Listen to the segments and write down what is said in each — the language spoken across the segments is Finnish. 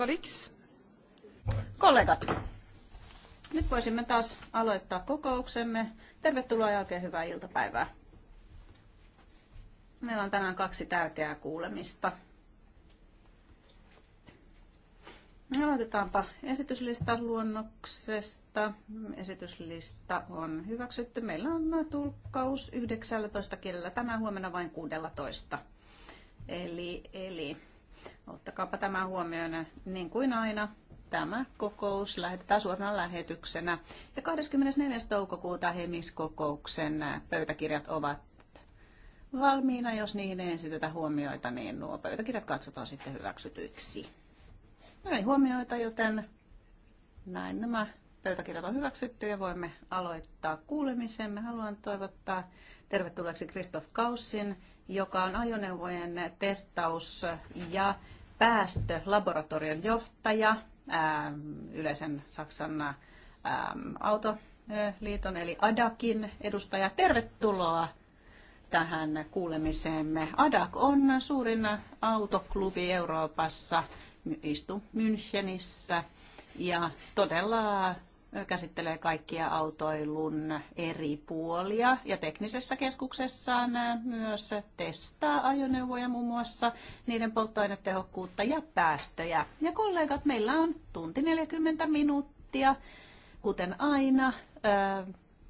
Colleagues. Kollegat, nyt voisimme taas aloittaa kokouksemme. Tervetuloa ja oikein hyvää iltapäivää. Meillä on tänään kaksi tärkeää kuulemista. Aloitetaanpa esityslista luonnoksesta. Esityslista on hyväksytty. Meillä on tulkkaus 19 kielellä, tänään huomenna vain 16. Eli, eli Ottakaapa tämä huomioon, niin kuin aina, tämä kokous lähetetään suorana lähetyksenä. Ja 24. toukokuuta hemiskokouksen pöytäkirjat ovat valmiina. Jos niihin ei esitetä huomioita, niin nuo pöytäkirjat katsotaan sitten hyväksytyiksi. No ei huomioita, joten näin nämä pöytäkirjat on hyväksytty ja voimme aloittaa kuulemisen. Me haluan toivottaa tervetulleeksi Kristof Kaussin, joka on ajoneuvojen testaus- ja päästölaboratorion johtaja ähm, yleisen Saksan ähm, autoliiton eli ADAKin edustaja. Tervetuloa tähän kuulemiseemme. ADAK on suurin autoklubi Euroopassa, istu Münchenissä ja todella käsittelee kaikkia autoilun eri puolia ja teknisessä nämä myös testaa ajoneuvoja muun muassa niiden polttoainetehokkuutta ja päästöjä. Ja kollegat, meillä on tunti 40 minuuttia, kuten aina,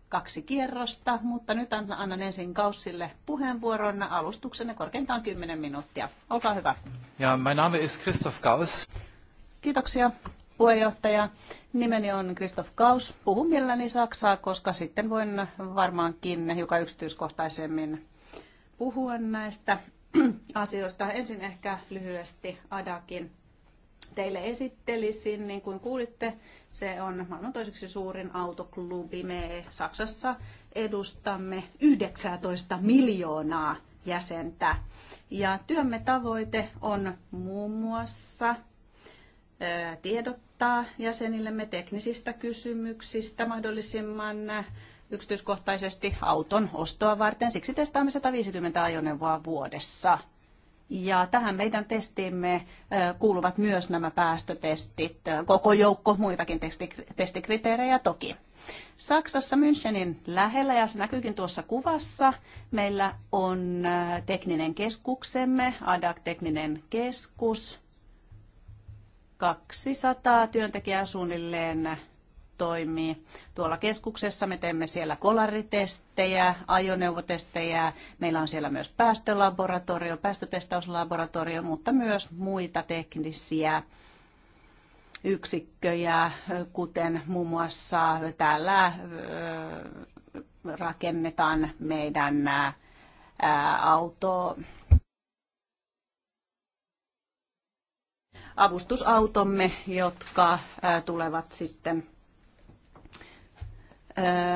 kaksi kierrosta, mutta nyt annan ensin Kaussille puheenvuoron alustuksenne korkeintaan 10 minuuttia. Olkaa hyvä. Ja, mein Name ist Christoph Gauss. Kiitoksia puheenjohtaja. Nimeni on Kristof Kaus. Puhun mielelläni Saksaa, koska sitten voin varmaankin hiukan yksityiskohtaisemmin puhua näistä asioista. Ensin ehkä lyhyesti Adakin teille esittelisin, niin kuin kuulitte, se on maailman toiseksi suurin autoklubi. Me Saksassa edustamme 19 miljoonaa jäsentä. Ja työmme tavoite on muun muassa tiedottaa ilmoittaa jäsenillemme teknisistä kysymyksistä mahdollisimman yksityiskohtaisesti auton ostoa varten. Siksi testaamme 150 ajoneuvoa vuodessa. Ja tähän meidän testiimme kuuluvat myös nämä päästötestit, koko joukko muitakin testikriteerejä toki. Saksassa Münchenin lähellä, ja se näkyykin tuossa kuvassa, meillä on tekninen keskuksemme, ADAC-tekninen keskus, 200 työntekijää suunnilleen toimii. Tuolla keskuksessa me teemme siellä kolaritestejä, ajoneuvotestejä. Meillä on siellä myös päästölaboratorio, päästötestauslaboratorio, mutta myös muita teknisiä yksikköjä, kuten muun muassa täällä rakennetaan meidän auto avustusautomme, jotka tulevat sitten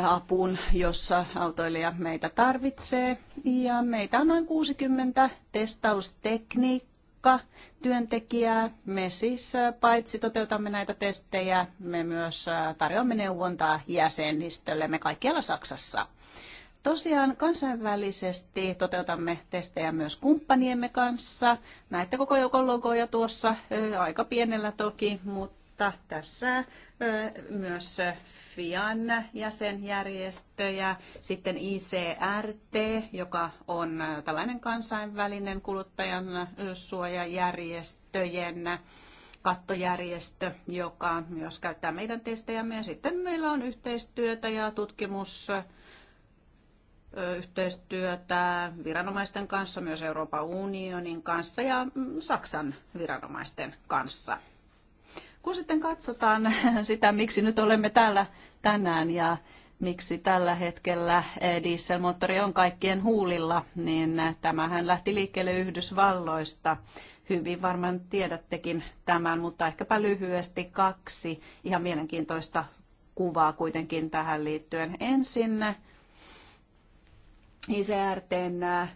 apuun, jossa autoilija meitä tarvitsee. Ja meitä on noin 60 testaustekniikka työntekijää. Me siis paitsi toteutamme näitä testejä, me myös tarjoamme neuvontaa jäsenistölle me kaikkialla Saksassa. Tosiaan kansainvälisesti toteutamme testejä myös kumppaniemme kanssa. Näette koko joukon logoja tuossa, aika pienellä toki, mutta tässä myös FIAN jäsenjärjestöjä, sitten ICRT, joka on tällainen kansainvälinen kuluttajan suojajärjestöjen kattojärjestö, joka myös käyttää meidän testejämme. Ja sitten meillä on yhteistyötä ja tutkimus yhteistyötä viranomaisten kanssa, myös Euroopan unionin kanssa ja mm, Saksan viranomaisten kanssa. Kun sitten katsotaan sitä, miksi nyt olemme täällä tänään ja miksi tällä hetkellä eh, dieselmoottori on kaikkien huulilla, niin eh, tämähän lähti liikkeelle Yhdysvalloista. Hyvin varmaan tiedättekin tämän, mutta ehkäpä lyhyesti kaksi ihan mielenkiintoista kuvaa kuitenkin tähän liittyen. Ensin eh, ICRTn äh, äh,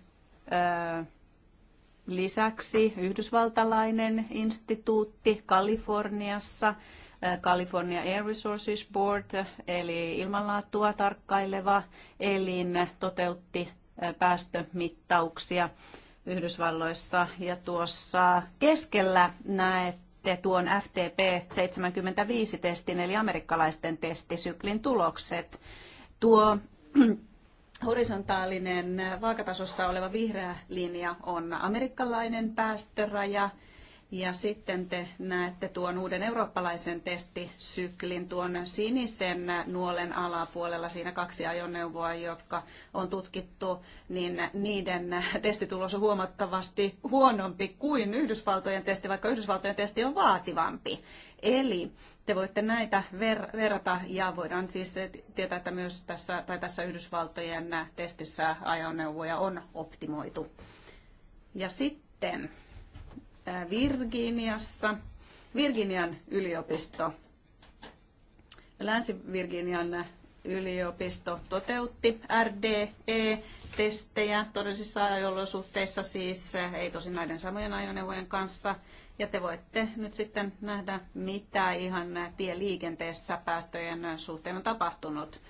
lisäksi yhdysvaltalainen instituutti Kaliforniassa, äh, California Air Resources Board, eli ilmanlaatua tarkkaileva elin, toteutti päästömittauksia Yhdysvalloissa. Ja tuossa keskellä näette tuon FTP-75-testin, eli amerikkalaisten testisyklin tulokset. Tuo horisontaalinen vaakatasossa oleva vihreä linja on amerikkalainen päästöraja. Ja sitten te näette tuon uuden eurooppalaisen testisyklin, tuon sinisen nuolen alapuolella, siinä kaksi ajoneuvoa, jotka on tutkittu, niin niiden testitulos on huomattavasti huonompi kuin Yhdysvaltojen testi, vaikka Yhdysvaltojen testi on vaativampi. Eli te voitte näitä ver- verrata ja voidaan siis tietää, että myös tässä, tai tässä Yhdysvaltojen testissä ajoneuvoja on optimoitu. Ja sitten äh, Virginiassa, Virginian yliopisto, Länsi-Virginian yliopisto toteutti RDE-testejä todellisissa ajolosuhteissa siis, eh, ei tosin näiden samojen ajoneuvojen kanssa. Ja te voitte nyt sitten nähdä, mitä ihan eh, tieliikenteessä päästöjen eh, suhteen on tapahtunut.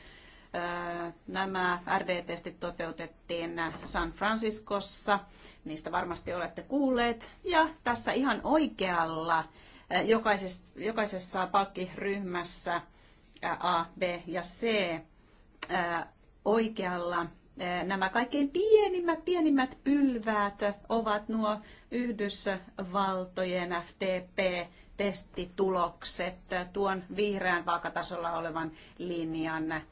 Nämä RD-testit toteutettiin San Franciscossa, niistä varmasti olette kuulleet. Ja tässä ihan oikealla jokaisessa, jokaisessa palkkiryhmässä A, B ja C oikealla nämä kaikkein pienimmät, pienimmät pylväät ovat nuo Yhdysvaltojen FTP testitulokset tuon vihreän vaakatasolla olevan linjan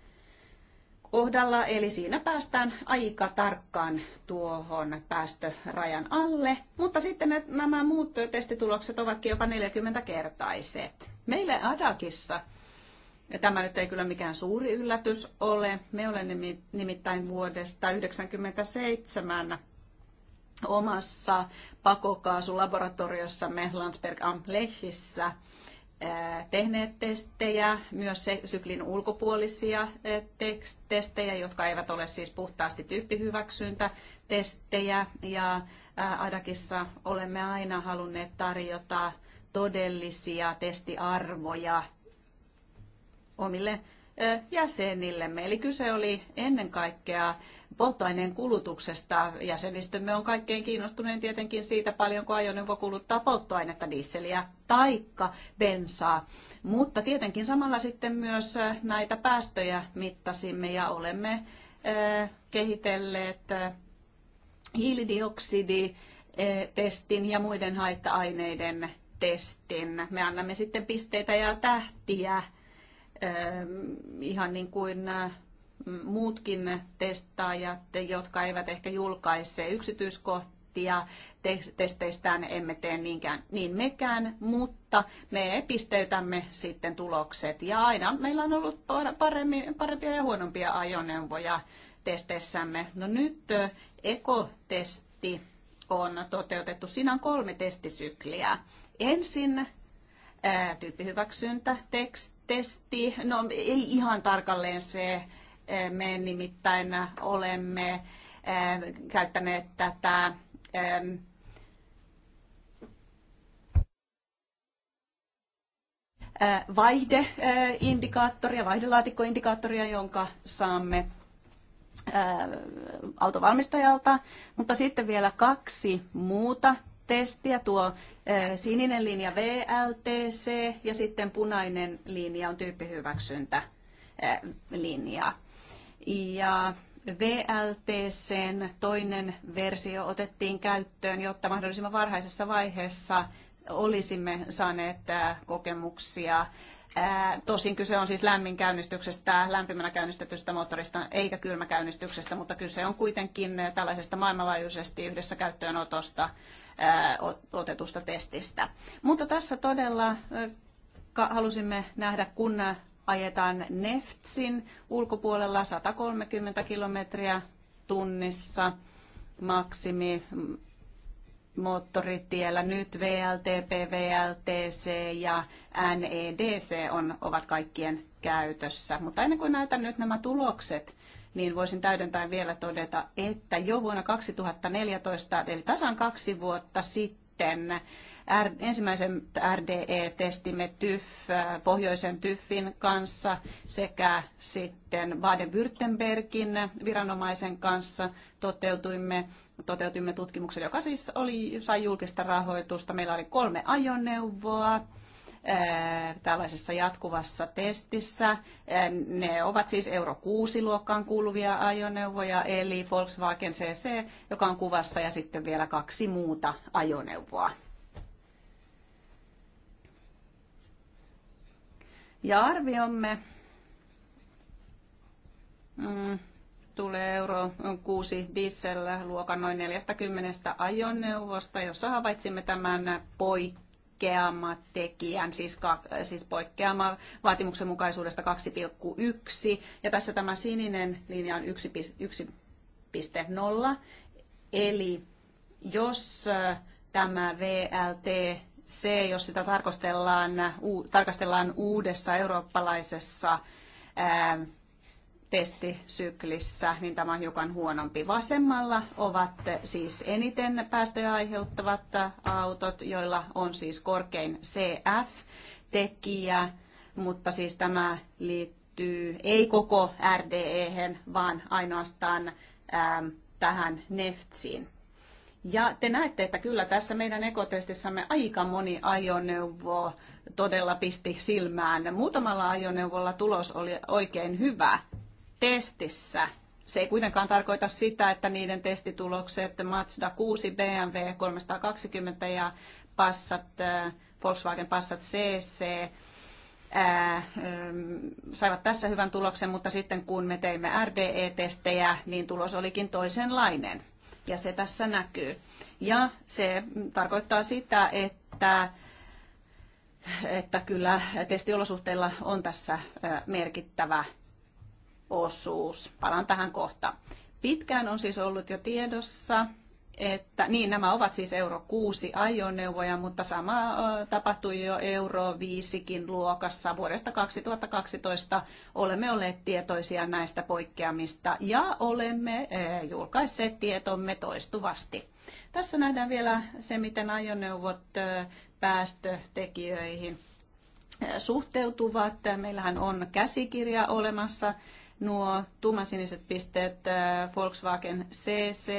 kohdalla. Eli siinä päästään aika tarkkaan tuohon päästörajan alle. Mutta sitten nämä muut testitulokset ovatkin jopa 40-kertaiset. Meille Adakissa – ja tämä nyt ei kyllä mikään suuri yllätys ole. Me olemme nimittäin vuodesta 1997 omassa pakokaasulaboratoriossamme Landsberg am Lechissä tehneet testejä, myös syklin ulkopuolisia testejä, jotka eivät ole siis puhtaasti tyyppihyväksyntätestejä. Ja Adakissa olemme aina halunneet tarjota todellisia testiarvoja omille jäsenillemme. Eli kyse oli ennen kaikkea polttoaineen kulutuksesta. Jäsenistömme on kaikkein kiinnostuneen tietenkin siitä, paljonko ajoneuvo kuluttaa polttoainetta, dieseliä taikka bensaa. Mutta tietenkin samalla sitten myös näitä päästöjä mittasimme ja olemme kehitelleet hiilidioksiditestin ja muiden haitta-aineiden testin. Me annamme sitten pisteitä ja tähtiä ihan niin kuin muutkin testaajat, jotka eivät ehkä julkaise yksityiskohtia testeistään, emme tee niinkään, niin mekään, mutta me pisteytämme sitten tulokset. Ja aina meillä on ollut paremmin, parempia ja huonompia ajoneuvoja testeissämme. No nyt ekotesti on toteutettu. Siinä on kolme testisykliä. Ensin tyyppihyväksyntä testi. No ei ihan tarkalleen se, me nimittäin olemme käyttäneet tätä vaihdeindikaattoria, vaihdelaatikkoindikaattoria, jonka saamme autovalmistajalta, mutta sitten vielä kaksi muuta testiä, tuo sininen linja VLTC ja sitten punainen linja on tyyppihyväksyntä linja. Ja VLTCn toinen versio otettiin käyttöön, jotta mahdollisimman varhaisessa vaiheessa olisimme saaneet kokemuksia. Tosin kyse on siis lämmin käynnistyksestä, lämpimänä käynnistetystä moottorista eikä kylmäkäynnistyksestä, mutta kyse on kuitenkin tällaisesta maailmanlaajuisesti yhdessä käyttöönotosta otetusta testistä. Mutta tässä todella halusimme nähdä, kun ajetaan Neftsin ulkopuolella 130 kilometriä tunnissa maksimi moottoritiellä. Nyt VLT, VLTC ja NEDC on, ovat kaikkien käytössä. Mutta ennen kuin näytän nyt nämä tulokset, niin voisin täydentää vielä todeta, että jo vuonna 2014, eli tasan kaksi vuotta sitten, ensimmäisen RDE-testimme TYF, äh, pohjoisen TYFin kanssa sekä sitten Baden-Württembergin viranomaisen kanssa toteutimme, toteutimme tutkimuksen, joka siis oli, sai julkista rahoitusta. Meillä oli kolme ajoneuvoa Äh, tällaisessa jatkuvassa testissä. Äh, ne ovat siis Euro 6-luokkaan kuuluvia ajoneuvoja, eli Volkswagen CC, joka on kuvassa, ja sitten vielä kaksi muuta ajoneuvoa. Ja arviomme mm, tulee euro 6 diesel luokan noin 40 ajoneuvosta, jossa havaitsimme tämän poikkeuksen poikkeama tekijän, siis, ka, siis poikkeama vaatimuksen mukaisuudesta 2,1. Ja tässä tämä sininen linja on 1,0. Eli jos äh, tämä VLT C jos sitä tarkastellaan, tarkastellaan uudessa eurooppalaisessa äh, testisyklissä, niin tämä on hiukan huonompi. Vasemmalla ovat siis eniten päästöjä aiheuttavat autot, joilla on siis korkein CF-tekijä, mutta siis tämä liittyy ei koko RDE, vaan ainoastaan ähm, tähän neftsiin. Ja te näette, että kyllä tässä meidän ekotestissämme aika moni ajoneuvo todella pisti silmään. Muutamalla ajoneuvolla tulos oli oikein hyvä, testissä. Se ei kuitenkaan tarkoita sitä, että niiden testitulokset Mazda 6, BMW 320 ja Passat, äh, Volkswagen Passat CC ää, äh, ähm, saivat tässä hyvän tuloksen, mutta sitten kun me teimme RDE-testejä, niin tulos olikin toisenlainen. Ja se tässä näkyy. Ja se tarkoittaa sitä, että että kyllä testiolosuhteilla on tässä äh, merkittävä osuus. Palaan tähän kohta. Pitkään on siis ollut jo tiedossa, että niin nämä ovat siis euro 6 ajoneuvoja, mutta sama tapahtui jo euro 5kin luokassa. Vuodesta 2012 olemme olleet tietoisia näistä poikkeamista ja olemme julkaisseet tietomme toistuvasti. Tässä nähdään vielä se, miten ajoneuvot päästötekijöihin suhteutuvat. Meillähän on käsikirja olemassa nuo tummasiniset pisteet äh, Volkswagen CC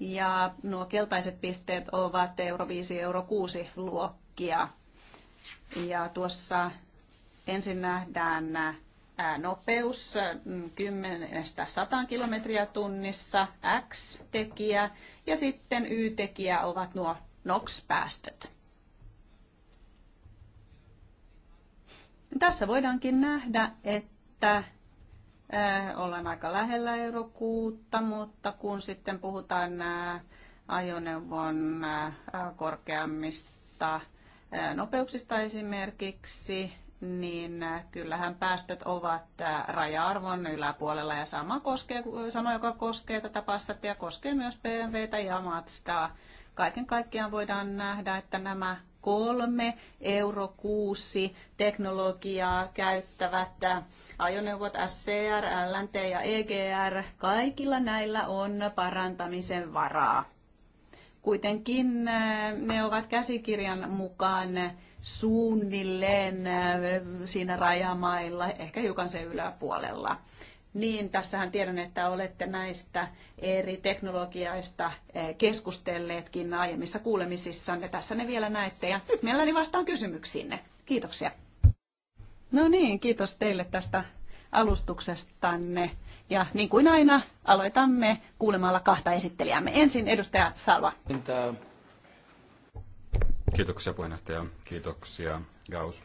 ja nuo keltaiset pisteet ovat euro 5, euro 6 luokkia. Ja tuossa ensin nähdään äh, nopeus 10-100 mm, kilometriä tunnissa, X-tekijä ja sitten Y-tekijä ovat nuo NOx-päästöt. Tässä voidaankin nähdä, että Äh, ollaan aika lähellä eurokuutta, mutta kun sitten puhutaan äh, ajoneuvon äh, korkeammista nopeuksista esimerkiksi, niin kyllähän päästöt ovat raja-arvon yläpuolella ja sama, koskee, sama joka koskee tätä Passatia, koskee myös BMWtä ja Mazdaa. Kaiken kaikkiaan voidaan nähdä, että nämä kolme euro kuusi teknologiaa käyttävät ajoneuvot SCR, LNT ja EGR. Kaikilla näillä on parantamisen varaa. Kuitenkin eh, ne ovat käsikirjan mukaan suunnilleen eh, siinä rajamailla, ehkä hiukan se yläpuolella. Niin, tässähän tiedän, että olette näistä eri teknologiaista eh, keskustelleetkin aiemmissa kuulemisissanne. Tässä ne vielä näette ja nyt mielelläni vastaan kysymyksiinne. Kiitoksia. No niin, kiitos teille tästä alustuksestanne. Ja niin kuin aina, aloitamme kuulemalla kahta esittelijämme. Ensin edustaja Salva. Kiitoksia puheenjohtaja. Kiitoksia Gauss.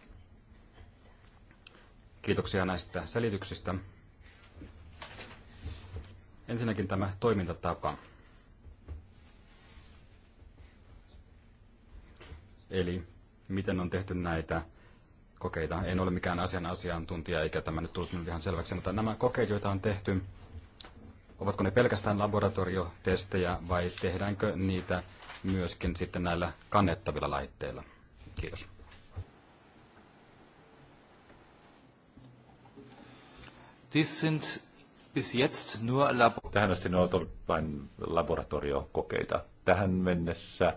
Kiitoksia näistä selityksistä. Ensinnäkin tämä toimintatapa. Eli miten on tehty näitä kokeita. En ole mikään asian asiantuntija, eikä tämä nyt tullut minulle ihan selväksi, mutta nämä kokeet, joita on tehty, ovatko ne pelkästään laboratoriotestejä vai tehdäänkö niitä myöskin sitten näillä kannettavilla laitteilla? Kiitos. Dies sind Tähän asti ne ovat olleet vain laboratoriokokeita. Tähän mennessä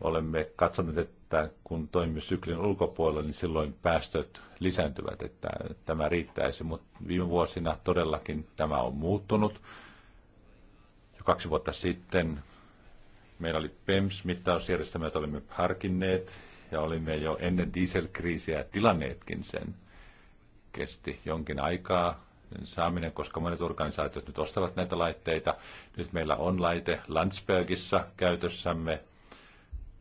olemme katsoneet, että kun toimimme syklin ulkopuolella, niin silloin päästöt lisääntyvät, että tämä riittäisi. Mutta viime vuosina todellakin tämä on muuttunut. Jo kaksi vuotta sitten meillä oli PEMS-mittausjärjestelmä, jota olimme harkinneet ja olimme jo ennen dieselkriisiä tilanneetkin sen – kesti jonkin aikaa saaminen, koska monet organisaatiot nyt ostavat näitä laitteita. Nyt meillä on laite Landsbergissä käytössämme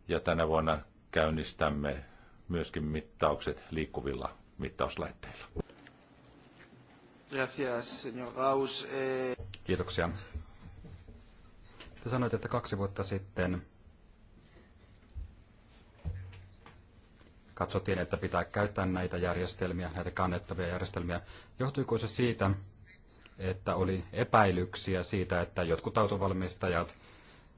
ja tänä vuonna käynnistämme myöskin mittaukset liikkuvilla mittauslaitteilla. Eh, Kiitoksia. Te sanoit, että kaksi vuotta sitten katsottiin, että pitää käyttää näitä järjestelmiä, näitä kannettavia järjestelmiä. Johtuiko se siitä, että oli epäilyksiä siitä, että jotkut autovalmistajat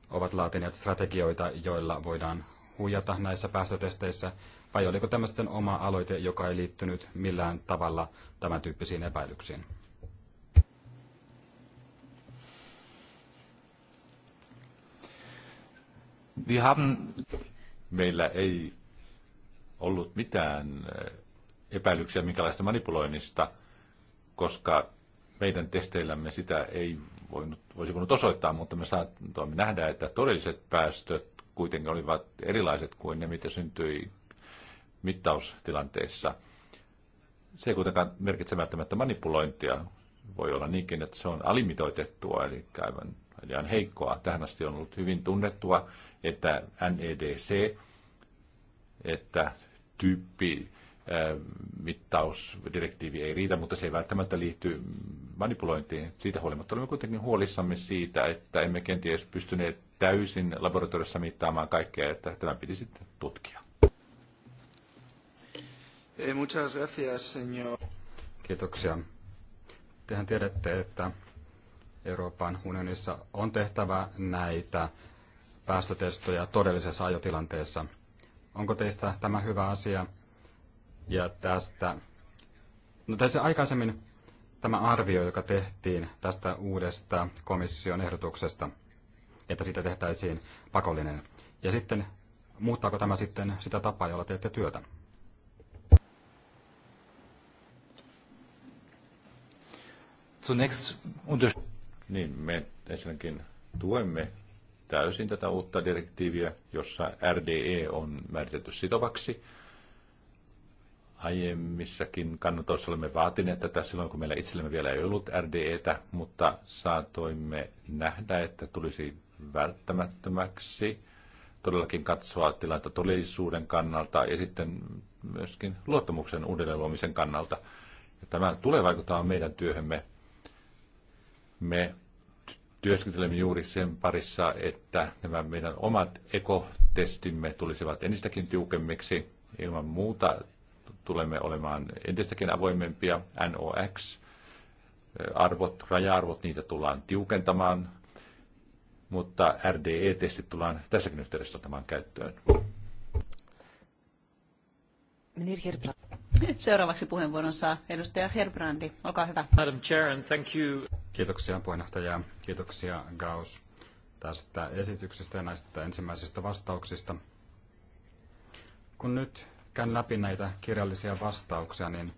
ovat laatineet strategioita, joilla voidaan huijata näissä päästötesteissä, vai oliko tämä sitten oma aloite, joka ei liittynyt millään tavalla tämän tyyppisiin epäilyksiin? Meillä ei ollut mitään eh, epäilyksiä minkälaista manipuloinnista, koska meidän testeillämme sitä ei voinut, voisi voinut osoittaa, mutta me saatoimme nähdä, että todelliset päästöt kuitenkin olivat erilaiset kuin ne, mitä syntyi mittaustilanteessa. Se ei kuitenkaan merkitse välttämättä manipulointia. Voi olla niinkin, että se on alimitoitettua, eli aivan liian heikkoa. Tähän asti on ollut hyvin tunnettua, että NEDC, että tyyppi mittausdirektiivi ei riitä, mutta se ei välttämättä liittyy manipulointiin. Siitä huolimatta olemme kuitenkin huolissamme siitä, että emme kenties pystyneet täysin laboratoriossa mittaamaan kaikkea, että tämä piti sitten tutkia. Eh, muchas gracias, señor. Kiitoksia. Tehän tiedätte, että Euroopan unionissa on tehtävä näitä päästötestoja todellisessa ajotilanteessa – Onko teistä tämä hyvä asia? Ja tästä, no tässä aikaisemmin tämä arvio, joka tehtiin tästä uudesta komission ehdotuksesta, että siitä tehtäisiin pakollinen. Ja sitten, muuttaako tämä sitten sitä tapaa, jolla teette työtä? Zunächst so niin, me ensinnäkin tuemme täysin tätä uutta direktiiviä, jossa RDE on määritetty sitovaksi. Aiemmissakin kannatoissa olemme vaatineet tätä silloin, kun meillä itsellemme vielä ei ollut RDEtä, mutta saatoimme nähdä, että tulisi välttämättömäksi todellakin katsoa tilannetta todellisuuden kannalta ja sitten myöskin luottamuksen uudelleen luomisen kannalta. Ja tämä tulee vaikuttaa meidän työhömme. Me työskentelemme juuri sen parissa, että nämä meidän omat ekotestimme tulisivat entistäkin tiukemmiksi. Ilman muuta tulemme olemaan entistäkin avoimempia. NOx, arvot, raja-arvot, niitä tullaan tiukentamaan, mutta RDE-testit tullaan tässäkin yhteydessä ottamaan käyttöön. Seuraavaksi puheenvuoron saa edustaja Herbrandi. Olkaa hyvä. Madam Chair, and thank you. Kiitoksia puheenjohtaja, kiitoksia Gauss tästä esityksestä ja näistä ensimmäisistä vastauksista. Kun nyt käyn läpi näitä kirjallisia vastauksia, niin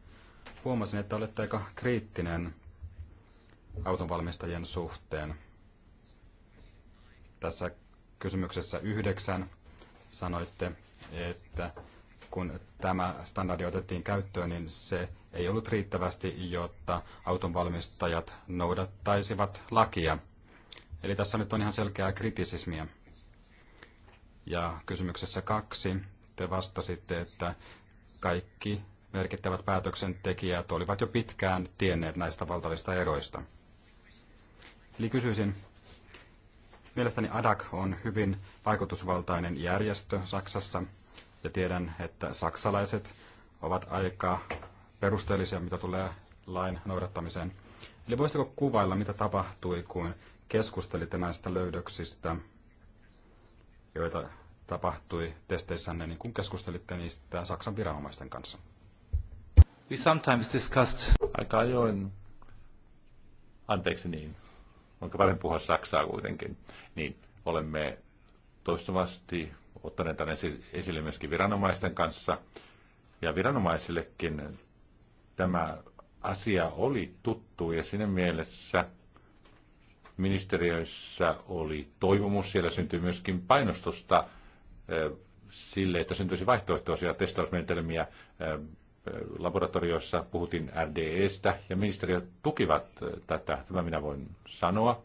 huomasin, että olette aika kriittinen autonvalmistajien suhteen. Tässä kysymyksessä yhdeksän sanoitte, että kun tämä standardi otettiin käyttöön, niin se ei ollut riittävästi, jotta auton valmistajat noudattaisivat lakia. Eli tässä nyt on ihan selkeää kritisismiä. Ja kysymyksessä kaksi, te vastasitte, että kaikki merkittävät päätöksentekijät olivat jo pitkään tienneet näistä valtavista eroista. Eli kysyisin, mielestäni ADAC on hyvin vaikutusvaltainen järjestö Saksassa – ja tiedän, että saksalaiset ovat aika perusteellisia, mitä tulee lain noudattamiseen. Eli voisitko kuvailla, mitä tapahtui, kun keskustelitte näistä löydöksistä, joita tapahtui testeissänne, niin kun keskustelitte niistä Saksan viranomaisten kanssa? We sometimes discussed... Aika ajoin. Anteeksi niin. Onko parempi puhua Saksaa kuitenkin? Niin, olemme toistuvasti ottaneet tämän esille myöskin viranomaisten kanssa. Ja viranomaisillekin tämä asia oli tuttu ja siinä mielessä ministeriöissä oli toivomus. Siellä syntyi myöskin painostusta sille, että syntyisi vaihtoehtoisia testausmenetelmiä laboratorioissa Puhutin RDEstä ja ministeriöt tukivat tätä, tämä minä voin sanoa.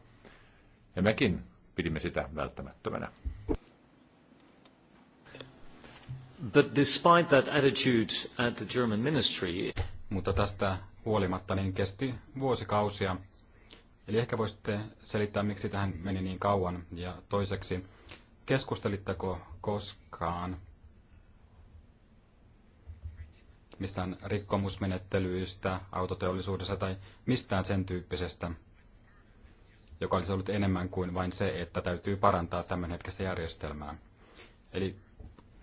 Ja mekin pidimme sitä välttämättömänä. But despite that attitude at the German ministry... Mutta tästä huolimatta niin kesti vuosikausia. Eli ehkä voisitte selittää, miksi tähän meni niin kauan. Ja toiseksi, keskustelitteko koskaan mistään rikkomusmenettelyistä autoteollisuudessa tai mistään sen tyyppisestä, joka olisi ollut enemmän kuin vain se, että täytyy parantaa tämänhetkistä järjestelmää. Eli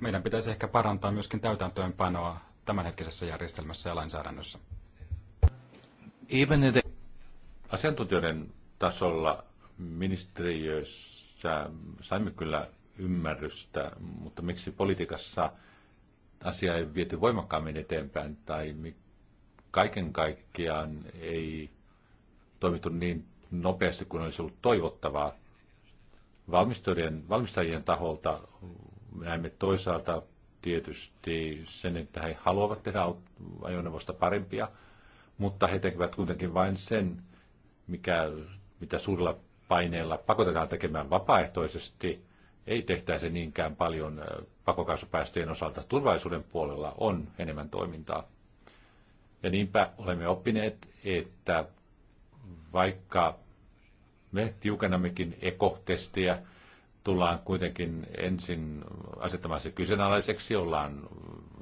meidän pitäisi ehkä parantaa myöskin täytäntöönpanoa tämänhetkisessä järjestelmässä ja lainsäädännössä. Even asiantuntijoiden tasolla ministeriöissä saimme kyllä ymmärrystä, mutta miksi politiikassa asia ei viety voimakkaammin eteenpäin tai kaiken kaikkiaan ei toimittu niin nopeasti kuin olisi ollut toivottavaa. Valmistajien, valmistajien taholta näemme toisaalta tietysti sen, että he haluavat tehdä ajoneuvosta parempia, mutta he tekevät kuitenkin vain sen, mikä, mitä suurella paineella pakotetaan tekemään vapaaehtoisesti. Ei tehtäisi niinkään paljon pakokaasupäästöjen osalta. Turvallisuuden puolella on enemmän toimintaa. Ja niinpä olemme oppineet, että vaikka me tiukennammekin ekotestejä, tullaan kuitenkin ensin asettamaan se kyseenalaiseksi, ollaan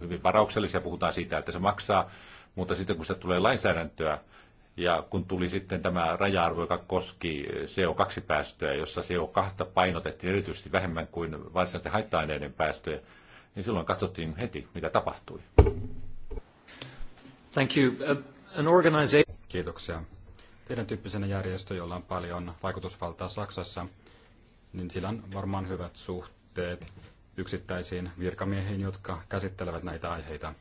hyvin varauksellisia, puhutaan siitä, että se maksaa, mutta sitten kun se tulee lainsäädäntöä, ja kun tuli sitten tämä raja-arvo, joka koski CO2-päästöjä, jossa CO2 painotettiin erityisesti vähemmän kuin varsinaisten haitta-aineiden päästöjä, niin silloin katsottiin heti, mitä tapahtui. Thank you. Uh, an organization... Kiitoksia. Teidän tyyppisenä järjestö, jolla on paljon vaikutusvaltaa Saksassa, niin sillä on varmaan hyvät suhteet yksittäisiin virkamiehiin, jotka käsittelevät näitä aiheita.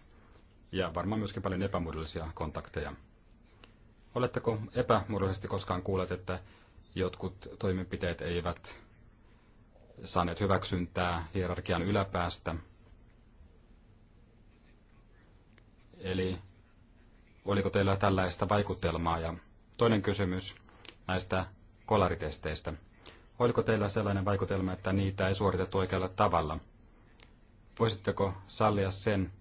Ja varmaan myöskin paljon epämuodollisia kontakteja. Oletteko epämuodollisesti koskaan kuulleet, että jotkut toimenpiteet eivät saaneet hyväksyntää hierarkian yläpäästä? Eli oliko teillä tällaista vaikutelmaa? Ja toinen kysymys näistä kolaritesteistä – Oliko teillä sellainen vaikutelma, että niitä ei suoritettu oikealla tavalla? Voisitteko sallia sen,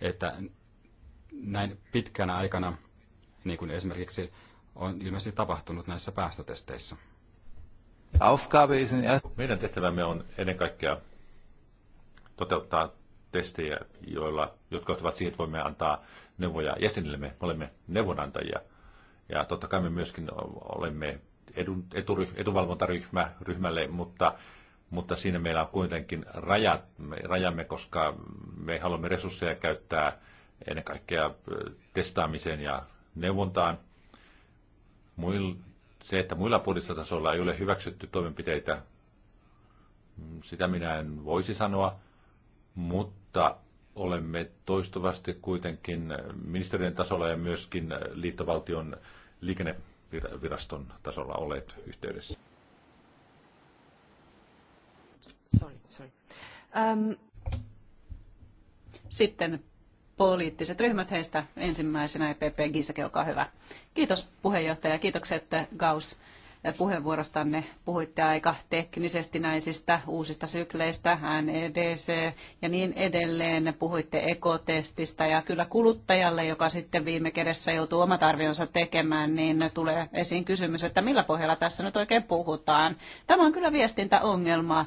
että näin pitkänä aikana, niin kuin esimerkiksi on ilmeisesti tapahtunut näissä päästötesteissä? Meidän tehtävämme on ennen kaikkea toteuttaa testejä, joilla, jotka ovat siihen, että voimme antaa neuvoja jäsenillemme. Me olemme neuvonantajia. Ja totta kai me myöskin olemme edun, etuvalvontaryhmä ryhmälle, mutta, mutta siinä meillä on kuitenkin rajat, rajamme, koska me haluamme resursseja käyttää ennen kaikkea testaamiseen ja neuvontaan. Muil, se, että muilla budjettitasolla ei ole hyväksytty toimenpiteitä, mm, sitä minä en voisi sanoa, mutta olemme toistuvasti kuitenkin ministeriön tasolla ja myöskin liittovaltion liikenne- viraston tasolla olet yhteydessä. Sorry, sorry. Um, sitten poliittiset ryhmät heistä ensimmäisenä EPP Giseke, olkaa hyvä. Kiitos puheenjohtaja, kiitokset Gauss puheenvuorostanne puhuitte aika teknisesti näisistä uusista sykleistä, NEDC ja niin edelleen. Puhuitte ekotestistä ja kyllä kuluttajalle, joka sitten viime kädessä joutuu omat arvionsa tekemään, niin tulee esiin kysymys, että millä pohjalla tässä nyt oikein puhutaan. Tämä on kyllä viestintäongelma,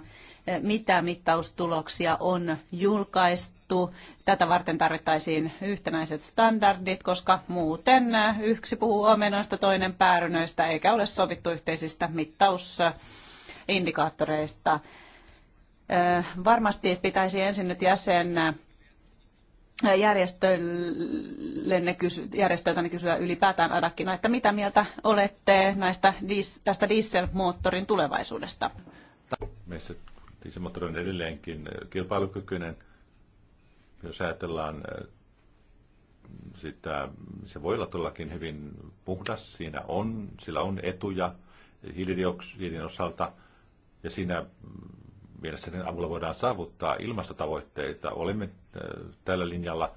mitä mittaustuloksia on julkaistu muuttuu. Tätä varten tarvittaisiin yhtenäiset standardit, koska muuten yksi puhuu omenoista, toinen päärynöistä, eikä ole sovittu yhteisistä mittausindikaattoreista. Varmasti pitäisi ensin nyt jäsen järjestöillenne kysyä ylipäätään Adakkina, no, että mitä mieltä olette näistä, tästä dieselmoottorin tulevaisuudesta? Meissä dieselmoottori on edelleenkin kilpailukykyinen jos ajatellaan sitä, se voi olla todellakin hyvin puhdas, siinä on, sillä on etuja hiilidioksidin osalta, ja siinä mielessä sen avulla voidaan saavuttaa ilmastotavoitteita. Olemme tällä linjalla,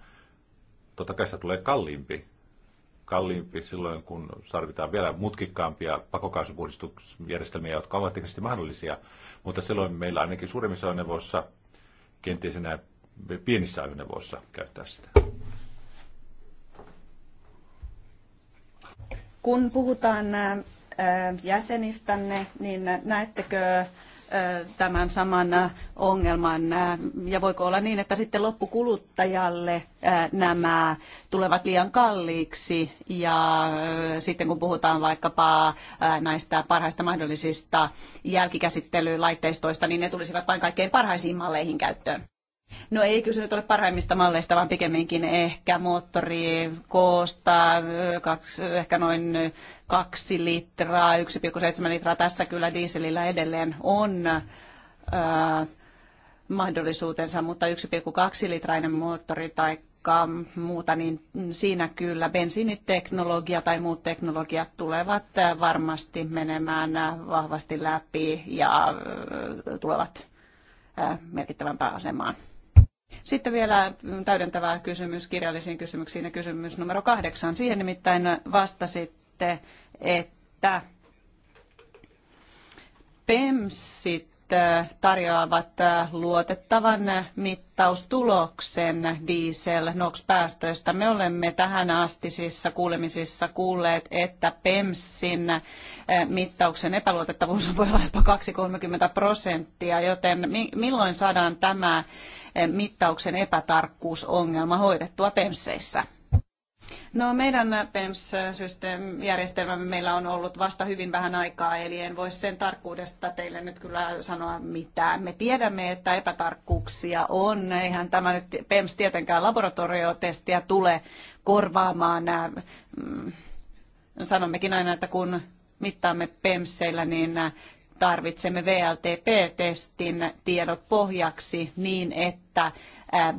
totta kai se tulee kalliimpi, kalliimpi silloin, kun tarvitaan vielä mutkikkaampia pakokaasupuhdistusjärjestelmiä, jotka ovat tietysti mahdollisia, mutta silloin meillä ainakin suurimmissa ajoneuvoissa kenties enää pienissä ajoneuvoissa käyttää sitä. Kun puhutaan jäsenistänne, niin näettekö tämän saman ongelman ja voiko olla niin, että sitten loppukuluttajalle nämä tulevat liian kalliiksi ja sitten kun puhutaan vaikkapa näistä parhaista mahdollisista jälkikäsittelylaitteistoista, niin ne tulisivat vain kaikkein parhaisiin malleihin käyttöön. No ei kyse nyt ole parhaimmista malleista, vaan pikemminkin ehkä moottori koosta, kaksi, ehkä noin kaksi litraa, 1,7 litraa tässä kyllä dieselillä edelleen on ää, mahdollisuutensa, mutta 1,2 litrainen moottori tai muuta, niin siinä kyllä bensiiniteknologia tai muut teknologiat tulevat varmasti menemään vahvasti läpi ja tulevat merkittävämpään asemaan. Sitten vielä täydentävä kysymys kirjallisiin kysymyksiin ja kysymys numero kahdeksan. Siihen nimittäin vastasitte, että PEMSit tarjoavat luotettavan mittaustuloksen diesel NOx-päästöistä. Me olemme tähän astisissa kuulemisissa kuulleet, että PEMSin mittauksen epäluotettavuus voi olla jopa 20-30 prosenttia, joten milloin saadaan tämä mittauksen epätarkkuusongelma hoidettua PEMSeissä? No meidän PEMS-järjestelmämme meillä on ollut vasta hyvin vähän aikaa, eli en voi sen tarkkuudesta teille nyt kyllä sanoa mitään. Me tiedämme, että epätarkkuuksia on. Eihän tämä nyt PEMS tietenkään laboratoriotestiä tule korvaamaan. Nämä, mm, sanommekin aina, että kun mittaamme PEMSeillä, niin tarvitsemme VLTP-testin tiedot pohjaksi niin, että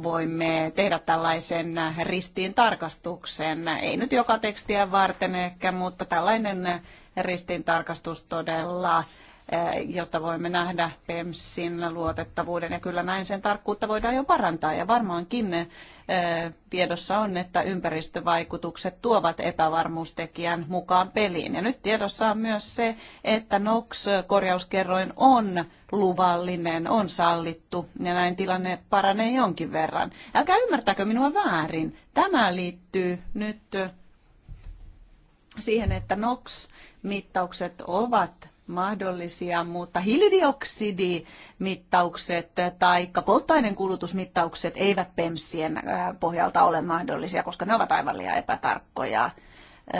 voimme tehdä tällaisen ristiin tarkastuksen. Ei nyt joka tekstiä varten ehkä, mutta tällainen ristin tarkastus todella Eh, jotta voimme nähdä PEMSin luotettavuuden. Ja kyllä näin sen tarkkuutta voidaan jo parantaa. Ja varmaankin eh, tiedossa on, että ympäristövaikutukset tuovat epävarmuustekijän mukaan peliin. Ja nyt tiedossa on myös se, että NOx-korjauskerroin on luvallinen, on sallittu ja näin tilanne paranee jonkin verran. Älkää ymmärtäkö minua väärin. Tämä liittyy nyt eh, siihen, että NOx-mittaukset ovat mahdollisia, mutta hiilidioksidimittaukset tai polttoaineen kulutusmittaukset eivät PEMSien äh, pohjalta ole mahdollisia, koska ne ovat aivan liian epätarkkoja. Äh,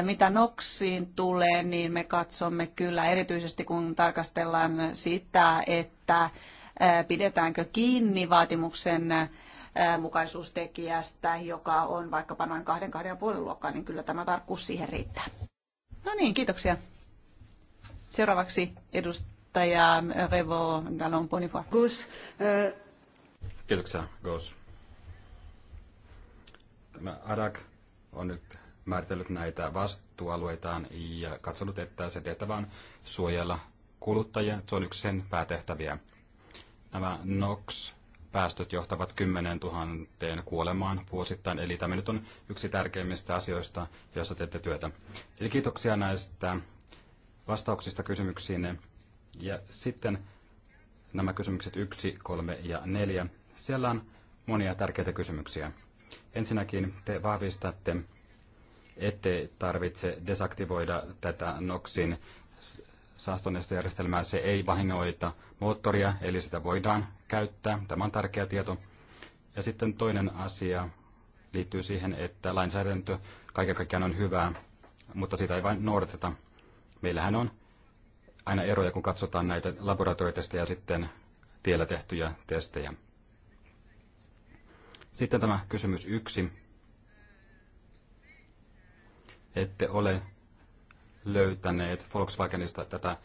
mitä NOXiin tulee, niin me katsomme kyllä erityisesti kun tarkastellaan sitä, että äh, pidetäänkö kiinni vaatimuksen mukaisuustekijästä, joka on vaikkapa noin 2-2,5 luokkaa, niin kyllä tämä tarkkuus siihen riittää. No niin, kiitoksia. Seuraavaksi edustaja Revo Galon Ponifa. Gus. Kiitoksia, Gus. Tämä ADAC on nyt määritellyt näitä vastuualueitaan ja katsonut, että se tehtävä on suojella kuluttajia. Se on yksi sen päätehtäviä. Nämä NOx-päästöt johtavat 10 000 kuolemaan vuosittain, eli tämä nyt on yksi tärkeimmistä asioista, joissa teette työtä. Eli kiitoksia näistä vastauksista kysymyksiinne. Ja sitten nämä kysymykset 1, 3 ja 4. Siellä on monia tärkeitä kysymyksiä. Ensinnäkin te vahvistatte, ettei tarvitse desaktivoida tätä NOXin saastonestojärjestelmää. Se ei vahingoita moottoria, eli sitä voidaan käyttää. Tämä on tärkeä tieto. Ja sitten toinen asia liittyy siihen, että lainsäädäntö kaiken kaikkiaan on hyvää, mutta sitä ei vain noudateta. Meillähän on aina eroja, kun katsotaan näitä laboratoriotestejä ja sitten tiellä tehtyjä testejä. Sitten tämä kysymys yksi. Ette ole löytäneet Volkswagenista tätä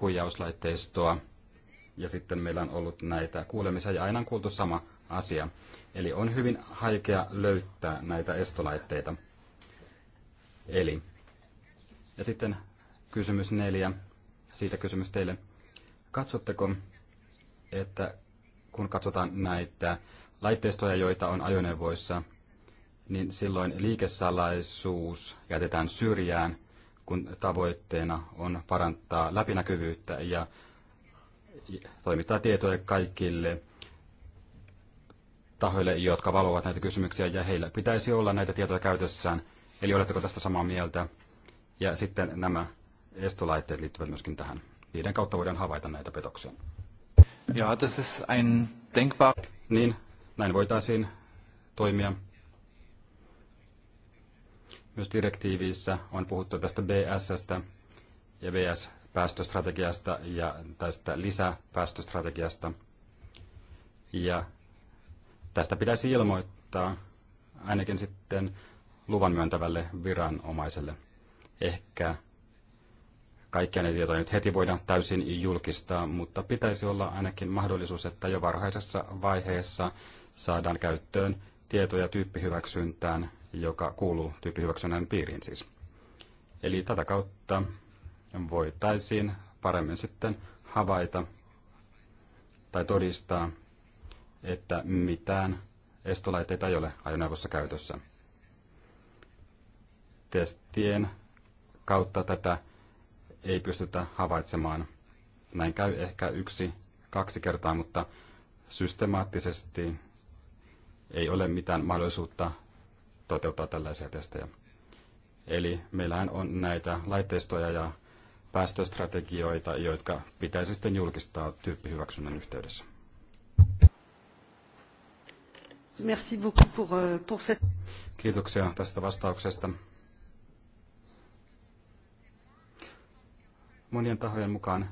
huijauslaitteistoa. Ja sitten meillä on ollut näitä kuulemisia ja aina on kuultu sama asia. Eli on hyvin haikea löytää näitä estolaitteita. Eli. Ja sitten kysymys neljä, siitä kysymys teille. Katsotteko, että kun katsotaan näitä laitteistoja, joita on ajoneuvoissa, niin silloin liikesalaisuus jätetään syrjään, kun tavoitteena on parantaa läpinäkyvyyttä ja toimittaa tietoja kaikille tahoille, jotka valvovat näitä kysymyksiä, ja heillä pitäisi olla näitä tietoja käytössään. Eli oletteko tästä samaa mieltä? Ja sitten nämä estolaitteet liittyvät myöskin tähän. Niiden kautta voidaan havaita näitä petoksia. Ja, das ist ein denkbar... Niin, näin voitaisiin toimia. Myös direktiivissä on puhuttu tästä BSstä ja BS-päästöstrategiasta ja tästä lisäpäästöstrategiasta. Ja tästä pitäisi ilmoittaa ainakin sitten luvan myöntävälle viranomaiselle. Ehkä Kaikkia ne tietoja nyt heti voidaan täysin julkistaa, mutta pitäisi olla ainakin mahdollisuus, että jo varhaisessa vaiheessa saadaan käyttöön tietoja tyyppihyväksyntään, joka kuuluu tyyppihyväksynnän piiriin siis. Eli tätä kautta voitaisiin paremmin sitten havaita tai todistaa, että mitään estolaitteita ei ole ajoneuvossa käytössä. Testien kautta tätä ei pystytä havaitsemaan. Näin käy ehkä yksi, kaksi kertaa, mutta systemaattisesti ei ole mitään mahdollisuutta toteuttaa tällaisia testejä. Eli meillähän on näitä laitteistoja ja päästöstrategioita, jotka pitäisi sitten julkistaa tyyppihyväksynnän yhteydessä. Merci beaucoup pour, euh, pour cette... Kiitoksia tästä vastauksesta. monien tahojen mukaan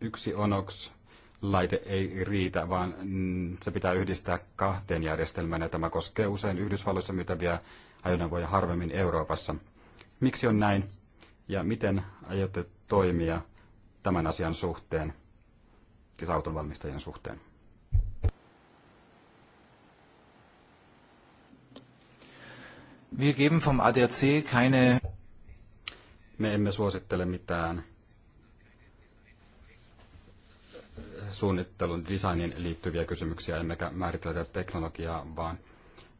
yksi onoks laite ei riitä, vaan mm, se pitää yhdistää kahteen järjestelmään, ja tämä koskee usein Yhdysvalloissa myytäviä ajoneuvoja harvemmin Euroopassa. Miksi on näin, ja miten aiotte toimia tämän asian suhteen, siis autonvalmistajien suhteen? Wir geben vom ADAC keine me emme suosittele mitään suunnittelun designin liittyviä kysymyksiä, emmekä määritellä teknologiaa, vaan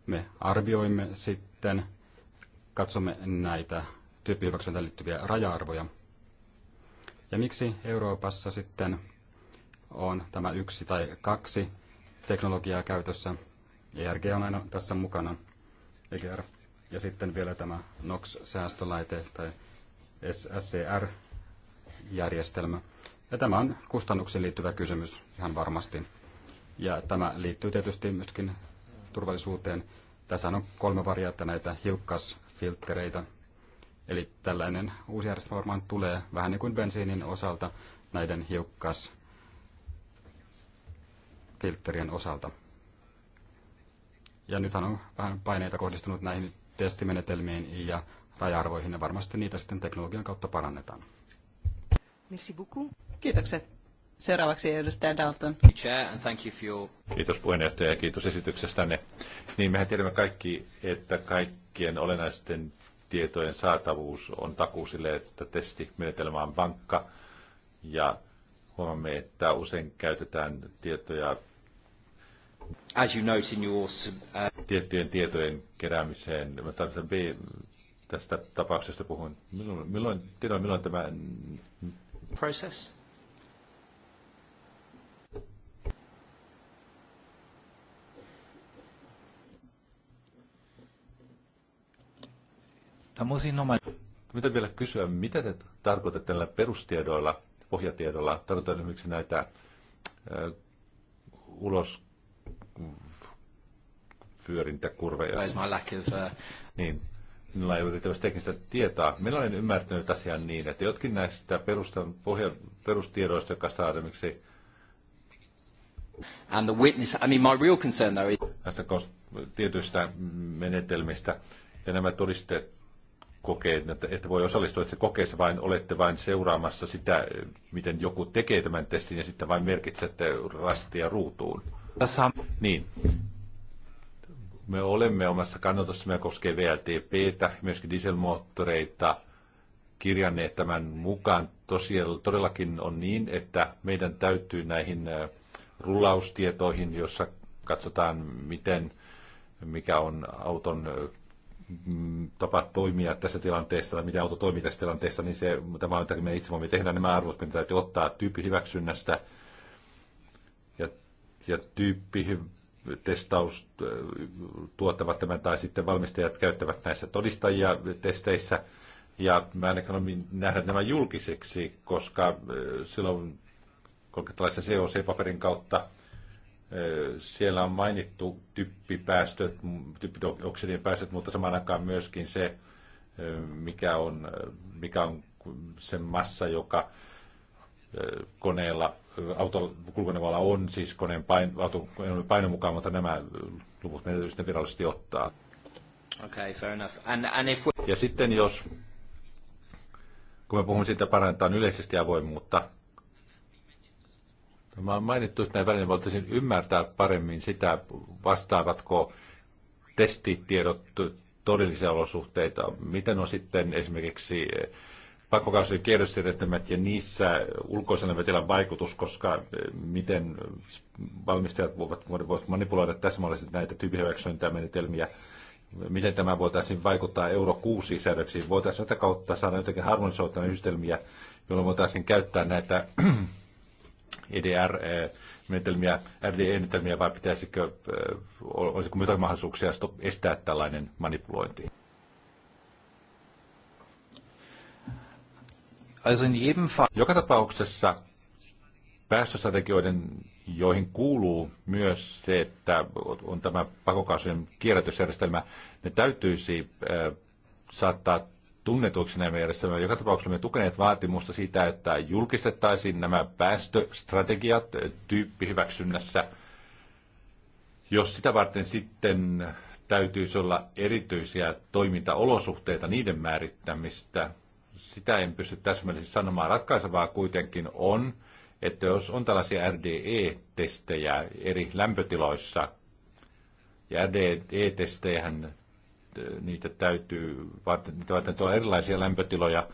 me arvioimme sitten, katsomme näitä tyyppihyväksyntään liittyviä raja-arvoja. Ja miksi Euroopassa sitten on tämä yksi tai kaksi teknologiaa käytössä? ERG on aina tässä mukana, EGR. Ja sitten vielä tämä NOx-säästölaite tai SCR-järjestelmä. Ja tämä on kustannuksiin liittyvä kysymys ihan varmasti. Ja tämä liittyy tietysti myöskin turvallisuuteen. Tässä on kolme variaatta näitä hiukkasfilttereitä. Eli tällainen uusi järjestelmä varmaan tulee vähän niin kuin bensiinin osalta näiden hiukkasfiltterien osalta. Ja nythän on vähän paineita kohdistunut näihin testimenetelmiin ja raja-arvoihin ja varmasti niitä sitten teknologian kautta parannetaan. Merci beaucoup. Kiitokset. Seuraavaksi edustaja Dalton. Kiitos puheenjohtaja ja kiitos esityksestänne. Niin mehän tiedämme kaikki, että kaikkien olennaisten tietojen saatavuus on takuu sille, että testimenetelmä on vankka ja huomaamme, että usein käytetään tietoja As you note in your, uh... tiettyjen tietojen keräämiseen. Me tästä tapauksesta puhuin. Milloin, milloin, tiedän, milloin tämä... Process? Mitä vielä kysyä, mitä te tarkoitatte tällä perustiedoilla, pohjatiedolla? Tarkoitan esimerkiksi näitä äh, ulos pyörintäkurveja. Uh, niin, minulla ei ole riittävästi teknistä tietoa. Minä olen ymmärtänyt asian niin, että jotkin näistä perustan, pohja, perustiedoista, jotka saa esimerkiksi And the witness, I mean my real concern though is... Näistä tietyistä menetelmistä ja nämä todisteet kokeet, että, että voi osallistua itse kokeessa, vain olette vain seuraamassa sitä, miten joku tekee tämän testin ja sitten vain merkitsette rastia ruutuun. Tässä on... Niin, me olemme omassa kannatossamme koskee VLTPtä, myöskin dieselmoottoreita, kirjanneet tämän mukaan. Tosiaan todellakin on niin, että meidän täytyy näihin rullaustietoihin, jossa katsotaan, miten, mikä on auton tapa toimia tässä tilanteessa tai miten auto toimii tässä tilanteessa, niin se, tämä on, että me itse voimme tehdä, nämä arvot mitä täytyy ottaa tyyppihyväksynnästä ja, ja tyyppi testaus tuottavat tämän tai sitten valmistajat käyttävät näissä todistajia testeissä. Ja mä ainakaan nähdä nämä julkiseksi, koska silloin kolkettalaisen COC-paperin kautta siellä on mainittu typpipäästöt, typpioksidien päästöt, mutta samaan aikaan myöskin se, mikä on, mikä on se massa, joka koneella autokulkuneuvolla on siis koneen pain, autokoneen painon mukaan, mutta nämä luvut meidän sitten virallisesti ottaa. Okay, fair enough. And, and if we... Ja sitten jos, kun me puhumme siitä parantaa yleisesti avoimuutta, no Mä oon mainittu, että näin välillä voitaisiin ymmärtää paremmin sitä, vastaavatko testitiedot todellisia olosuhteita. Miten on sitten esimerkiksi pakkokausikierrosjärjestelmät ja niissä ulkoisella vetelän vaikutus, koska eh, miten valmistajat voivat, voivat manipuloida täsmällisesti näitä menetelmiä. miten tämä voitaisiin vaikuttaa euro 6 säädöksiin. Voitaisiin tätä kautta saada jotenkin harmonisoituja yhdistelmiä, jolloin voitaisiin käyttää näitä EDR-menetelmiä, e eh, RDE-menetelmiä, vai pitäisikö, eh, olisiko mitään mahdollisuuksia estää tällainen manipulointi? Also in jedem Fall. Joka tapauksessa päästöstrategioiden, joihin kuuluu myös se, että on tämä pakokaasujen kierrätysjärjestelmä, ne täytyisi saattaa tunnetuiksi nämä järjestelmät. Joka tapauksessa me tukeneet vaatimusta siitä, että julkistettaisiin nämä päästöstrategiat tyyppihyväksynnässä. Jos sitä varten sitten täytyisi olla erityisiä toimintaolosuhteita niiden määrittämistä, sitä en pysty täsmällisesti sanomaan. Ratkaisevaa kuitenkin on, että jos on tällaisia RDE-testejä eri lämpötiloissa, ja RDE-testejähän äh, niitä täytyy, niitä varten tuolla erilaisia lämpötiloja,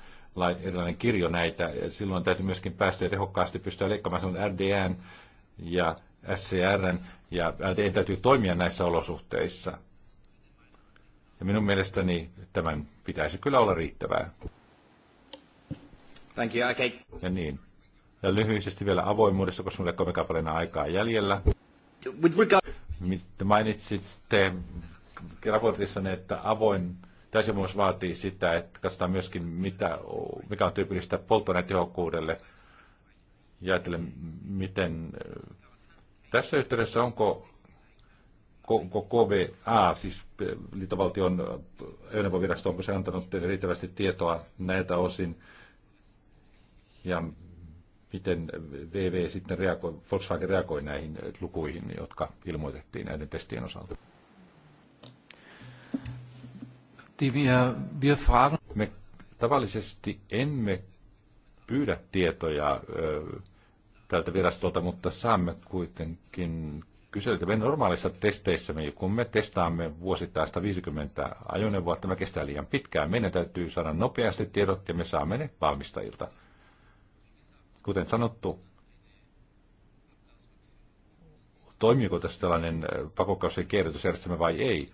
erilainen kirjo näitä, ja silloin täytyy myöskin päästöjä tehokkaasti pystyä leikkaamaan silloin RDN ja SCRn, ja RDE täytyy toimia näissä olosuhteissa. Ja minun mielestäni tämän pitäisi kyllä olla riittävää. Thank you, okay. Ja niin. Ja lyhyisesti vielä avoimuudessa, koska meillä ei ole paljon aikaa jäljellä. With regard... Mainitsitte raportissanne, että avoin täysimuus vaatii sitä, että katsotaan myöskin, mitä, mikä on tyypillistä polttoainetehokkuudelle ja ajattelen, miten tässä yhteydessä onko KVA, siis liittovaltion öljynvoimaviraston, onko se antanut riittävästi tietoa näitä osin ja miten VV sitten reagoi, Volkswagen reagoi näihin lukuihin, jotka ilmoitettiin näiden testien osalta? Me tavallisesti emme pyydä tietoja tältä virastolta, mutta saamme kuitenkin kyselyitä. Me normaalissa testeissä, kun me testaamme vuosittain 150 ajoneuvoa, tämä kestää liian pitkään. Meidän täytyy saada nopeasti tiedot ja me saamme ne valmistajilta. Kuten sanottu, toimiiko tässä tällainen äh, pakokausien vai ei,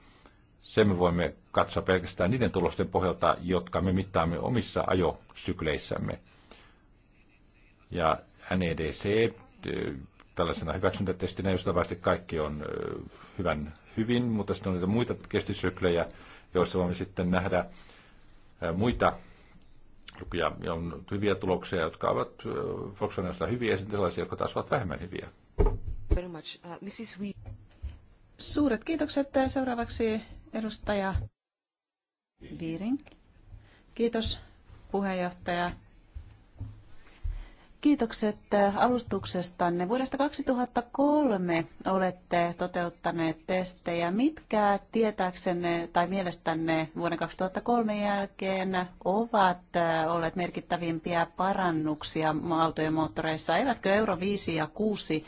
se me voimme katsoa pelkästään niiden tulosten pohjalta, jotka me mittaamme omissa ajosykleissämme. Ja NEDC äh, tällaisena hyväksyntätestinä, josta varmasti kaikki on äh, hyvän hyvin, mutta sitten on niitä muita kestisyklejä, joissa voimme sitten nähdä muita ja on hyviä tuloksia, jotka ovat Volkswagenissa hyviä ja sitten sellaisia, jotka taas ovat vähemmän hyviä. Very much. Uh, Mrs. We... Suuret kiitokset. Seuraavaksi edustaja Viering. Kiitos puheenjohtaja. Kiitokset äh, alustuksestanne. Vuodesta 2003 olette toteuttaneet testejä. Mitkä tietääksenne tai mielestänne vuoden 2003 jälkeen ovat äh, olleet merkittävimpiä parannuksia autojen moottoreissa? Eivätkö Euro 5 ja 6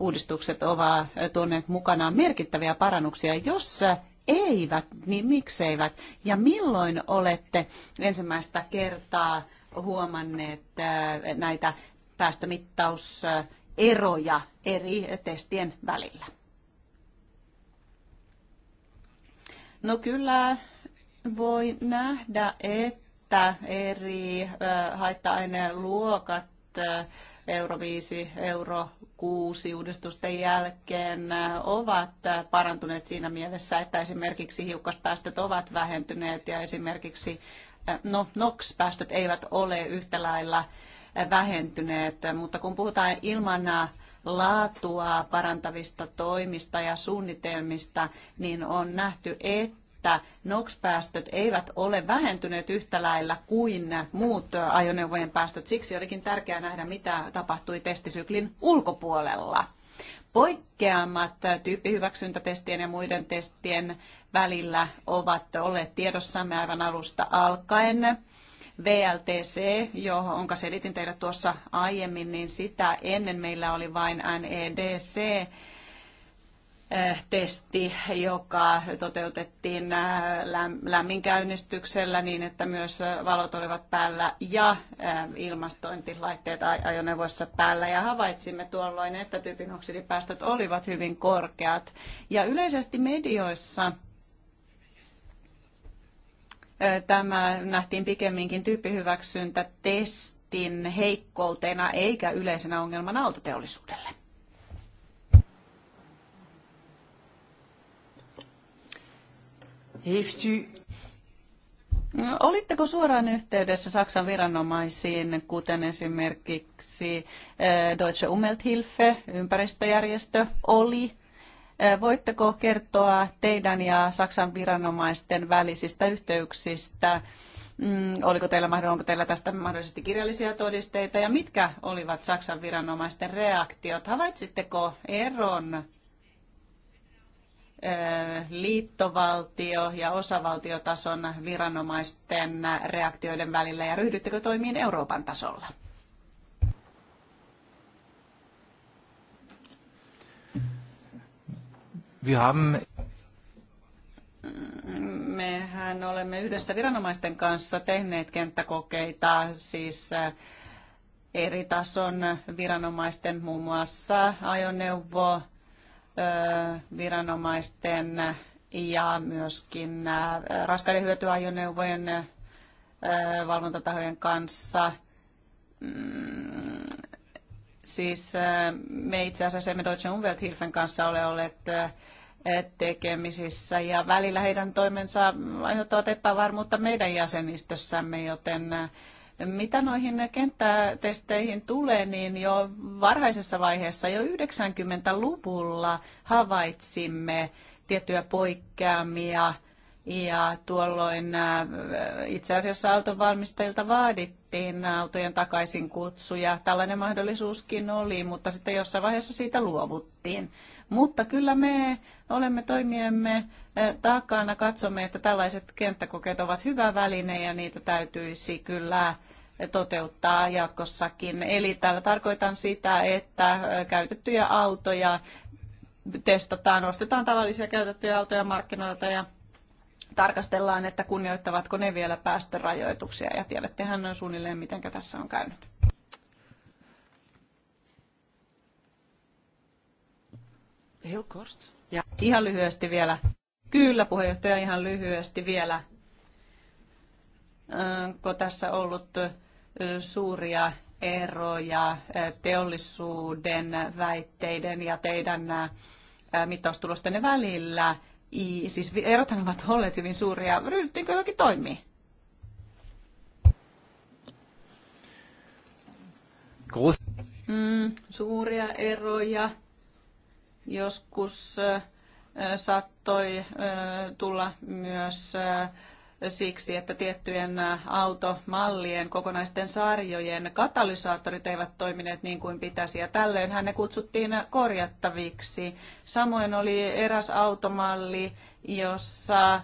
uudistukset ovat äh, tuoneet mukanaan merkittäviä parannuksia, jos eivät, niin mikseivät? Ja milloin olette ensimmäistä kertaa huomanneet näitä päästömittauseroja eri testien välillä? No kyllä voi nähdä, että eri haitta-aineen luokat euro 5, euro 6 uudistusten jälkeen ovat parantuneet siinä mielessä, että esimerkiksi hiukkaspäästöt ovat vähentyneet ja esimerkiksi no NOx-päästöt eivät ole yhtä lailla vähentyneet, mutta kun puhutaan ilman laatua parantavista toimista ja suunnitelmista, niin on nähty, että NOx-päästöt eivät ole vähentyneet yhtä lailla kuin muut ajoneuvojen päästöt. Siksi olikin tärkeää nähdä, mitä tapahtui testisyklin ulkopuolella. Poikkeamat tyyppihyväksyntätestien ja muiden testien välillä ovat olleet tiedossamme aivan alusta alkaen. VLTC, jonka selitin teille tuossa aiemmin, niin sitä ennen meillä oli vain NEDC, Eh, testi, joka toteutettiin eh, lämminkäynnistyksellä niin, että myös eh, valot olivat päällä ja ilmastointilaitteet ajoneuvoissa päällä. Ja havaitsimme tuolloin, että oksidipäästöt olivat hyvin korkeat. Ja yleisesti medioissa tämä nähtiin pikemminkin tyyppihyväksyntätestin heikkoutena eikä yleisenä ongelmana autoteollisuudelle. Heeft u... Olitteko suoraan yhteydessä Saksan viranomaisiin, kuten esimerkiksi eh, Deutsche Umwelthilfe, ympäristöjärjestö, oli? Eh, voitteko kertoa teidän ja Saksan viranomaisten välisistä yhteyksistä? Mm, oliko teillä, onko teillä tästä mahdollisesti kirjallisia todisteita ja mitkä olivat Saksan viranomaisten reaktiot? Havaitsitteko eron Eh, liittovaltio- ja osavaltiotason viranomaisten reaktioiden välillä ja ryhdyttekö toimiin Euroopan tasolla? Mehän olemme yhdessä viranomaisten kanssa tehneet kenttäkokeita, siis eh, eri tason viranomaisten, muun muassa ajoneuvo, viranomaisten ja myöskin raskaiden hyötyajoneuvojen valvontatahojen kanssa. Mm, siis me itse asiassa emme Deutsche Umwelthilfen kanssa ole olleet tekemisissä ja välillä heidän toimensa aiheuttavat epävarmuutta meidän jäsenistössämme, joten mitä noihin kenttätesteihin tulee, niin jo varhaisessa vaiheessa, jo 90-luvulla havaitsimme tiettyjä poikkeamia ja tuolloin itse asiassa autonvalmistajilta vaadittiin autojen takaisin kutsuja. Tällainen mahdollisuuskin oli, mutta sitten jossain vaiheessa siitä luovuttiin. Mutta kyllä me olemme toimiemme takana. Katsomme, että tällaiset kenttäkokeet ovat hyvä väline ja niitä täytyisi kyllä toteuttaa jatkossakin. Eli tällä tarkoitan sitä, että käytettyjä autoja testataan, ostetaan tavallisia käytettyjä autoja markkinoilta ja tarkastellaan, että kunnioittavatko ne vielä päästörajoituksia. Ja tiedättehän noin suunnilleen, miten tässä on käynyt. Ihan lyhyesti vielä. Kyllä puheenjohtaja ihan lyhyesti vielä. Onko tässä ollut suuria eroja teollisuuden väitteiden ja teidän mittaustulostenne välillä? I, siis erothan ovat olleet hyvin suuria. Ryhdyttiinkö johonkin toimii? Mm, suuria eroja. Joskus saattoi tulla myös siksi, että tiettyjen automallien kokonaisten sarjojen katalysaattorit eivät toimineet niin kuin pitäisi, ja hän ne kutsuttiin korjattaviksi. Samoin oli eräs automalli, jossa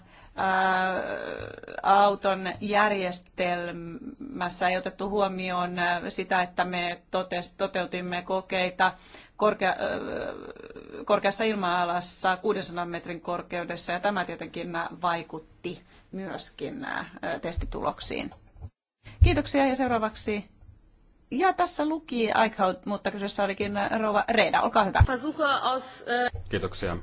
auton järjestelmässä ei otettu huomioon sitä, että me toteutimme kokeita korkea, korkeassa ilma-alassa 600 metrin korkeudessa ja tämä tietenkin vaikutti myöskin testituloksiin. Kiitoksia ja seuraavaksi ja tässä luki Eichhout, mutta kyseessä olikin Rova Reeda. Olkaa hyvä. Kiitoksia.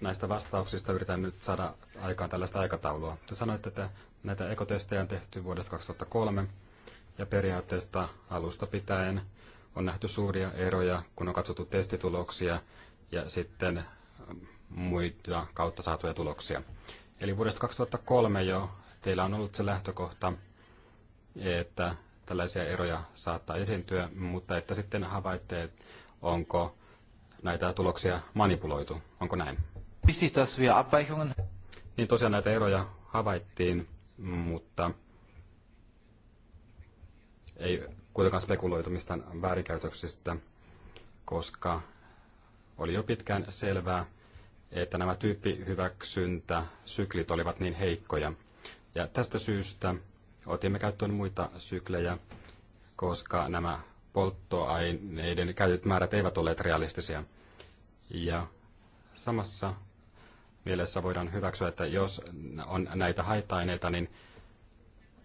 Näistä vastauksista yritän nyt saada aikaan tällaista aikataulua. Te sanoitte, että näitä ekotestejä on tehty vuodesta 2003 ja periaatteesta alusta pitäen – on nähty suuria eroja, kun on katsottu testituloksia ja sitten ähm, muita kautta saatuja tuloksia. Eli vuodesta 2003 jo teillä on ollut se lähtökohta, että tällaisia eroja saattaa esiintyä, mutta että sitten havaitte, onko näitä tuloksia manipuloitu. Onko näin? Wichtig, dass wir Abweichungen... Niin tosiaan näitä eroja havaittiin, mutta ei kuitenkaan spekuloitu mistään väärinkäytöksistä, koska oli jo pitkään selvää, että nämä tyyppihyväksyntäsyklit olivat niin heikkoja. Ja tästä syystä otimme käyttöön muita syklejä, koska nämä polttoaineiden käytetyt määrät eivät olleet realistisia. Ja samassa mielessä voidaan hyväksyä, että jos on näitä haitta niin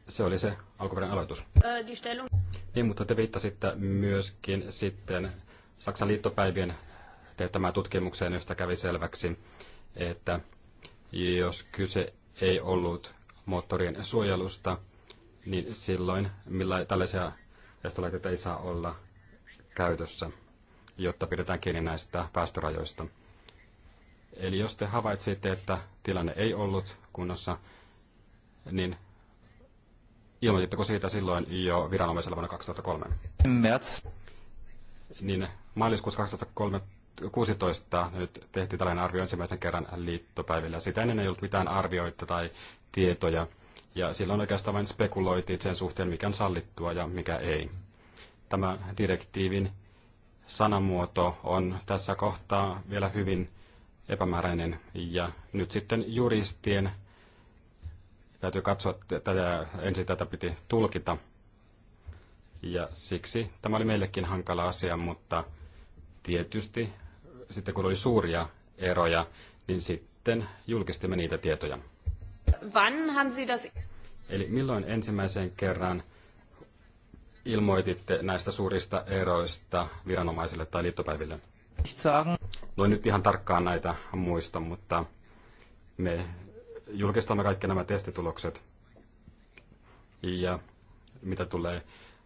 se oli se alkuperäinen aloitus. Niin, mutta te viittasitte myöskin sitten Saksan liittopäivien teettämään tutkimukseen, josta kävi selväksi, että jos kyse ei ollut moottorien suojelusta, niin silloin millä tällaisia estolaitteita ei saa olla käytössä, jotta pidetään kiinni näistä päästörajoista. Eli jos te havaitsitte, että tilanne ei ollut kunnossa, niin Ilmoititteko siitä silloin jo viranomaisella vuonna 2003? Mets. Niin maaliskuussa 2016 nyt tehtiin tällainen arvio ensimmäisen kerran liittopäivillä. Sitä ennen ei ollut mitään arvioita tai tietoja. Ja silloin oikeastaan vain spekuloitiin sen suhteen, mikä on sallittua ja mikä ei. Tämä direktiivin sanamuoto on tässä kohtaa vielä hyvin epämääräinen ja nyt sitten juristien Täytyy katsoa, tätä, ensin tätä piti tulkita. Ja siksi tämä oli meillekin hankala asia, mutta tietysti sitten kun oli suuria eroja, niin sitten julkistimme niitä tietoja. Wann haben Sie das... Eli milloin ensimmäisen kerran ilmoititte näistä suurista eroista viranomaisille tai liittopäiville? No nyt ihan tarkkaan näitä muista, mutta me julkistamme kaikki nämä testitulokset. Ja mitä tulee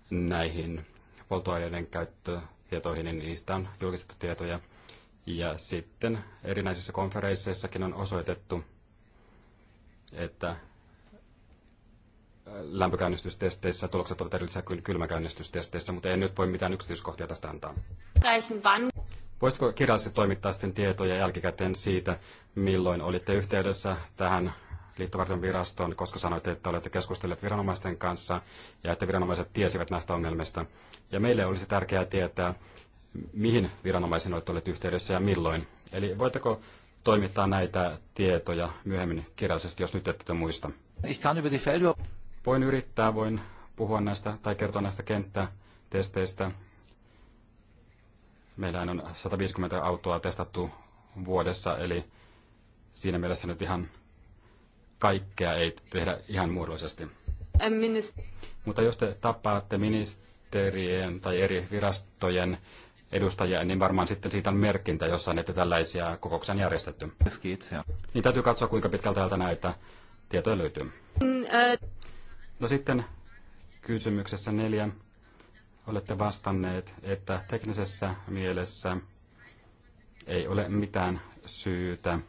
näihin polttoaineiden käyttötietoihin, niin niistä on julkistettu tietoja. Ja sitten erinäisissä konferensseissakin on osoitettu, että äh, lämpökäynnistystesteissä tulokset ovat erillisiä kuin kylmäkäynnistystesteissä, mutta en nyt voi mitään yksityiskohtia tästä antaa. Voisitko kirjallisesti toimittaa sitten tietoja jälkikäteen siitä, milloin olitte yhteydessä tähän liittovartion virastoon, koska sanoitte, että olette keskustelleet viranomaisten kanssa ja että viranomaiset tiesivät näistä ongelmista. Ja meille olisi tärkeää tietää, mihin viranomaisiin olette olleet yhteydessä ja milloin. Eli voitteko toimittaa näitä tietoja myöhemmin kirjallisesti, jos nyt ette muista? Voin yrittää, voin puhua näistä tai kertoa näistä kenttätesteistä Meillä on 150 autoa testattu vuodessa, eli siinä mielessä nyt ihan kaikkea ei tehdä ihan muodollisesti. Mutta jos te tapaatte ministerien tai eri virastojen edustajia, niin varmaan sitten siitä on merkintä jossain, että tällaisia kokouksia on järjestetty. Niin täytyy katsoa, kuinka pitkältä täältä näitä tietoja löytyy. No sitten kysymyksessä neljä olette vastanneet, että teknisessä mielessä ei ole mitään syytä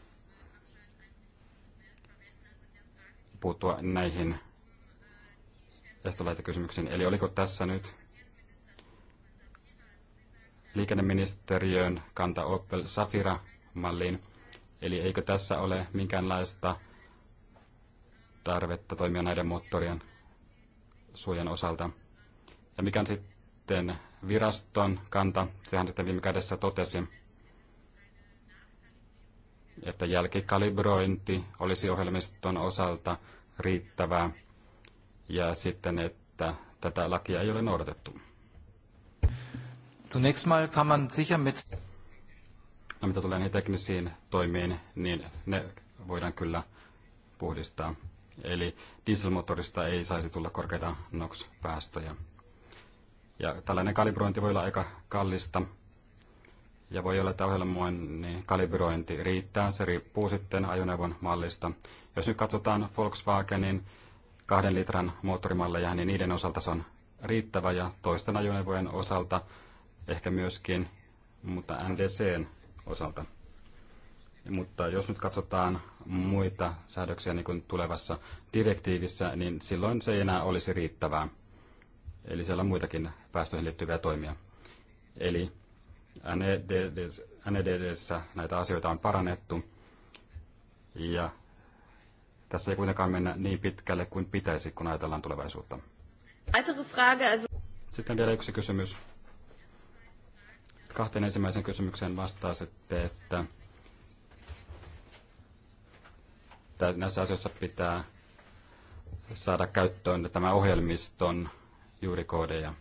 puuttua näihin estolaitekysymyksiin. Eli oliko tässä nyt liikenneministeriön kanta Opel Safira-malliin? Eli eikö tässä ole minkäänlaista tarvetta toimia näiden moottorien suojan osalta? Ja mikä on sitten sitten viraston kanta. Sehän sitten viime kädessä totesi, että jälkikalibrointi olisi ohjelmiston osalta riittävää ja sitten, että tätä lakia ei ole noudatettu. Zunächst mal kann man sicher mit... No, mitä tulee niihin teknisiin toimiin, niin ne voidaan kyllä puhdistaa. Eli dieselmotorista ei saisi tulla korkeita NOx-päästöjä. Ja tällainen kalibrointi voi olla aika kallista. Ja voi olla, että ohjelmoinnin niin kalibrointi riittää. Se riippuu sitten ajoneuvon mallista. Jos nyt katsotaan Volkswagenin kahden litran moottorimalleja, niin niiden osalta se on riittävä ja toisten ajoneuvojen osalta ehkä myöskin, mutta NDCn osalta. Mutta jos nyt katsotaan muita säädöksiä niin kuin tulevassa direktiivissä, niin silloin se ei enää olisi riittävää. Eli siellä on muitakin päästöihin liittyviä toimia. Eli NEDDssä e näitä asioita on parannettu. Ja tässä ei kuitenkaan mennä niin pitkälle kuin pitäisi, kun ajatellaan tulevaisuutta. Sitten vielä yksi kysymys. Kahteen ensimmäisen kysymykseen vastasitte, että näissä asioissa pitää saada käyttöön tämä ohjelmiston koodeja.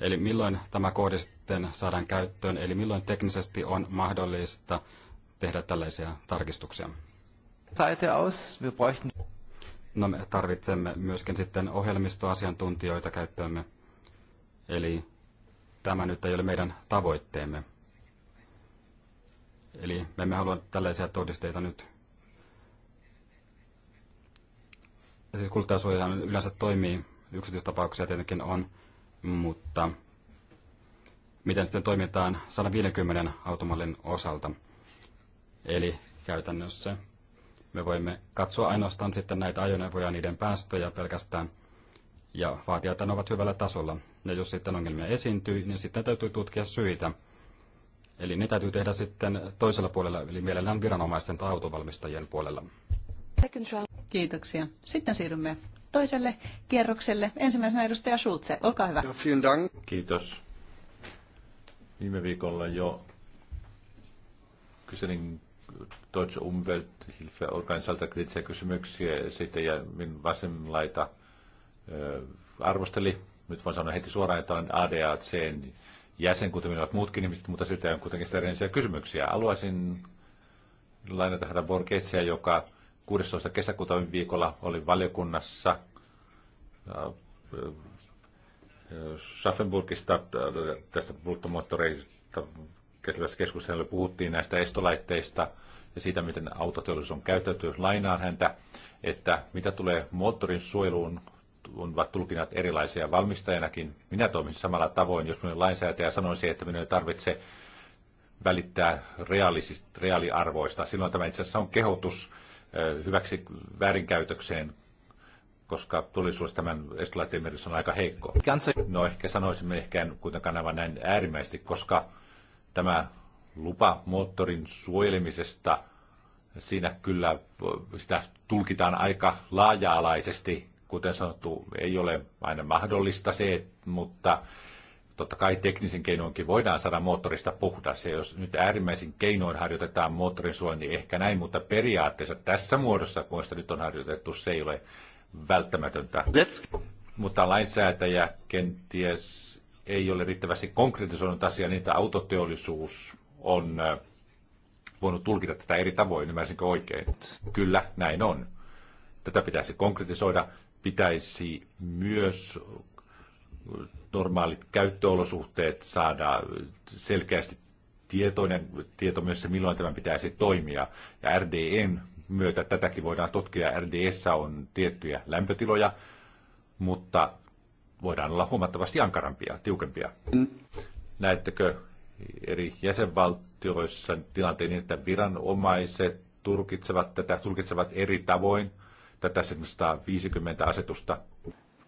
Eli milloin tämä koodi sitten saadaan käyttöön, eli milloin teknisesti on mahdollista tehdä tällaisia tarkistuksia. No me tarvitsemme myöskin sitten ohjelmistoasiantuntijoita käyttöömme. Eli tämä nyt ei ole meidän tavoitteemme. Eli me emme halua tällaisia todisteita nyt. Siis kuluttajasuojahan yleensä toimii Yksityistapauksia tietenkin on, mutta miten sitten toimitaan 150 automallin osalta. Eli käytännössä me voimme katsoa ainoastaan sitten näitä ajoneuvoja, niiden päästöjä pelkästään ja vaatia, että ne ovat hyvällä tasolla. Ja jos sitten ongelmia esiintyy, niin sitten täytyy tutkia syitä. Eli ne täytyy tehdä sitten toisella puolella, eli mielellään viranomaisten tai autovalmistajien puolella. Kiitoksia. Sitten siirrymme toiselle kierrokselle. Ensimmäisenä edustaja Schulze, olkaa hyvä. Kiitos. Viime viikolla jo kyselin Deutsche umwelthilfe organisaalta kriittisiä kysymyksiä sitten ja minun vasenlaita arvosteli. Nyt voin sanoa heti suoraan, että olen ADACn jäsen, kuten minä muutkin ihmiset, mutta siltä on kuitenkin sitä kysymyksiä. Haluaisin lainata herra Borgesia, joka 16. kesäkuuta viikolla oli valiokunnassa Äh, Schaffenburgista äh, tästä polttomoottoreista käsivässä keskustelussa puhuttiin näistä estolaitteista ja siitä, miten autoteollisuus on käytetty. Lainaan häntä, että mitä tulee moottorin suojeluun, ovat tulkinnat erilaisia valmistajanakin. Minä toimin samalla tavoin, jos minun lainsäätäjä sanoisi, että minun ei tarvitse välittää reaaliarvoista. Silloin tämä itse asiassa on kehotus äh, hyväksi väärinkäytökseen, koska tulisuus tämän merkitys on aika heikko. No ehkä sanoisimme ehkä en kuitenkaan aivan näin äärimmäisesti, koska tämä lupa moottorin suojelemisesta, siinä kyllä sitä tulkitaan aika laaja-alaisesti. Kuten sanottu, ei ole aina mahdollista se, mutta totta kai teknisen keinoinkin voidaan saada moottorista puhdas. Ja jos nyt äärimmäisin keinoin harjoitetaan moottorin suojelua, niin ehkä näin, mutta periaatteessa tässä muodossa, kun sitä nyt on harjoitettu, se ei ole välttämätöntä. Let's... Mutta lainsäätäjä kenties ei ole riittävästi konkretisoinut asiaa, niin että autoteollisuus on voinut tulkita tätä eri tavoin, ymmärsinkö oikein? Kyllä, näin on. Tätä pitäisi konkretisoida. Pitäisi myös normaalit käyttöolosuhteet saada selkeästi tietoinen tieto myös se, milloin tämän pitäisi toimia. Ja RDN myötä tätäkin voidaan tutkia. RDS on tiettyjä lämpötiloja, mutta voidaan olla huomattavasti ankarampia, tiukempia. Näettekö eri jäsenvaltioissa tilanteen niin, että viranomaiset tulkitsevat tätä, tulkitsevat eri tavoin tätä 750 asetusta?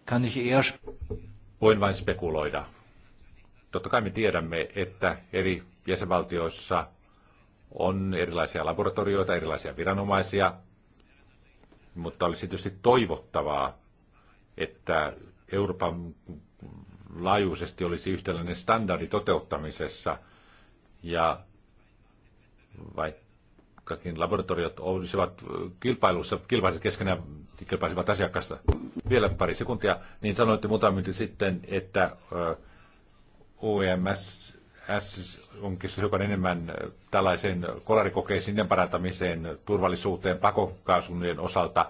Kann ich erst... Voin vain spekuloida. Totta kai me tiedämme, että eri jäsenvaltioissa on erilaisia laboratorioita, erilaisia viranomaisia, mutta olisi tietysti toivottavaa, että Euroopan laajuisesti olisi yhtäläinen standardi toteuttamisessa ja vaikkakin laboratoriot olisivat kilpailussa, kilpailisivat keskenään, kilpailisivat asiakasta vielä pari sekuntia, niin sanoitte muutama sitten, että OEMS S onkin hiukan enemmän tällaiseen kolarikokeisiin parantamiseen, turvallisuuteen, pakokaasunnien osalta.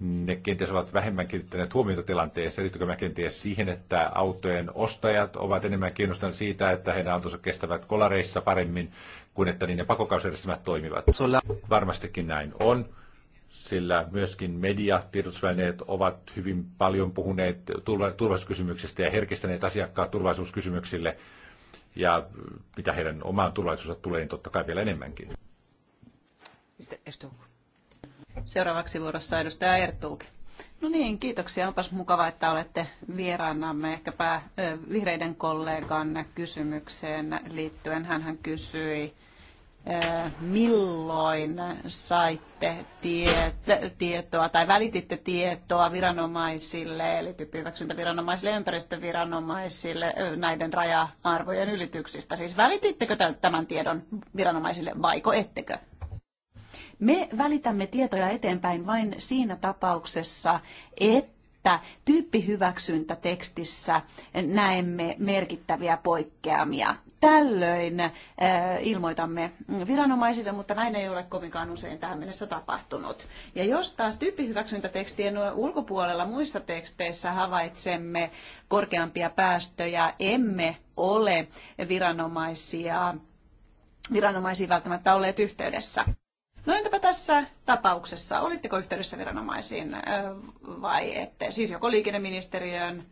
Ne kenties ovat vähemmän kiinnittäneet huomiota tilanteeseen. Liittyykö mä kenties siihen, että autojen ostajat ovat enemmän kiinnostuneet siitä, että heidän autonsa kestävät kolareissa paremmin kuin että niiden pakokausjärjestelmät toimivat? Varmastikin näin on sillä myöskin media, tiedotusvälineet ovat hyvin paljon puhuneet turvallisuuskysymyksistä ja herkistäneet asiakkaat turvallisuuskysymyksille ja mitä heidän omaan turvallisuutensa tulee, niin totta kai vielä enemmänkin. Seuraavaksi vuorossa edustaja Ertuuki. No niin, kiitoksia. Onpas mukava, että olette vieraanamme ehkäpä vihreiden kollegan kysymykseen liittyen. hän kysyi milloin saitte tietoa tai välititte tietoa viranomaisille, eli tyyppihyväksyntäviranomaisille ja ympäristöviranomaisille näiden raja-arvojen ylityksistä? Siis välitittekö tämän tiedon viranomaisille vaiko ettekö? Me välitämme tietoja eteenpäin vain siinä tapauksessa, että että tyyppihyväksyntätekstissä näemme merkittäviä poikkeamia tällöin äh, ilmoitamme viranomaisille, mutta näin ei ole kovinkaan usein tähän mennessä tapahtunut. Ja jos taas tyyppihyväksyntätekstien ulkopuolella muissa teksteissä havaitsemme korkeampia päästöjä, emme ole viranomaisia, viranomaisiin välttämättä olleet yhteydessä. No entäpä tässä tapauksessa, olitteko yhteydessä viranomaisiin äh, vai ette? Siis joko liikenneministeriöön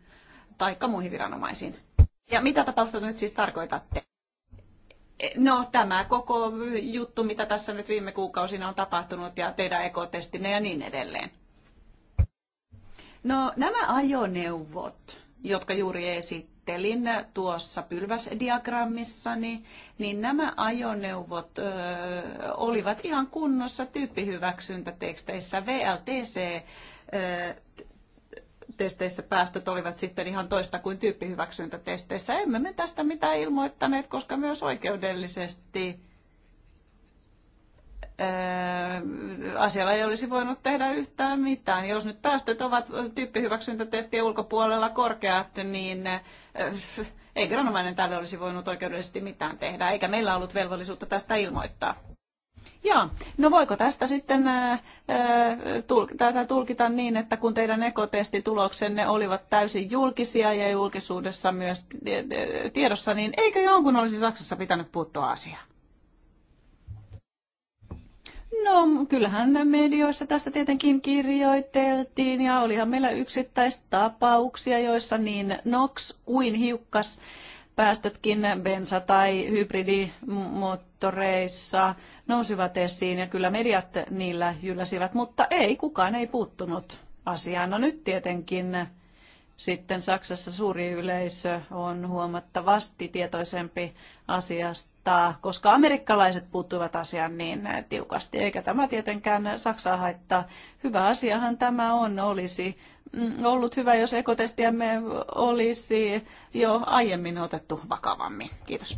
tai muihin viranomaisiin? Ja mitä tapausta nyt siis tarkoitatte? No tämä koko juttu, mitä tässä nyt viime kuukausina on tapahtunut ja teidän ekotestinne ja niin edelleen. No nämä ajoneuvot, jotka juuri esittelin tuossa pylväsdiagrammissani, niin nämä ajoneuvot ö, olivat ihan kunnossa tyyppihyväksyntäteksteissä VLTC testeissä päästöt olivat sitten ihan toista kuin tyyppihyväksyntätesteissä. Emme me tästä mitään ilmoittaneet, koska myös oikeudellisesti asialla ei olisi voinut tehdä yhtään mitään. Jos nyt päästöt ovat tyyppihyväksyntätestien ulkopuolella korkeat, niin ei viranomainen tälle olisi voinut oikeudellisesti mitään tehdä, eikä meillä ollut velvollisuutta tästä ilmoittaa. Joo, no voiko tästä sitten ää, äh, äh, tätä tulkita niin, että kun teidän ekotestituloksenne olivat täysin julkisia ja julkisuudessa myös tiedossa, niin eikö jonkun olisi Saksassa pitänyt puuttua asiaan? No kyllähän medioissa tästä tietenkin kirjoiteltiin ja olihan meillä yksittäistapauksia, joissa niin NOX kuin hiukkas päästötkin bensa- tai hybridimoottoreissa nousivat esiin ja kyllä mediat niillä jylläsivät, mutta ei, kukaan ei puuttunut asiaan. No nyt tietenkin sitten Saksassa suuri yleisö on huomattavasti tietoisempi asiasta haittaa, koska amerikkalaiset puuttuivat asiaan niin tiukasti, eikä tämä tietenkään Saksaa haittaa. Hyvä asiahan tämä on, olisi mm, ollut hyvä, jos ekotestiämme olisi jo aiemmin otettu vakavammin. Kiitos.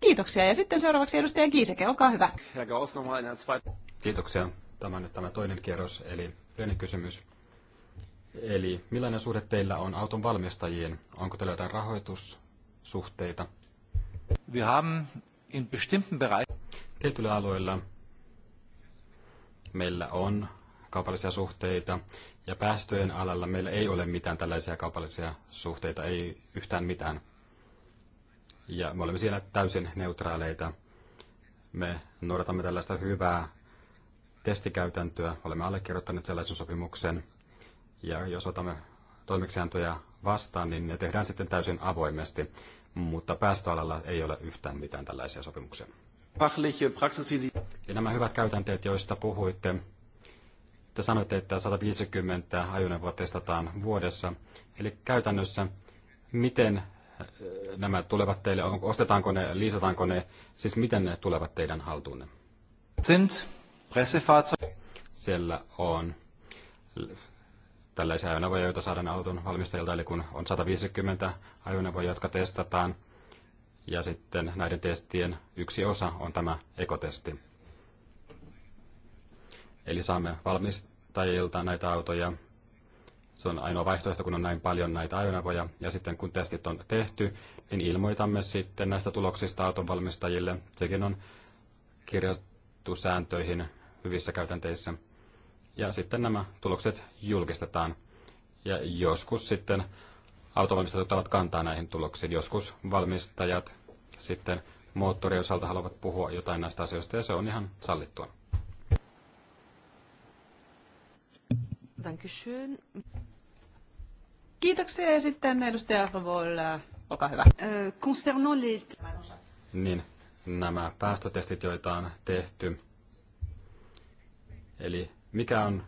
Kiitoksia. Ja sitten seuraavaksi edustaja Kiiseke, olkaa hyvä. No Kiitoksia. Tämä on nyt tämä toinen kierros, eli yleinen kysymys. Eli millainen suhde teillä on auton valmistajiin? Onko teillä jotain rahoitussuhteita? Wir haben in bestimmten Bereichen... Tietyillä alueilla meillä on kaupallisia suhteita ja päästöjen alalla meillä ei ole mitään tällaisia kaupallisia suhteita, ei yhtään mitään. Ja me olemme siellä täysin neutraaleita. Me noudatamme tällaista hyvää testikäytäntöä, olemme allekirjoittaneet sellaisen sopimuksen. Ja jos otamme toimeksiantoja vastaan, niin ne tehdään sitten täysin avoimesti mutta päästöalalla ei ole yhtään mitään tällaisia sopimuksia. Ja nämä hyvät käytänteet, joista puhuitte, te sanoitte, että 150 ajoneuvoa testataan vuodessa. Eli käytännössä, miten äh, nämä tulevat teille, ostetaanko ne, liisataanko ne, siis miten ne tulevat teidän haltuunne? Sind Pressefahrzeug. Siellä on tällaisia ajoneuvoja, joita saadaan auton valmistajilta, eli kun on 150 ajoneuvoja, jotka testataan, ja sitten näiden testien yksi osa on tämä ekotesti. Eli saamme valmistajilta näitä autoja. Se on ainoa vaihtoehto, kun on näin paljon näitä ajoneuvoja. Ja sitten kun testit on tehty, niin ilmoitamme sitten näistä tuloksista autonvalmistajille. Sekin on kirjattu sääntöihin hyvissä käytänteissä ja sitten nämä tulokset julkistetaan. Ja joskus sitten autovalmistajat ottavat kantaa näihin tuloksiin. Joskus valmistajat sitten moottorien osalta haluavat puhua jotain näistä asioista, ja se on ihan sallittua. Dankeschön. Kiitoksia ja sitten edustaja Voilla, olkaa hyvä. Concernant les... Niin, nämä päästötestit, joita on tehty, eli mikä on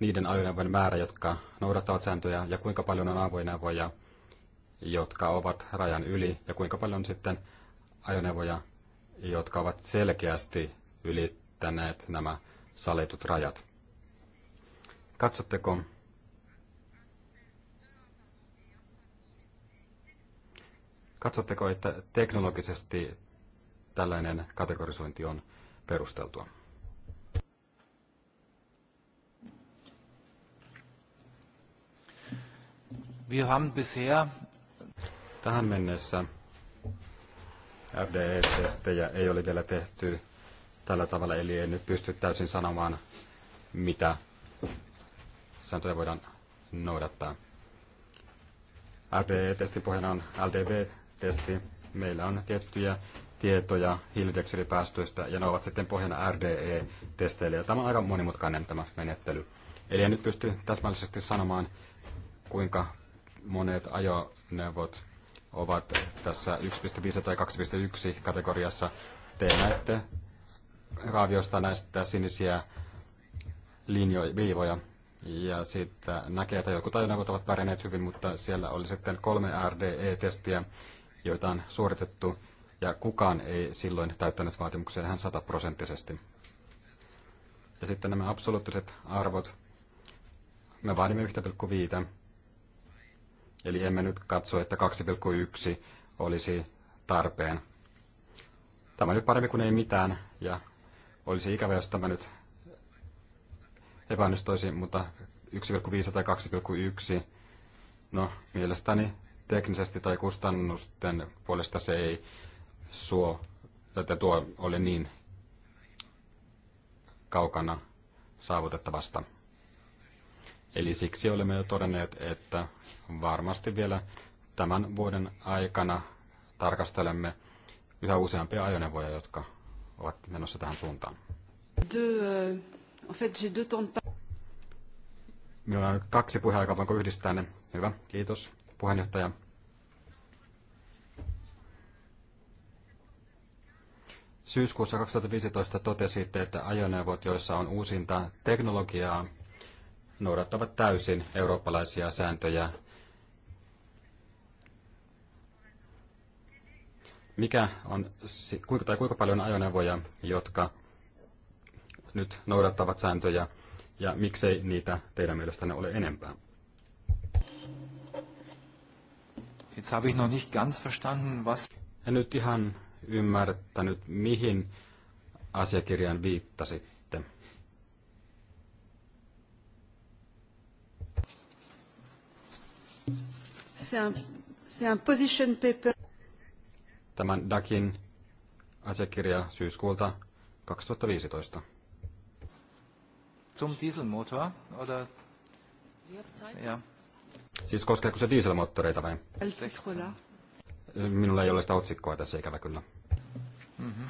niiden ajoneuvojen määrä, jotka noudattavat sääntöjä, ja kuinka paljon on avoinneuvoja, jotka ovat rajan yli, ja kuinka paljon sitten ajoneuvoja, jotka ovat selkeästi ylittäneet nämä saletut rajat. Katsotteko Katsotteko, että teknologisesti tällainen kategorisointi on perusteltua? haben bisher Tähän mennessä FDE-testejä ei ole vielä tehty tällä tavalla, eli ei nyt pysty täysin sanomaan, mitä sääntöjä voidaan noudattaa. RDE-testin pohjana on ldb testi Meillä on tiettyjä tietoja hiilidioksidipäästöistä ja ne ovat sitten pohjana RDE-testeille. Tämä on aika monimutkainen tämä menettely. Eli en nyt pysty täsmällisesti sanomaan, kuinka monet ajoneuvot ovat tässä 1.5 tai 2.1 kategoriassa. Te näette raaviosta näistä sinisiä linjoja, viivoja, ja siitä näkee, että jotkut ajoneuvot ovat pärjänneet hyvin, mutta siellä oli sitten kolme RDE-testiä, joita on suoritettu, ja kukaan ei silloin täyttänyt vaatimuksia ihan sataprosenttisesti. Ja sitten nämä absoluuttiset arvot. Me vaadimme 1,5 Eli emme nyt katso, että 2,1 olisi tarpeen. Tämä on nyt parempi kuin ei mitään, ja olisi ikävä, jos tämä nyt epäonnistuisi, mutta 1,5 tai 2,1, no mielestäni teknisesti tai kustannusten puolesta se ei suo, että tuo oli niin kaukana saavutettavasta. Eli siksi olemme jo todenneet, että varmasti vielä tämän vuoden aikana tarkastelemme yhä useampia ajoneuvoja, jotka ovat menossa tähän suuntaan. Euh, Minulla on nyt kaksi puheaikaa, voinko yhdistää ne? Hyvä, kiitos puheenjohtaja. Syyskuussa 2015 totesitte, että ajoneuvot, joissa on uusinta teknologiaa noudattavat täysin eurooppalaisia sääntöjä. Mikä on, kuinka, tai kuinka paljon ajoneuvoja, jotka nyt noudattavat sääntöjä, ja miksei niitä teidän mielestänne ole enempää? Jetzt habe ich noch nicht ganz verstanden, was... En nyt ihan ymmärtänyt, mihin asiakirjan viittasitte. C'est un, un position paper. Tämän DAKin asiakirja syyskuulta 2015. Zum Dieselmotor, oder? Ja. Siis koskeeko se dieselmoottoreita vai? Minulla ei ole sitä otsikkoa tässä ikävä kyllä. Mm-hmm.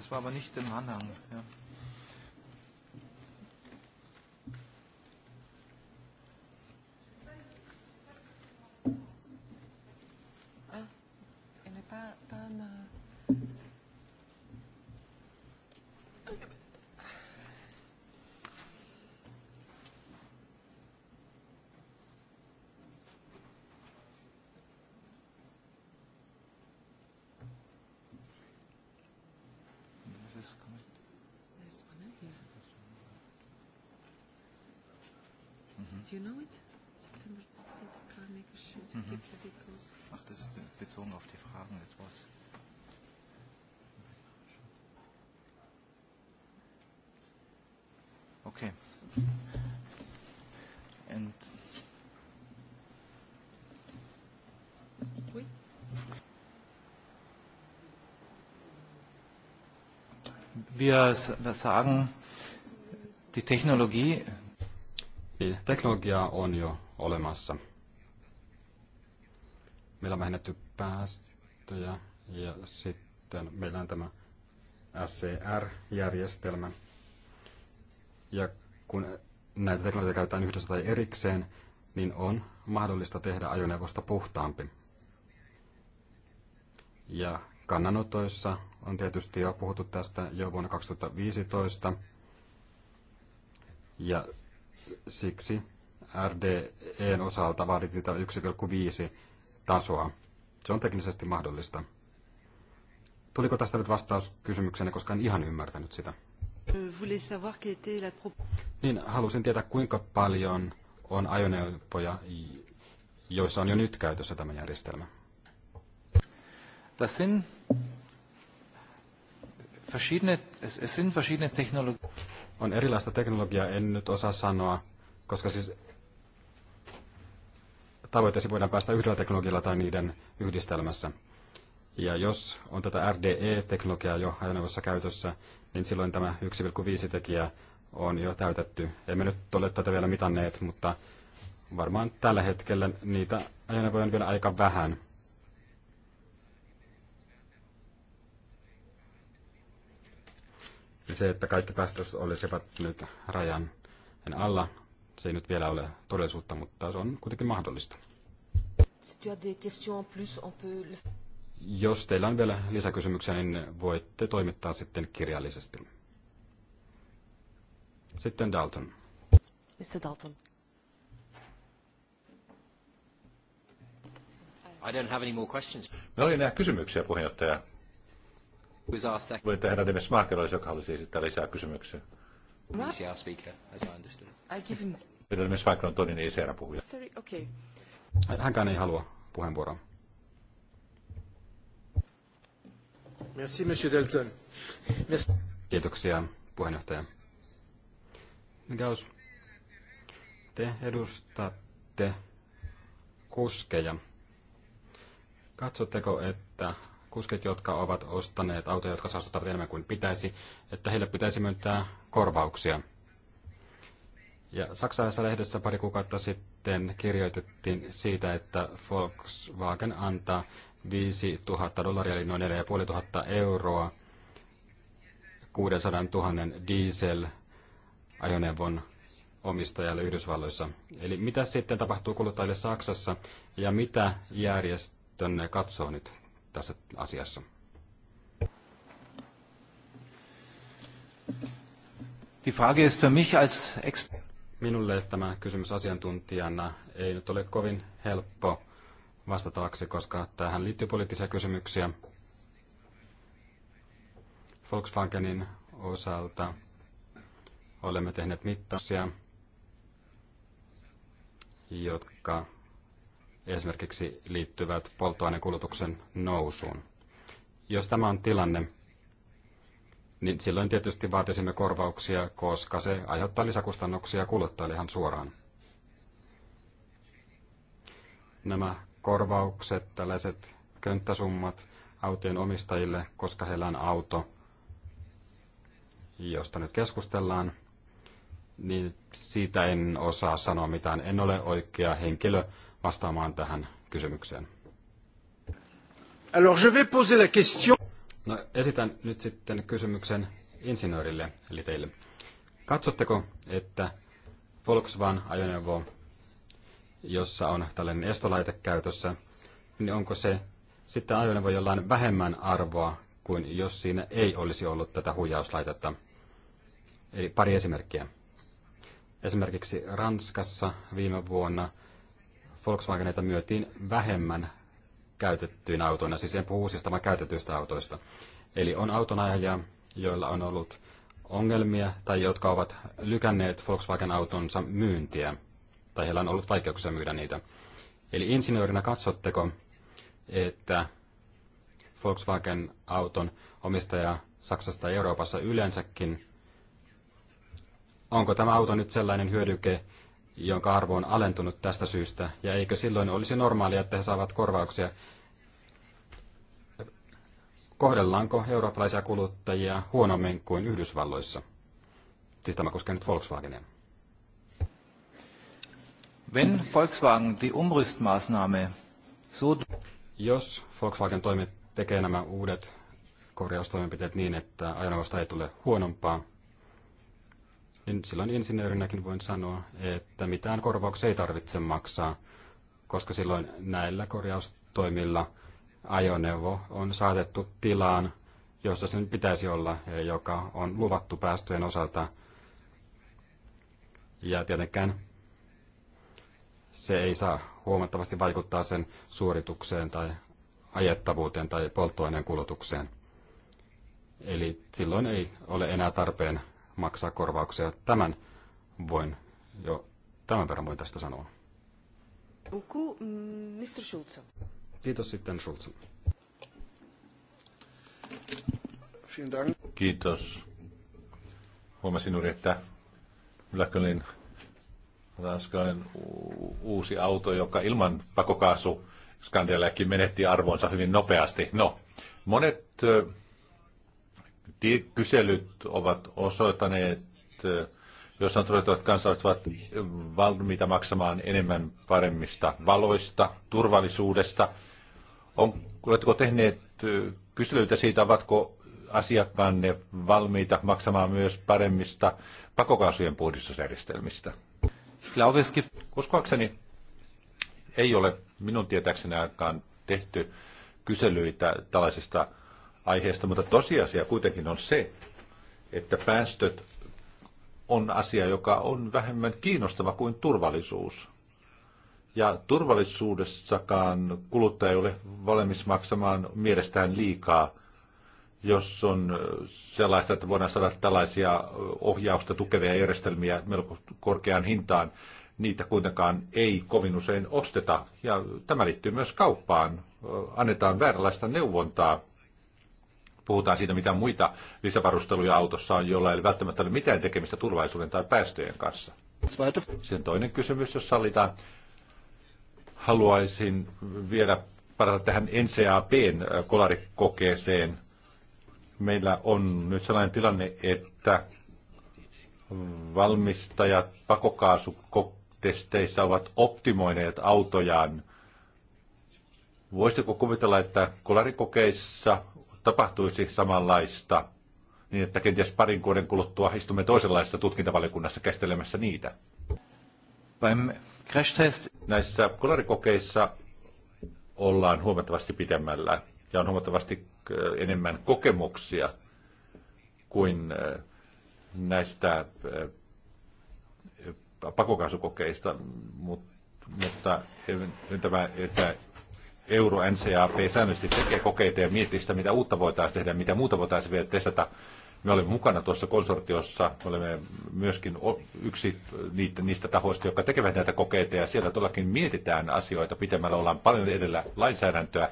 Das war aber nicht im Anhang. Ja. Okay. And oui. Wir sagen, die Technologie. Niin, teknologiaa on jo olemassa. Meillä on vähennetty päästöjä ja sitten meillä on tämä SCR-järjestelmä, ja kun näitä teknologioita käytetään yhdessä tai erikseen, niin on mahdollista tehdä ajoneuvosta puhtaampi. Ja kannanotoissa on tietysti jo puhuttu tästä jo vuonna 2015. Ja siksi RDEn osalta vaadittiin 1,5 tasoa. Se on teknisesti mahdollista. Tuliko tästä nyt vastaus kysymykseen, koska en ihan ymmärtänyt sitä? Euh, niin, halusin tietää, kuinka paljon on ajoneuvoja, joissa on jo nyt käytössä tämä järjestelmä. Das sind verschiedene, es sind verschiedene On erilaista teknologiaa, en nyt osaa sanoa, koska siis tavoitteisiin voidaan päästä yhdellä teknologialla tai niiden yhdistelmässä. Ja jos on tätä RDE-teknologiaa jo ajoneuvossa käytössä, niin silloin tämä 1,5 tekijä on jo täytetty. Emme nyt ole tätä vielä mitanneet, mutta varmaan tällä hetkellä niitä ajoneuvoja on vielä aika vähän. Ja se, että kaikki päästöt olisivat nyt rajan alla, se ei nyt vielä ole todellisuutta, mutta se on kuitenkin mahdollista. Si jos teillä on vielä lisäkysymyksiä, niin voitte toimittaa sitten kirjallisesti. Sitten Dalton. Mr. Dalton. I don't have any more questions. Meillä oli enää kysymyksiä, puheenjohtaja. Voitte tehdä Demis Maakelois, joka halusi esittää lisää kysymyksiä. ECR speaker, as I understood. I give him... Demes Maakel on toinen ECR-puhuja. Sorry, okay. Hänkään ei halua puheenvuoroa. Merci, Monsieur Dalton. Merci. Kiitoksia, puheenjohtaja. Gauss, te edustatte kuskeja. Katsotteko, että kuskit, jotka ovat ostaneet autoja, jotka saastuttavat enemmän kuin pitäisi, että heille pitäisi myöntää korvauksia? Ja saksalaisessa lehdessä pari kuukautta sitten kirjoitettiin siitä, että Volkswagen antaa 5 000 dollaria, eli noin 4 500 euroa 600 000 diesel-ajoneuvon omistajalle Yhdysvalloissa. Eli mitä sitten tapahtuu kuluttajille Saksassa ja mitä järjestönne katsoo nyt tässä asiassa? Die Frage ist für mich als Minulle tämä kysymys asiantuntijana ei nyt ole kovin helppo vastattavaksi, koska tähän liittyy poliittisia kysymyksiä. Volkswagenin osalta olemme tehneet mittauksia, jotka esimerkiksi liittyvät polttoainekulutuksen nousuun. Jos tämä on tilanne, niin silloin tietysti vaatisimme korvauksia, koska se aiheuttaa lisäkustannuksia kuluttajille ihan suoraan. Nämä korvaukset, tällaiset könttäsummat autojen omistajille, koska heillä on auto, josta nyt keskustellaan, niin siitä en osaa sanoa mitään. En ole oikea henkilö vastaamaan tähän kysymykseen. Alors je vais poser la question. No, esitän nyt sitten kysymyksen insinöörille, eli teille. Katsotteko, että Volkswagen ajoneuvo jossa on tällainen estolaite käytössä, niin onko se sitten ajoneuvo jollain vähemmän arvoa kuin jos siinä ei olisi ollut tätä huijauslaitetta? Eli pari esimerkkiä. Esimerkiksi Ranskassa viime vuonna Volkswageneita myötiin vähemmän käytettyinä autoina, siis en puhu uusista, vaan käytetyistä autoista. Eli on autonajajia, joilla on ollut ongelmia tai jotka ovat lykänneet Volkswagen-autonsa myyntiä – mutta heillä on ollut vaikeuksia myydä niitä. Eli insinöörinä katsotteko, että Volkswagen-auton omistaja Saksasta ja Euroopassa yleensäkin, onko tämä auto nyt sellainen hyödyke, jonka arvo on alentunut tästä syystä, ja eikö silloin olisi normaalia, että he saavat korvauksia? Kohdellaanko eurooppalaisia kuluttajia huonommin kuin Yhdysvalloissa? Siis tämä koskee nyt Volkswagenia. Wenn Volkswagen die Umrüstmaßnahme so... Jos Volkswagen toimet tekee nämä uudet korjaustoimenpiteet niin, että ajoneuvosta ei tule huonompaa, niin silloin insinöörinäkin voin sanoa, että mitään korvauksia ei tarvitse maksaa, koska silloin näillä korjaustoimilla ajoneuvo on saatettu tilaan, jossa sen pitäisi olla, joka on luvattu päästöjen osalta. Ja tietenkään se ei saa huomattavasti vaikuttaa sen suoritukseen tai ajettavuuteen tai polttoaineen kulutukseen. Eli silloin ei ole enää tarpeen maksaa korvauksia. Tämän voin jo tämän verran voin tästä sanoa. Mr. Schulz. Kiitos sitten Schulz. Kiitos. Huomasin juuri, että Yläkölin Ranskan uusi auto, joka ilman pakokaasu skandeleekin menetti arvonsa hyvin nopeasti. No, monet kyselyt ovat osoittaneet, jos on todettu, että kansalaiset ovat valmiita maksamaan enemmän paremmista valoista, turvallisuudesta. On, oletteko tehneet kyselyitä siitä, ovatko asiakkaanne valmiita maksamaan myös paremmista pakokaasujen puhdistusjärjestelmistä? Uskoakseni ei ole minun tietääkseni aikaan tehty kyselyitä tällaisista aiheista, mutta tosiasia kuitenkin on se, että päästöt on asia, joka on vähemmän kiinnostava kuin turvallisuus. Ja turvallisuudessakaan kuluttaja ei ole valmis maksamaan mielestään liikaa jos on äh, sellaista, että voidaan saada tällaisia äh, ohjausta tukevia järjestelmiä melko korkeaan hintaan, niitä kuitenkaan ei kovin usein osteta. Ja tämä liittyy myös kauppaan. Äh, annetaan vääränlaista neuvontaa. Puhutaan siitä, mitä muita lisävarusteluja autossa on, jolla ei välttämättä ole mitään tekemistä turvallisuuden tai päästöjen kanssa. Sen toinen kysymys, jos sallitaan. Haluaisin vielä parata tähän NCAPn kolarikokeeseen – meillä on nyt sellainen tilanne, että valmistajat pakokaasutesteissä ovat optimoineet autojaan. Voisitko kuvitella, että kolarikokeissa tapahtuisi samanlaista, niin että kenties parin vuoden kuluttua istumme toisenlaisessa tutkintavaliokunnassa käsittelemässä niitä? Beim crash test. Näissä kolarikokeissa ollaan huomattavasti pitemmällä ja on huomattavasti äh, enemmän kokemuksia kuin äh, näistä äh, pakokaasukokeista, mutta tämä, että euro NCAP säännöllisesti tekee kokeita ja miettii sitä, mitä uutta voitaisiin tehdä, mitä muuta voitaisiin vielä testata. Me olemme mukana tuossa konsortiossa, me olemme myöskin yksi niitä, niistä tahoista, jotka tekevät näitä kokeita ja siellä todellakin mietitään asioita pitemmällä, ollaan paljon edellä lainsäädäntöä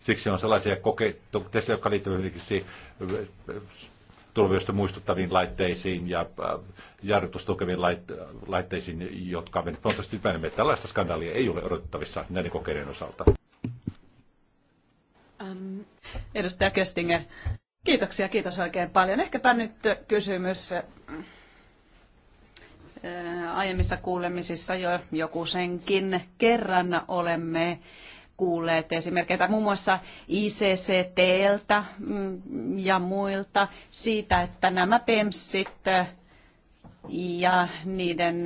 Siksi on sellaisia kokeita, jotka liittyvät esimerkiksi eh, tulvioista muistuttaviin laitteisiin ja eh, jarrutustukeviin laitteisiin, jotka ovat huomattavasti että Tällaista skandaalia ei ole odotettavissa näiden kokeiden osalta. Um, edustaja Köstinger, kiitoksia, kiitos oikein paljon. Ehkäpä nyt kysymys eh, aiemmissa kuulemisissa jo joku senkin kerran olemme kuulleet esimerkkejä muun muassa ICCTltä mm, ja muilta siitä, että nämä PEMSit ja niiden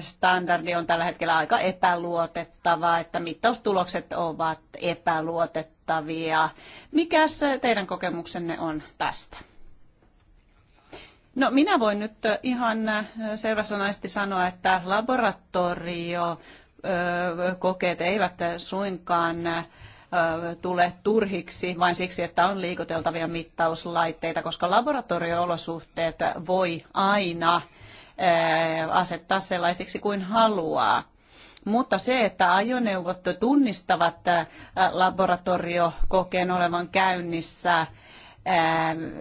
standardi on tällä hetkellä aika epäluotettava, että mittaustulokset ovat epäluotettavia. Mikäs teidän kokemuksenne on tästä? No minä voin nyt ihan selväsanaisesti sanoa, että laboratorio kokeet eivät suinkaan tule turhiksi vain siksi, että on liikuteltavia mittauslaitteita, koska laboratorioolosuhteet voi aina asettaa sellaisiksi kuin haluaa. Mutta se, että ajoneuvot tunnistavat laboratoriokokeen olevan käynnissä Ähm,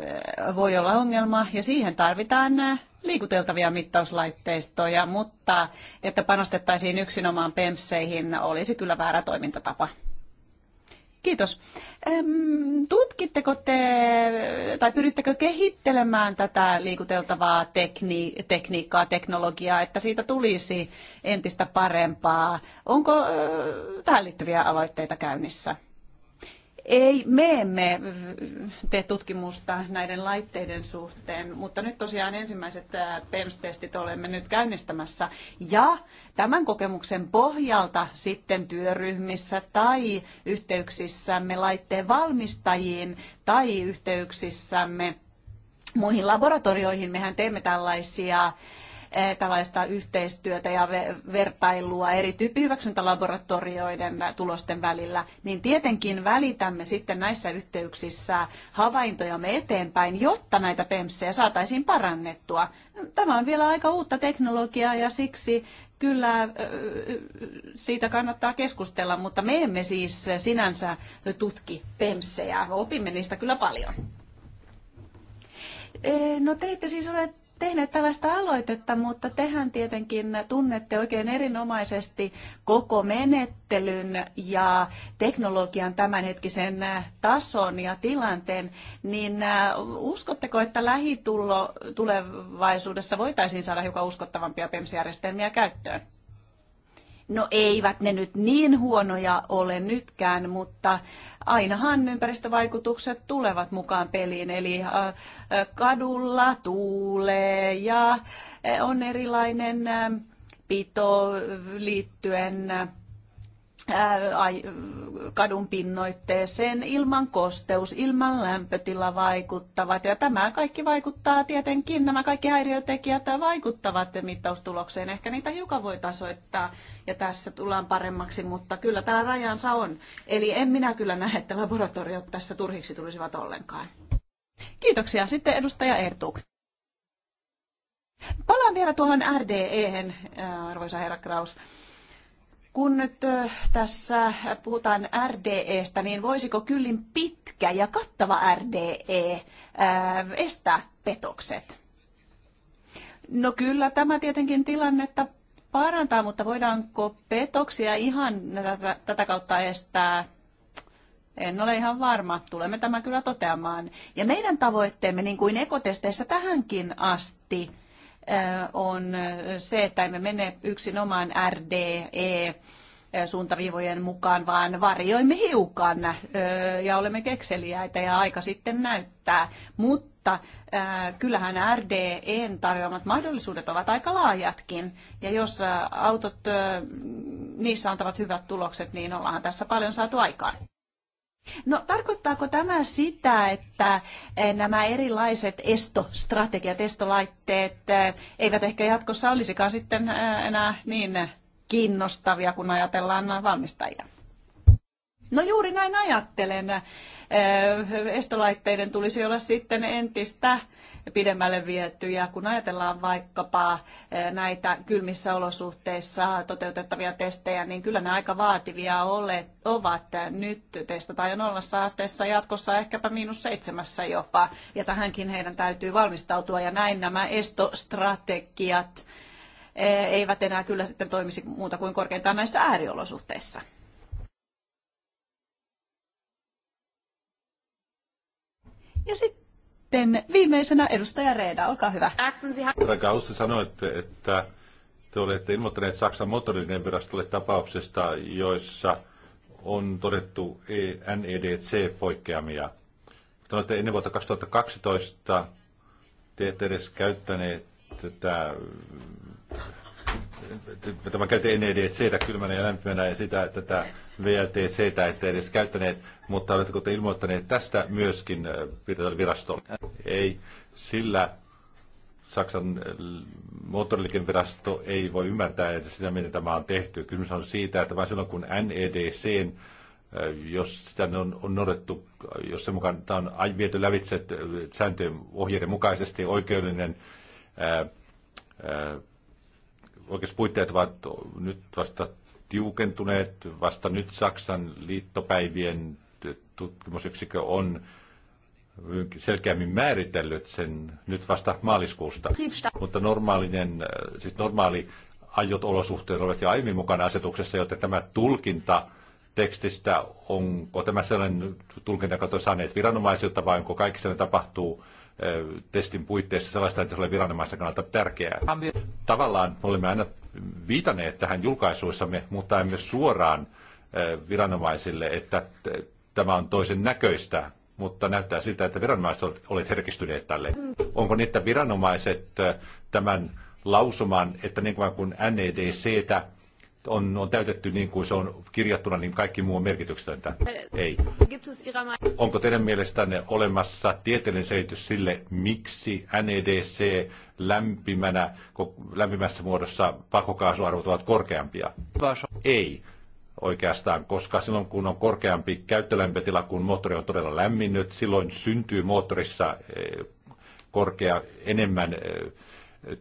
voi olla ongelma ja siihen tarvitaan äh, liikuteltavia mittauslaitteistoja, mutta että panostettaisiin yksinomaan PEMSeihin olisi kyllä väärä toimintatapa. Kiitos. Ähm, tutkitteko te tai pyrittekö kehittelemään tätä liikuteltavaa tekni, tekniikkaa, teknologiaa, että siitä tulisi entistä parempaa? Onko äh, tähän liittyviä aloitteita käynnissä? Ei, me emme tee tutkimusta näiden laitteiden suhteen, mutta nyt tosiaan ensimmäiset PEMS-testit olemme nyt käynnistämässä. Ja tämän kokemuksen pohjalta sitten työryhmissä tai yhteyksissämme laitteen valmistajiin tai yhteyksissämme muihin laboratorioihin mehän teemme tällaisia Eh, tällaista yhteistyötä ja vertailua eri tyyppihyväksyntälaboratorioiden tulosten välillä, niin tietenkin välitämme sitten näissä yhteyksissä havaintojamme eteenpäin, jotta näitä PEMSejä saataisiin parannettua. Tämä on vielä aika uutta teknologiaa ja siksi kyllä siitä kannattaa keskustella, mutta me emme siis sinänsä tutki PEMSejä. Opimme niistä kyllä paljon. Eh, no te ette siis ole tehneet tällaista aloitetta, mutta tehän tietenkin tunnette oikein erinomaisesti koko menettelyn ja teknologian tämänhetkisen tason ja tilanteen, niin äh, uskotteko, että lähitulevaisuudessa voitaisiin saada hiukan uskottavampia PEMS-järjestelmiä käyttöön? No eivät ne nyt niin huonoja ole nytkään, mutta ainahan ympäristövaikutukset tulevat mukaan peliin. Eli äh, äh, kadulla tuulee ja äh, on erilainen pito liittyen kadun pinnoitteeseen ilman kosteus, ilman lämpötila vaikuttavat. Ja tämä kaikki vaikuttaa tietenkin, nämä kaikki häiriötekijät vaikuttavat mittaustulokseen. Ehkä niitä hiukan voi tasoittaa ja tässä tullaan paremmaksi, mutta kyllä tämä rajansa on. Eli en minä kyllä näe, että laboratoriot tässä turhiksi tulisivat ollenkaan. Kiitoksia. Sitten edustaja Ertuk. Palaan vielä tuohon RDE, arvoisa herra Kraus. Kun nyt tässä puhutaan RDEstä, niin voisiko kyllin pitkä ja kattava RDE estää petokset? No kyllä, tämä tietenkin tilannetta parantaa, mutta voidaanko petoksia ihan tätä kautta estää? En ole ihan varma. Tulemme tämä kyllä toteamaan. Ja meidän tavoitteemme, niin kuin ekotesteissä tähänkin asti, on se, että emme mene yksinomaan RDE suuntaviivojen mukaan, vaan varjoimme hiukan ja olemme kekseliäitä ja aika sitten näyttää. Mutta kyllähän RDEn tarjoamat mahdollisuudet ovat aika laajatkin. Ja jos autot niissä antavat hyvät tulokset, niin ollaan tässä paljon saatu aikaan. No tarkoittaako tämä sitä, että eh, nämä erilaiset estostrategiat, estolaitteet eh, eivät ehkä jatkossa olisikaan sitten eh, enää niin kiinnostavia, kun ajatellaan valmistajia? No juuri näin ajattelen. Estolaitteiden tulisi olla sitten entistä pidemmälle vietyjä. Kun ajatellaan vaikkapa eh, näitä kylmissä olosuhteissa toteutettavia testejä, niin kyllä ne aika vaativia ole, ovat. Nyt testataan jo nollassa asteessa, jatkossa ehkäpä miinus seitsemässä jopa. Ja tähänkin heidän täytyy valmistautua ja näin nämä estostrategiat eh, eivät enää kyllä sitten toimisi muuta kuin korkeintaan näissä ääriolosuhteissa. Ja sitten sitten viimeisenä edustaja Reeda, olkaa hyvä. Herra Gaussi, sanoitte, että te olette ilmoittaneet Saksan motorillinen tapauksesta, joissa on todettu e NEDC-poikkeamia. Mutta olette ennen vuotta 2012 te ette edes käyttäneet tätä tämä käytiin NEDC, kylmänä ja lämpimänä ja sitä, että tätä VLTC, ette edes käyttäneet, mutta oletteko te ilmoittaneet tästä myöskin äh, virastolle? Ei, sillä Saksan äh, moottoriliikennevirasto ei voi ymmärtää että sitä, miten tämä on tehty. Kysymys on siitä, että vain silloin kun NEDC, äh, jos sitä on, on noudattu, jos se mukaan tämä on viety lävitse sääntöjen ohjeiden mukaisesti, oikeudellinen ää, ää, puitteet ovat nyt vasta tiukentuneet. Vasta nyt Saksan liittopäivien tutkimusyksikö on selkeämmin määritellyt sen nyt vasta maaliskuusta. Mutta normaalinen, äh, siis normaali aiot olosuhteet olivat jo aiemmin mukana asetuksessa, joten tämä tulkinta tekstistä, onko tämä sellainen tulkinta, on saaneet viranomaisilta vai onko kaikki sellainen tapahtuu testin puitteissa sellaista, että se oli viranomaisten kannalta tärkeää. Tavallaan olemme aina viitaneet tähän julkaisuissamme, mutta emme suoraan viranomaisille, että tämä on toisen näköistä, mutta näyttää siltä, että viranomaiset olivat herkistyneet tälle. Onko niitä viranomaiset tämän lausuman, että niin kuin NEDCtä on, on täytetty niin kuin se on kirjattuna, niin kaikki muu on merkityksetöntä. Ei. Onko teidän mielestänne olemassa tieteellinen selitys sille, miksi NEDC lämpimänä, lämpimässä muodossa pakokaasuarvot ovat korkeampia? Ei oikeastaan, koska silloin kun on korkeampi käyttölämpötila, kun moottori on todella lämminnyt, silloin syntyy moottorissa e, korkea enemmän e,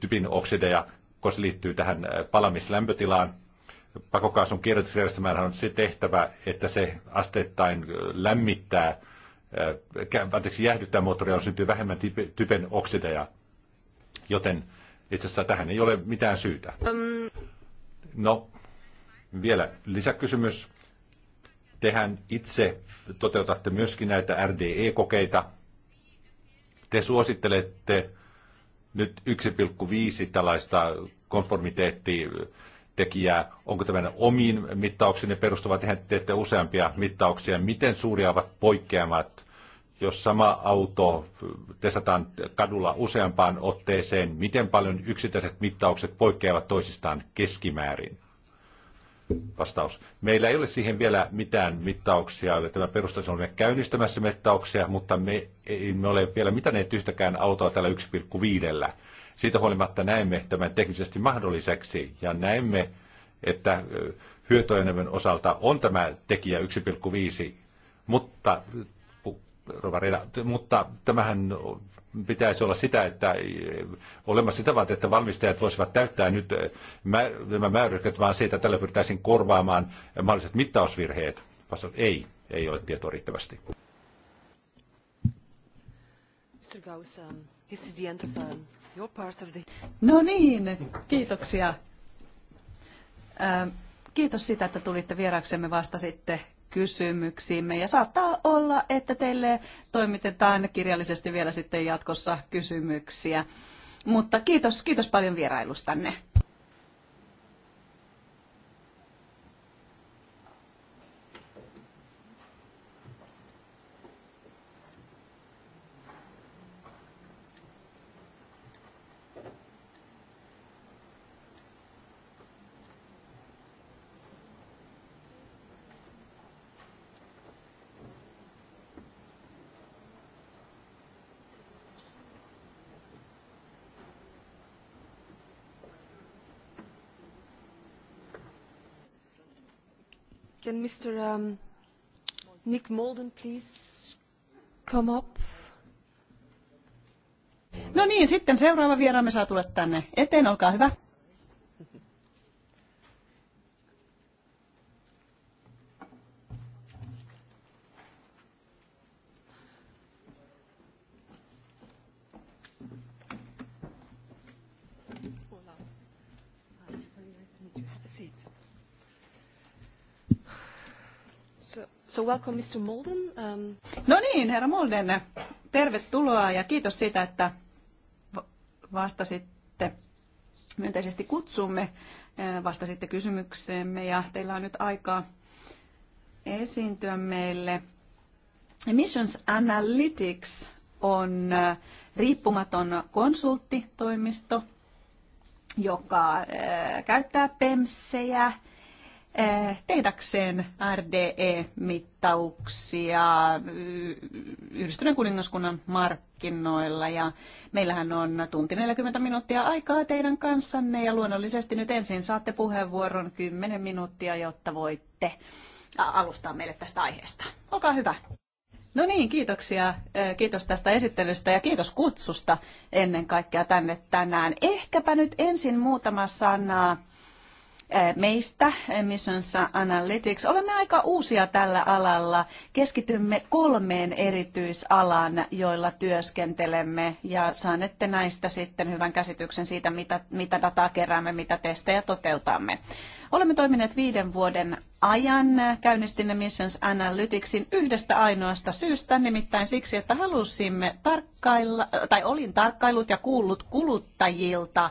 typin oksideja, koska se liittyy tähän e, palamislämpötilaan pakokaasun kierrätysjärjestelmähän on se tehtävä, että se asteittain lämmittää, anteeksi, jäähdyttää moottoria, on syntyy vähemmän typen oksideja. Joten itse asiassa tähän ei ole mitään syytä. Mm. No, vielä lisäkysymys. Tehän itse toteutatte myöskin näitä RDE-kokeita. Te suosittelette nyt 1,5 tällaista konformiteetti tekijää? Onko tämä omiin mittauksiin perustuva? Tehän teette useampia mittauksia. Miten suuria ovat poikkeamat, jos sama auto testataan kadulla useampaan otteeseen? Miten paljon yksittäiset mittaukset poikkeavat toisistaan keskimäärin? Vastaus. Meillä ei ole siihen vielä mitään mittauksia. Tämä perustus on käynnistämässä mittauksia, mutta me emme ole vielä mitanneet yhtäkään autoa tällä 1,5 siitä huolimatta näemme tämän teknisesti mahdolliseksi ja näemme, että hyötyajoneuvojen osalta on tämä tekijä 1,5, mutta, mutta tämähän pitäisi olla sitä, että olemassa sitä varten, että valmistajat voisivat täyttää nyt nämä määräykset, vaan siitä, että tällä pyrittäisiin korvaamaan mahdolliset mittausvirheet. Vastaus ei, ei ole tietoa riittävästi. Mr. Gauss, um, this is the end of um No niin, kiitoksia. Äh, kiitos siitä, että tulitte vieraksemme vasta sitten kysymyksiimme. Ja saattaa olla, että teille toimitetaan kirjallisesti vielä sitten jatkossa kysymyksiä. Mutta kiitos, kiitos paljon vierailustanne. Can Mr. Um, Nick Molden please come up? No niin, sitten seuraava vieraamme saa tulla tänne eteen, olkaa hyvä. welcome Mr. Molden. Um... No niin, herra Molden, tervetuloa ja kiitos siitä, että vastasitte myönteisesti kutsumme, äh, vastasitte kysymykseemme ja teillä on nyt aikaa esiintyä meille. Emissions Analytics on äh, riippumaton konsulttitoimisto, joka äh, käyttää PEMSejä Eh, tehdäkseen RDE-mittauksia Yhdistyneen kuningaskunnan markkinoilla. Ja meillähän on tunti 40 minuuttia aikaa teidän kanssanne ja luonnollisesti nyt ensin saatte puheenvuoron 10 minuuttia, jotta voitte alustaa meille tästä aiheesta. Olkaa hyvä. No niin, kiitoksia. Eh, kiitos tästä esittelystä ja kiitos kutsusta ennen kaikkea tänne tänään. Ehkäpä nyt ensin muutama sana Eh, meistä eh, Missions Analytics. Olemme aika uusia tällä alalla. Keskitymme kolmeen erityisalaan, joilla työskentelemme ja saanette näistä sitten hyvän käsityksen siitä, mitä, mitä dataa keräämme, mitä testejä toteutamme. Olemme toimineet viiden vuoden ajan. Käynnistimme Missions Analyticsin yhdestä ainoasta syystä, nimittäin siksi, että halusimme tarkkailla, tai olin tarkkailut ja kuullut kuluttajilta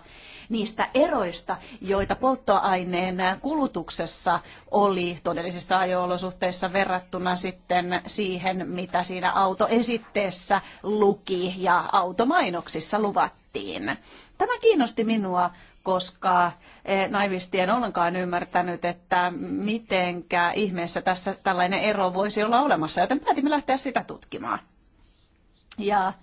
niistä eroista, joita polttoaineen kulutuksessa oli todellisissa ajo-olosuhteissa verrattuna sitten siihen, mitä siinä autoesitteessä luki ja automainoksissa luvattiin. Tämä kiinnosti minua, koska Eh, naivisti en ollenkaan ymmärtänyt, että mitenkä ihmeessä tässä tällainen ero voisi olla olemassa, joten päätimme lähteä sitä tutkimaan. Ja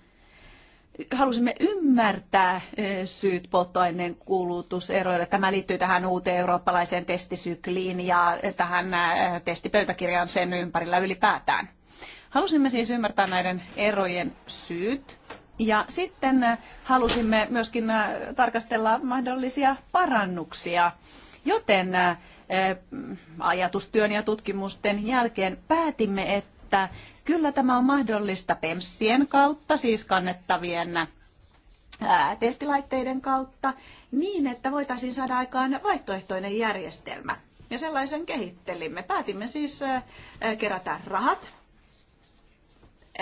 halusimme ymmärtää eh, syyt polttoaineen kulutuseroille. Tämä liittyy tähän uuteen eurooppalaiseen testisykliin ja tähän eh, testipöytäkirjaan sen ympärillä ylipäätään. Halusimme siis ymmärtää näiden erojen syyt ja sitten äh, halusimme myöskin äh, tarkastella mahdollisia parannuksia, joten äh, ajatustyön ja tutkimusten jälkeen päätimme, että kyllä tämä on mahdollista PEMSien kautta, siis kannettavien testilaitteiden kautta, niin että voitaisiin saada aikaan vaihtoehtoinen järjestelmä. Ja sellaisen kehittelimme. Päätimme siis kerätä rahat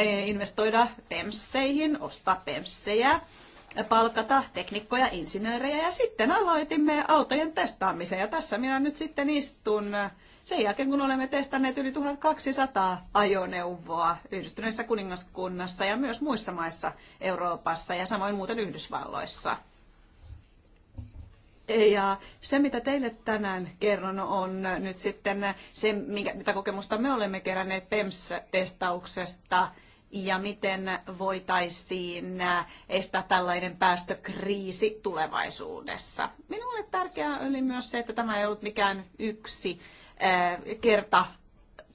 investoida PEMSseihin, ostaa PEMSsejä, palkata teknikkoja, insinöörejä ja sitten aloitimme autojen testaamisen. Ja tässä minä nyt sitten istun sen jälkeen, kun olemme testanneet yli 1200 ajoneuvoa Yhdistyneessä kuningaskunnassa ja myös muissa maissa Euroopassa ja samoin muuten Yhdysvalloissa. Ja se, mitä teille tänään kerron, on nyt sitten se, mitä kokemusta me olemme keränneet PEMS-testauksesta – ja miten voitaisiin estää tällainen päästökriisi tulevaisuudessa. Minulle tärkeää oli myös se, että tämä ei ollut mikään yksi eh, kerta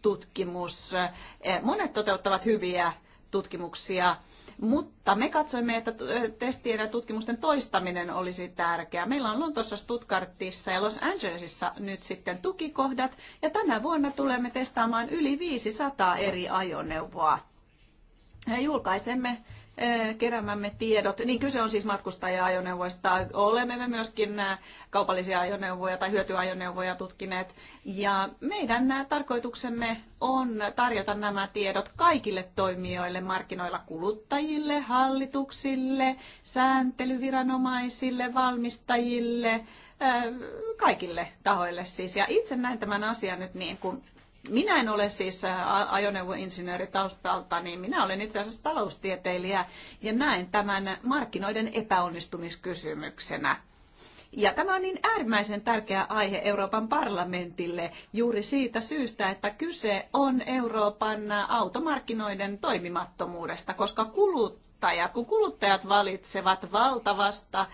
tutkimus. Eh, monet toteuttavat hyviä tutkimuksia, mutta me katsoimme, että testien ja tutkimusten toistaminen olisi tärkeää. Meillä on Lontossa, Stuttgartissa ja Los Angelesissa nyt sitten tukikohdat, ja tänä vuonna tulemme testaamaan yli 500 eri ajoneuvoa julkaisemme keräämämme tiedot, niin kyse on siis matkustaja-ajoneuvoista. Olemme me myöskin kaupallisia ajoneuvoja tai hyötyajoneuvoja tutkineet. Ja meidän tarkoituksemme on tarjota nämä tiedot kaikille toimijoille, markkinoilla kuluttajille, hallituksille, sääntelyviranomaisille, valmistajille, kaikille tahoille siis. Ja itse näen tämän asian nyt niin, kun minä en ole siis ajoneuvoinsinööri taustalta, niin minä olen itse asiassa taloustieteilijä ja näen tämän markkinoiden epäonnistumiskysymyksenä. Ja tämä on niin äärimmäisen tärkeä aihe Euroopan parlamentille juuri siitä syystä, että kyse on Euroopan automarkkinoiden toimimattomuudesta, koska kuluttajat, kun kuluttajat valitsevat valtavasta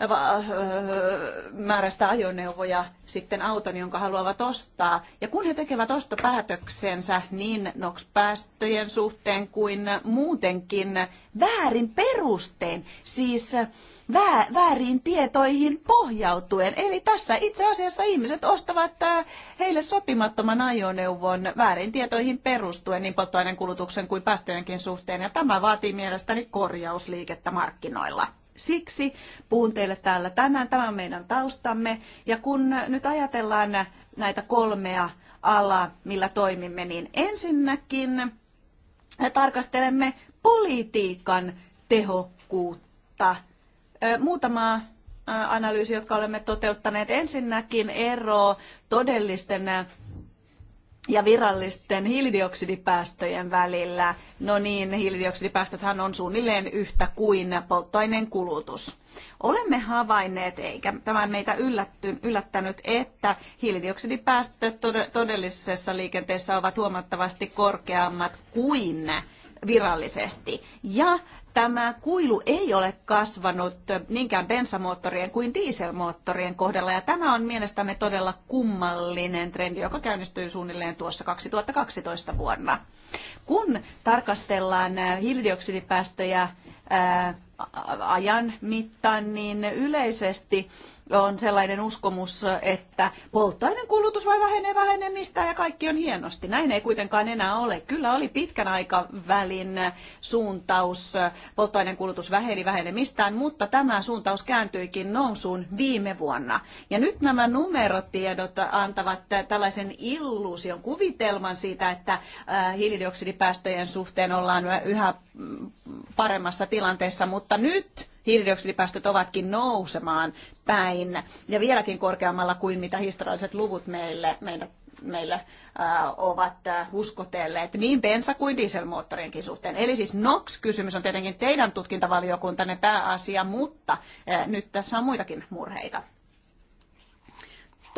Öö, määrästä ajoneuvoja sitten auton, jonka haluavat ostaa. Ja kun he tekevät ostopäätöksensä niin NOx-päästöjen suhteen kuin muutenkin väärin perustein, siis väärin tietoihin pohjautuen. Eli tässä itse asiassa ihmiset ostavat heille sopimattoman ajoneuvon väärin tietoihin perustuen niin polttoaineen kulutuksen kuin päästöjenkin suhteen. Ja tämä vaatii mielestäni korjausliikettä markkinoilla. Siksi puhun teille täällä tänään, tämä on meidän taustamme. Ja kun nyt ajatellaan näitä kolmea alaa, millä toimimme, niin ensinnäkin tarkastelemme politiikan tehokkuutta. Muutama analyysi, jotka olemme toteuttaneet. Ensinnäkin ero todellisten ja virallisten hiilidioksidipäästöjen välillä. No niin, hiilidioksidipäästöthän on suunnilleen yhtä kuin polttoaineen kulutus. Olemme havainneet, eikä tämä meitä yllätty, yllättänyt, että hiilidioksidipäästöt todellisessa liikenteessä ovat huomattavasti korkeammat kuin virallisesti. Ja tämä kuilu ei ole kasvanut niinkään bensamoottorien kuin dieselmoottorien kohdalla. Ja tämä on mielestämme todella kummallinen trendi, joka käynnistyi suunnilleen tuossa 2012 vuonna. Kun tarkastellaan äh, hiilidioksidipäästöjä äh, ajan mittaan, niin yleisesti on sellainen uskomus, että polttoaineen kulutus vai vähenee vähenemistä ja kaikki on hienosti. Näin ei kuitenkaan enää ole. Kyllä oli pitkän aikavälin suuntaus. Polttoaineen kulutus väheni vähenemistään, mutta tämä suuntaus kääntyikin nousuun viime vuonna. Ja nyt nämä numerotiedot antavat tällaisen illuusion kuvitelman siitä, että äh, hiilidioksidipäästöjen suhteen ollaan yhä mm, paremmassa tilanteessa, mutta nyt hiilidioksidipäästöt ovatkin nousemaan päin ja vieläkin korkeammalla kuin mitä historialliset luvut meille, meidän meillä äh, ovat äh, uskotelleet niin bensa- kuin dieselmoottorienkin suhteen. Eli siis NOx-kysymys on tietenkin teidän tutkintavaliokuntanne pääasia, mutta äh, nyt tässä on muitakin murheita.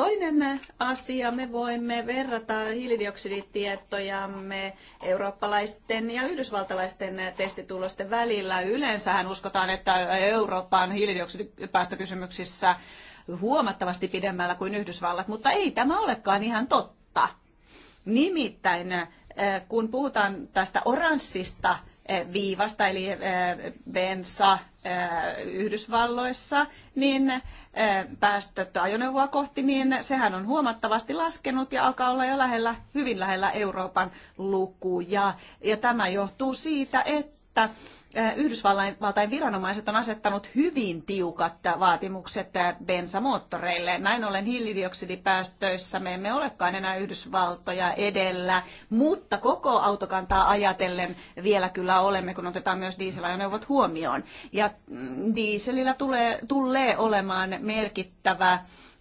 Toinen asia, me voimme verrata hiilidioksiditietojamme eurooppalaisten ja yhdysvaltalaisten testitulosten välillä. Yleensähän uskotaan, että Eurooppa on hiilidioksidipäästökysymyksissä huomattavasti pidemmällä kuin Yhdysvallat, mutta ei tämä olekaan ihan totta. Nimittäin eh, kun puhutaan tästä oranssista viivasta, eli eh, bensa eh, Yhdysvalloissa, niin eh, päästöt ajoneuvoa kohti, niin sehän on huomattavasti laskenut ja alkaa olla jo lähellä, hyvin lähellä Euroopan lukuja. Ja tämä johtuu siitä, että että Yhdysvaltain viranomaiset on asettanut hyvin tiukat vaatimukset bensamoottoreille. Näin ollen hiilidioksidipäästöissä me emme olekaan enää Yhdysvaltoja edellä, mutta koko autokantaa ajatellen vielä kyllä olemme, kun otetaan myös dieselajoneuvot huomioon. Ja mm, dieselillä tulee, tulee olemaan merkittävä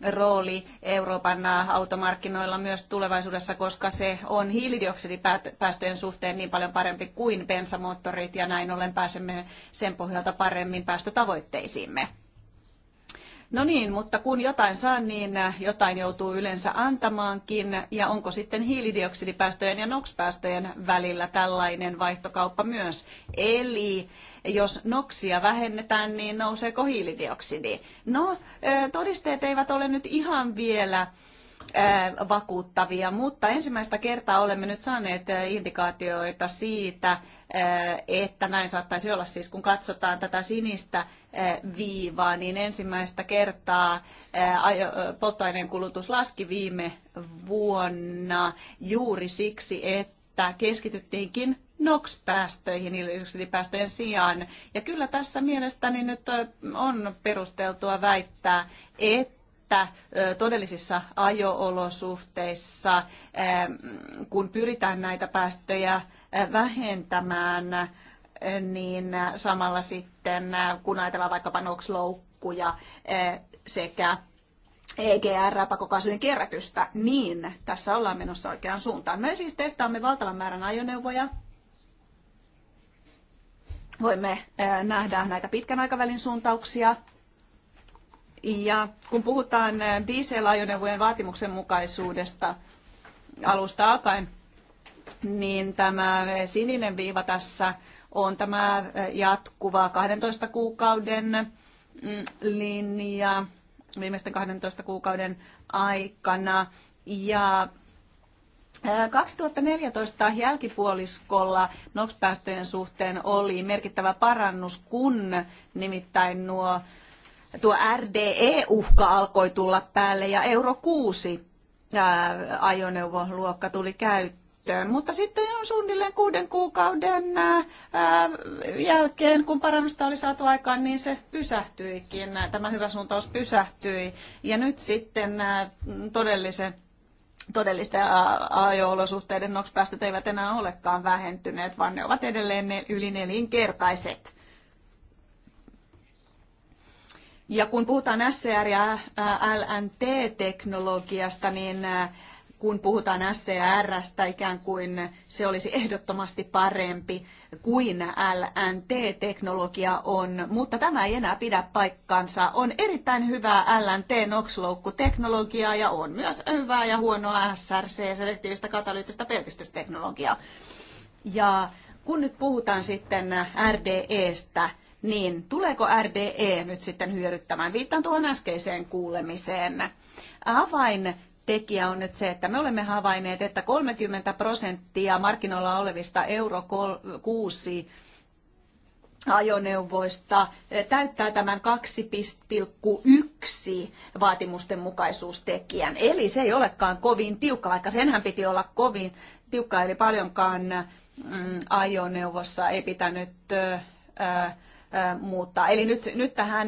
rooli Euroopan automarkkinoilla myös tulevaisuudessa, koska se on hiilidioksidipäästöjen suhteen niin paljon parempi kuin bensamoottorit ja näin ollen pääsemme sen pohjalta paremmin päästötavoitteisiimme. No niin, mutta kun jotain saa, niin jotain joutuu yleensä antamaankin. Ja onko sitten hiilidioksidipäästöjen ja NOx-päästöjen välillä tällainen vaihtokauppa myös? Eli jos noksia vähennetään, niin nouseeko hiilidioksidi? No, todisteet eivät ole nyt ihan vielä vakuuttavia, mutta ensimmäistä kertaa olemme nyt saaneet indikaatioita siitä, että näin saattaisi olla. Siis kun katsotaan tätä sinistä viivaa, niin ensimmäistä kertaa polttoaineen kulutus laski viime vuonna juuri siksi, että että keskityttiinkin NOx-päästöihin hiilidioksidipäästöjen sijaan. Ja kyllä tässä mielestäni nyt on perusteltua väittää, että että todellisissa ajoolosuhteissa, kun pyritään näitä päästöjä vähentämään, niin samalla sitten, kun ajatellaan vaikkapa NOx-loukkuja sekä EGR-pakokaasujen kierrätystä, niin tässä ollaan menossa oikeaan suuntaan. Me siis testaamme valtavan määrän ajoneuvoja. Voimme nähdä näitä pitkän aikavälin suuntauksia. Ja kun puhutaan dieselajoneuvojen vaatimuksenmukaisuudesta alusta alkaen, niin tämä sininen viiva tässä on tämä jatkuva 12 kuukauden mm, linja viimeisten 12 kuukauden aikana. Ja 2014 jälkipuoliskolla NOx-päästöjen suhteen oli merkittävä parannus, kun nimittäin nuo, tuo RDE-uhka alkoi tulla päälle ja Euro 6 ajoneuvoluokka tuli käyttöön käyttöön, mutta sitten on suunnilleen kuuden kuukauden jälkeen, kun parannusta oli saatu aikaan, niin se pysähtyikin, tämä hyvä suuntaus pysähtyi. Ja nyt sitten todellisen todellisten ajo-olosuhteiden NOx-päästöt eivät enää olekaan vähentyneet, vaan ne ovat edelleen yli nelinkertaiset. Ja kun puhutaan SCR- ja LNT-teknologiasta, niin kun puhutaan SCRstä, ikään kuin se olisi ehdottomasti parempi kuin LNT-teknologia on, mutta tämä ei enää pidä paikkaansa. On erittäin hyvää LNT-noksloukkuteknologiaa ja on myös hyvää ja huonoa SRC-selektiivistä katalyyttistä pelkistysteknologiaa. Ja kun nyt puhutaan sitten RDEstä, niin tuleeko RDE nyt sitten hyödyttämään? Viittaan tuohon äskeiseen kuulemiseen. Avain tekijä on nyt se, että me olemme havainneet, että 30 prosenttia markkinoilla olevista euro 6 ajoneuvoista täyttää tämän 2,1 vaatimusten mukaisuustekijän. Eli se ei olekaan kovin tiukka, vaikka senhän piti olla kovin tiukka, eli paljonkaan mm, ajoneuvossa ei pitänyt äh, muuttaa. Eli nyt, nyt tähän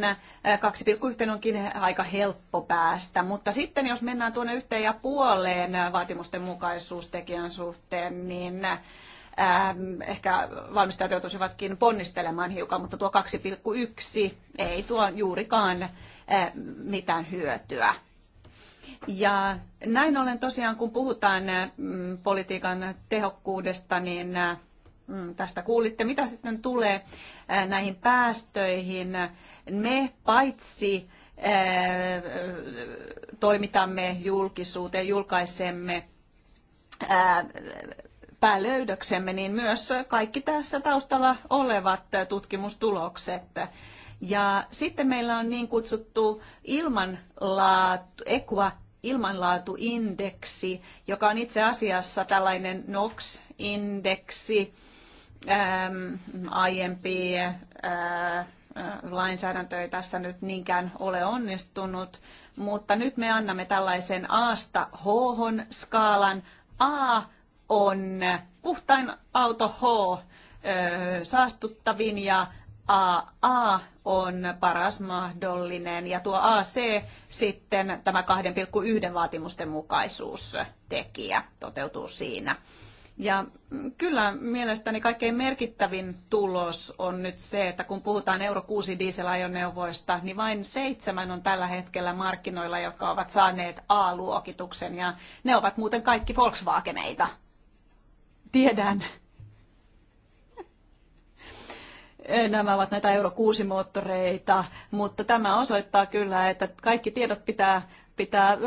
2,1 onkin aika helppo päästä, mutta sitten jos mennään tuonne yhteen ja puoleen vaatimusten mukaisuustekijän suhteen, niin ehkä valmistajat joutuisivatkin ponnistelemaan hiukan, mutta tuo 2,1 ei tuo juurikaan mitään hyötyä. Ja näin ollen tosiaan, kun puhutaan mm, politiikan tehokkuudesta, niin Mm, tästä kuulitte. Mitä sitten tulee äh, näihin päästöihin? Me paitsi äh, toimitamme julkisuuteen, julkaisemme äh, päälöydöksemme, niin myös kaikki tässä taustalla olevat tutkimustulokset. Ja sitten meillä on niin kutsuttu ilmanlaatu, ilmanlaatuindeksi, joka on itse asiassa tällainen NOx-indeksi, Ähm, aiempi äh, lainsäädäntö ei tässä nyt niinkään ole onnistunut, mutta nyt me annamme tällaisen aasta h skaalan. A on puhtain auto H saastuttavin ja AA on paras mahdollinen ja tuo AC sitten tämä 2,1 vaatimusten mukaisuustekijä toteutuu siinä. Ja kyllä mielestäni kaikkein merkittävin tulos on nyt se, että kun puhutaan Euro 6 dieselajoneuvoista, niin vain seitsemän on tällä hetkellä markkinoilla, jotka ovat saaneet A-luokituksen. Ja ne ovat muuten kaikki Volkswageneita. Tiedän. Nämä ovat näitä Euro 6-moottoreita, mutta tämä osoittaa kyllä, että kaikki tiedot pitää pitää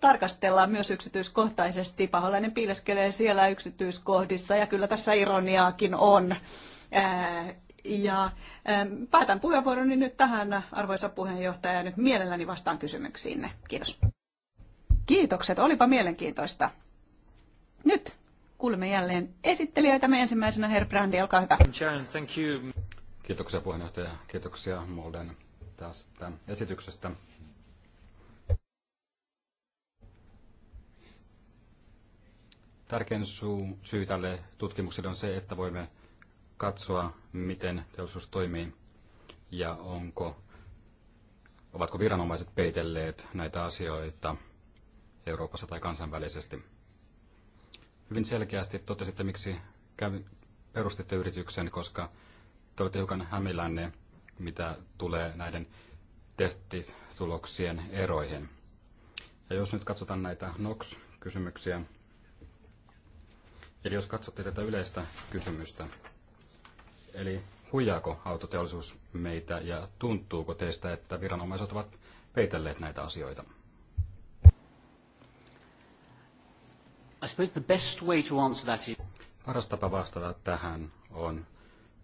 tarkastella myös yksityiskohtaisesti. Paholainen piileskelee siellä yksityiskohdissa ja kyllä tässä ironiaakin on. Ja päätän puheenvuoroni nyt tähän, arvoisa puheenjohtaja, ja nyt mielelläni vastaan kysymyksiinne. Kiitos. Kiitokset, olipa mielenkiintoista. Nyt kuulemme jälleen Me ensimmäisenä Brandi, olkaa hyvä. Kiitoksia puheenjohtaja, kiitoksia Molden tästä esityksestä. Tärkein syy tälle tutkimukselle on se, että voimme katsoa, miten teollisuus toimii ja onko, ovatko viranomaiset peitelleet näitä asioita Euroopassa tai kansainvälisesti. Hyvin selkeästi totesitte, miksi perustitte yrityksen, koska te olette hiukan hämillänne, mitä tulee näiden testituloksien eroihin. Ja jos nyt katsotaan näitä NOx-kysymyksiä, Eli jos katsotte tätä yleistä kysymystä, eli huijaako autoteollisuus meitä ja tuntuuko teistä, että viranomaiset ovat peitelleet näitä asioita? I the best way to answer that is... Paras tapa vastata tähän on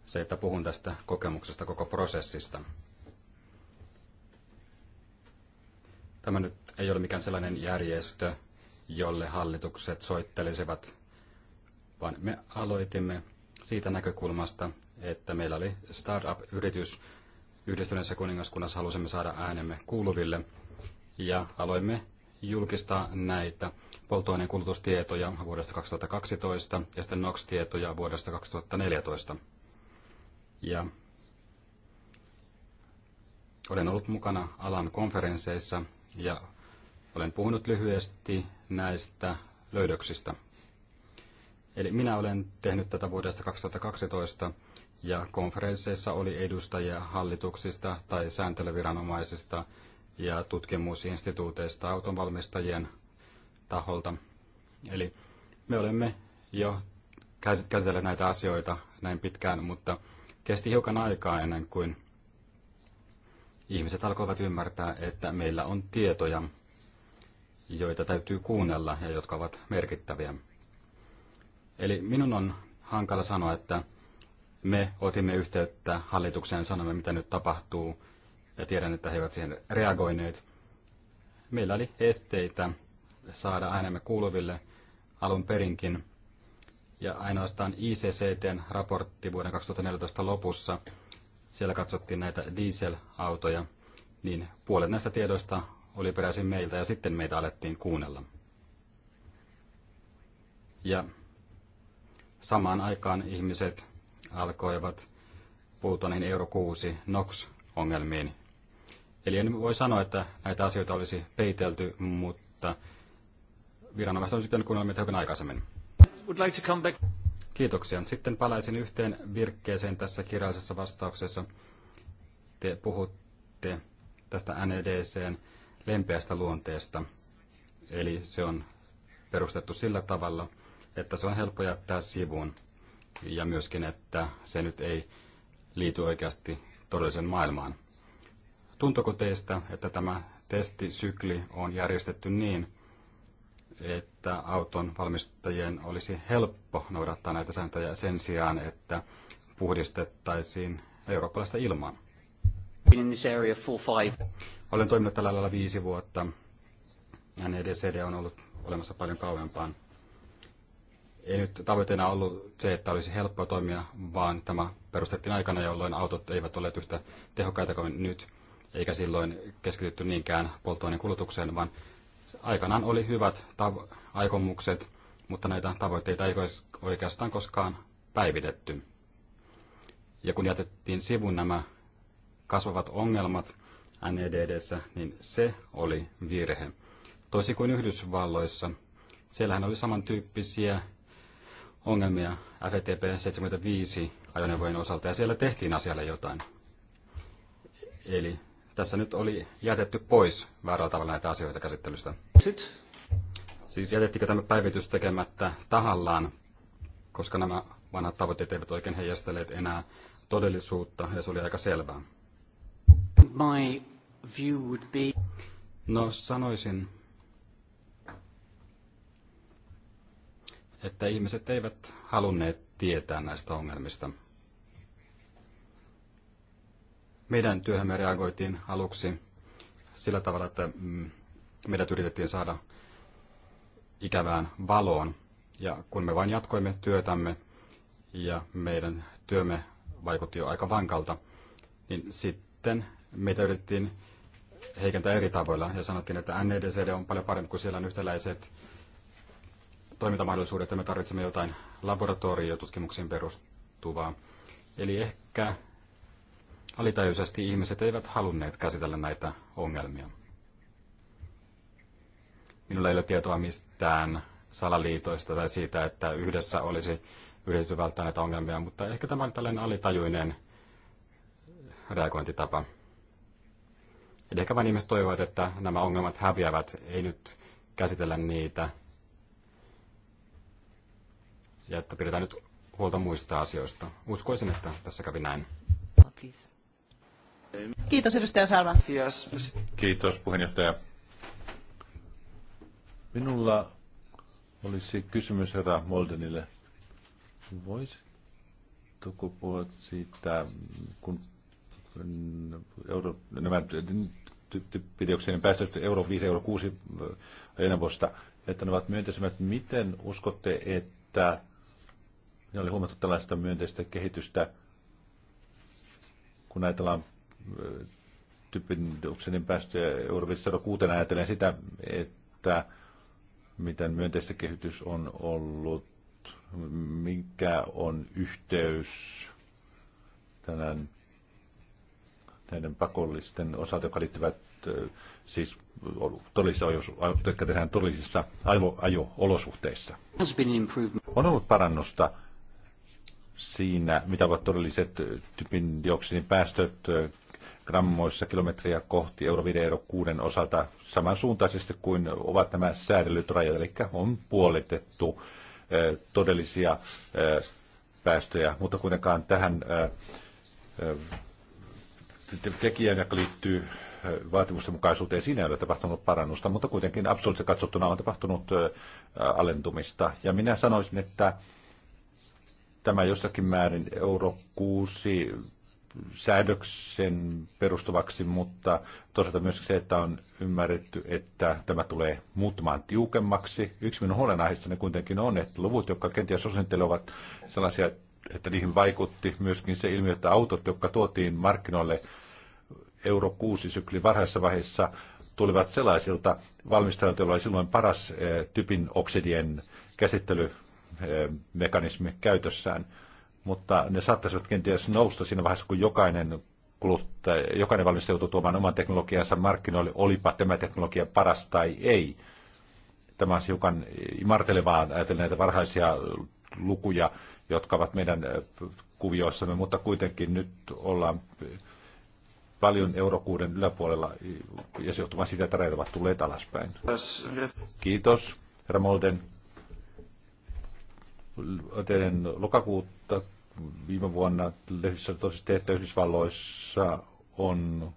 se, että puhun tästä kokemuksesta koko prosessista. Tämä nyt ei ole mikään sellainen järjestö, jolle hallitukset soittelisivat vaan me aloitimme siitä näkökulmasta, että meillä oli startup-yritys yhdistyneessä kuningaskunnassa, halusimme saada äänemme kuuluville ja aloimme julkistaa näitä polttoaineen kulutustietoja vuodesta 2012 ja sitten NOx-tietoja vuodesta 2014. Ja olen ollut mukana alan konferensseissa ja olen puhunut lyhyesti näistä löydöksistä. Eli minä olen tehnyt tätä vuodesta 2012 ja konferensseissa oli edustajia hallituksista tai sääntelyviranomaisista ja tutkimusinstituuteista autonvalmistajien taholta. Eli me olemme jo käsitelleet näitä asioita näin pitkään, mutta kesti hiukan aikaa ennen kuin ihmiset alkoivat ymmärtää, että meillä on tietoja, joita täytyy kuunnella ja jotka ovat merkittäviä. Eli minun on hankala sanoa, että me otimme yhteyttä hallitukseen, sanomme mitä nyt tapahtuu, ja tiedän, että he eivät siihen reagoineet. Meillä oli esteitä saada äänemme kuuluville alun perinkin, ja ainoastaan ICCTn raportti vuoden 2014 lopussa, siellä katsottiin näitä dieselautoja, niin puolet näistä tiedoista oli peräisin meiltä ja sitten meitä alettiin kuunnella. Ja Samaan aikaan ihmiset alkoivat puuttua niin euro 6 NOx-ongelmiin. Eli en voi sanoa, että näitä asioita olisi peitelty, mutta viranomaiset olisivat pitänyt kuunnella meitä hyvin aikaisemmin. Would like to come back. Kiitoksia. Sitten palaisin yhteen virkkeeseen tässä kirjallisessa vastauksessa. Te puhutte tästä NEDCn lempeästä luonteesta. Eli se on perustettu sillä tavalla, että se on helppo jättää sivuun ja myöskin, että se nyt ei liity oikeasti todellisen maailmaan. Tuntuuko teistä, että tämä testisykli on järjestetty niin, että auton valmistajien olisi helppo noudattaa näitä sääntöjä sen sijaan, että puhdistettaisiin eurooppalaista ilmaa? Olen toiminut tällä lailla viisi vuotta. NEDCD on ollut olemassa paljon kauempaan ei nyt tavoitteena ollut se, että olisi helppoa toimia, vaan tämä perustettiin aikana, jolloin autot eivät ole yhtä tehokkaita kuin nyt, eikä silloin keskitytty niinkään polttoaineen kulutukseen, vaan aikanaan oli hyvät tav- aikomukset, mutta näitä tavoitteita ei oikeastaan koskaan päivitetty. Ja kun jätettiin sivun nämä kasvavat ongelmat NEDDssä, niin se oli virhe. Toisin kuin Yhdysvalloissa, siellähän oli samantyyppisiä ongelmia FETP 75 ajoneuvojen osalta ja siellä tehtiin asialle jotain. Eli tässä nyt oli jätetty pois väärällä tavalla näitä asioita käsittelystä. Sit. Siis jätettikö tämä päivitys tekemättä tahallaan, koska nämä vanhat tavoitteet eivät oikein heijastelleet enää todellisuutta ja se oli aika selvää. My view would be... No sanoisin, että ihmiset eivät halunneet tietää näistä ongelmista. Meidän työhömme reagoitiin aluksi sillä tavalla, että mm, meidät yritettiin saada ikävään valoon. Ja kun me vain jatkoimme työtämme ja meidän työmme vaikutti jo aika vankalta, niin sitten meitä yritettiin heikentää eri tavoilla ja sanottiin, että NEDCD on paljon parempi, kuin siellä on yhtäläiset toimintamahdollisuudet ja me tarvitsemme jotain laboratoriotutkimuksiin perustuvaa. Eli ehkä alitajuisesti ihmiset eivät halunneet käsitellä näitä ongelmia. Minulla ei ole tietoa mistään salaliitoista tai siitä, että yhdessä olisi yritetty välttää näitä ongelmia, mutta ehkä tämä on tällainen alitajuinen reagointitapa. Eli ehkä vain ihmiset toivovat, että nämä ongelmat häviävät, ei nyt käsitellä niitä ja että pidetään nyt huolta muista asioista. Uskoisin, että tässä kävi näin. Kiitos edustaja Salva. Kiitos puheenjohtaja. Minulla olisi kysymys herra Moldenille. Voisitko puhua siitä, kun euro, nämä typpidioksidin päästöt euro 5, euro 6 vuosta, että ne ovat myönteisemmät. Miten uskotte, että minä oli huomattu tällaista myönteistä kehitystä, kun ajatellaan äh, typindioksinin päästöjä Euroopissa kuutena ajatellen sitä, että miten myönteistä kehitys on ollut, mikä on yhteys tänään näiden pakollisten osalta, jotka liittyvät äh, siis todellisissa jotka tehdään todellisissa ajo-olosuhteissa. On ollut parannusta siinä, mitä ovat todelliset typin dioksidin päästöt grammoissa kilometriä kohti euro 5 euro 6 osalta samansuuntaisesti kuin ovat nämä säädellyt rajat, eli on puolitettu todellisia päästöjä, mutta kuitenkaan tähän tekijään, joka liittyy vaatimusten mukaisuuteen, siinä ei ole tapahtunut parannusta, mutta kuitenkin absoluuttisesti katsottuna on tapahtunut alentumista. Ja minä sanoisin, että tämä jostakin määrin euro 6 säädöksen perustuvaksi, mutta toisaalta myös se, että on ymmärretty, että tämä tulee muuttumaan tiukemmaksi. Yksi minun huolenaiheistani kuitenkin on, että luvut, jotka kenties osinteille ovat sellaisia, että niihin vaikutti myöskin se ilmiö, että autot, jotka tuotiin markkinoille euro 6 syklin varhaisessa vaiheessa, tulivat sellaisilta valmistajilta, joilla oli silloin paras eh, typin oksidien käsittely mekanismi käytössään, mutta ne saattaisivat kenties nousta siinä vaiheessa, kun jokainen kuluttaja, jokainen valmistaja joutuu tuomaan oman teknologiansa markkinoille, olipa tämä teknologia paras tai ei. Tämä on hiukan imartelevaa ajatellen näitä varhaisia lukuja, jotka ovat meidän eh, kuvioissamme, mutta kuitenkin nyt ollaan paljon eurokuuden yläpuolella eh, ja se johtuu siitä, että rajat ovat tulleet alaspäin. Kiitos, Ramolden teidän lokakuuta viime vuonna lehdissä tosiaan, että Yhdysvalloissa on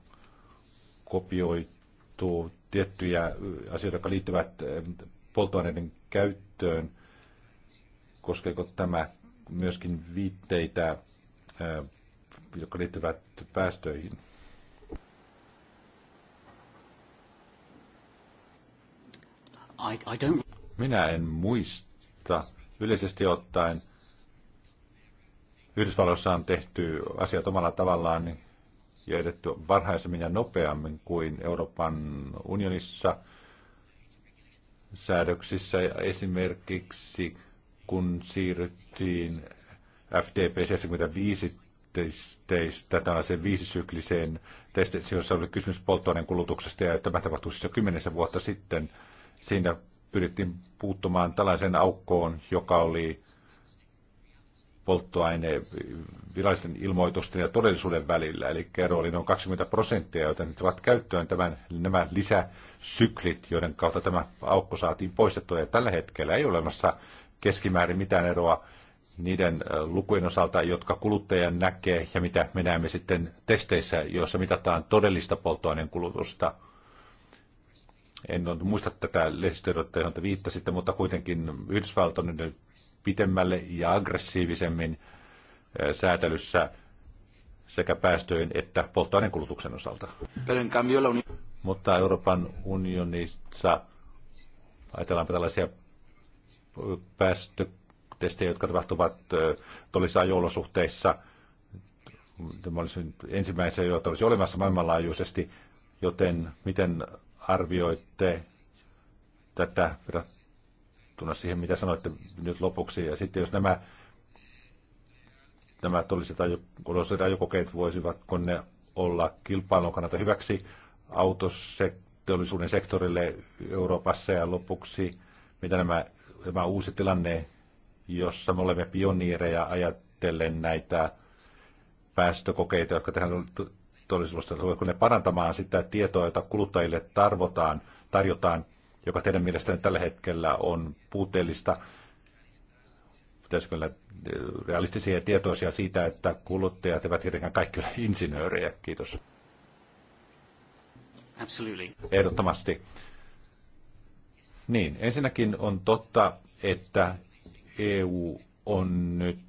kopioitu tiettyjä asioita, jotka liittyvät eh, polttoaineiden käyttöön. Koskeeko tämä myöskin viitteitä, eh, jotka liittyvät päästöihin? I, I don't... Minä en muista Yleisesti ottaen Yhdysvalloissa on tehty asiat omalla tavallaan ja edetty varhaisemmin ja nopeammin kuin Euroopan unionissa säädöksissä. Esimerkiksi kun siirryttiin FTP 75 testeistä, tällaiseen viisisykliseen testiin, jossa oli kysymys polttoaineen kulutuksesta ja tämä tapahtui siis jo kymmenessä vuotta sitten. Siinä pyrittiin puuttumaan tällaiseen aukkoon, joka oli polttoaine virallisten ilmoitusten ja todellisuuden välillä, eli ero oli noin 20 prosenttia, joten nyt ovat käyttöön tämän, nämä lisäsyklit, joiden kautta tämä aukko saatiin poistettua, ja tällä hetkellä ei ole olemassa keskimäärin mitään eroa niiden lukujen osalta, jotka kuluttaja näkee ja mitä me näemme sitten testeissä, joissa mitataan todellista polttoaineen kulutusta – en muista tätä lehdistöidottaa, johon te viittasitte, mutta kuitenkin Yhdysvallat on nyt pitemmälle ja aggressiivisemmin säätelyssä sekä päästöjen että polttoaineen kulutuksen osalta. Mutta Euroopan unionissa ajatellaanpa tällaisia päästötestejä, jotka tapahtuvat todellisissa ajolosuhteissa. Tämä olisi ensimmäisiä, joita olisi olemassa maailmanlaajuisesti, joten miten arvioitte tätä verrattuna siihen, mitä sanoitte nyt lopuksi? Ja sitten jos nämä, nämä ajokokeet, voisivatko ne olla kilpailun kannalta hyväksi autoteollisuuden sektorille Euroopassa ja lopuksi, mitä nämä, nämä uusi tilanne, jossa me olemme pioneereja ajatellen näitä päästökokeita, jotka tehdään todellisuudesta, tulevatko ne parantamaan sitä tietoa, jota kuluttajille tarvotaan, tarjotaan, joka teidän mielestänne tällä hetkellä on puutteellista. Pitäisikö olla eh, realistisia ja tietoisia siitä, että kuluttajat eivät tietenkään kaikki ole insinöörejä? Kiitos. Absolutely. Ehdottomasti. Niin, ensinnäkin on totta, että EU on nyt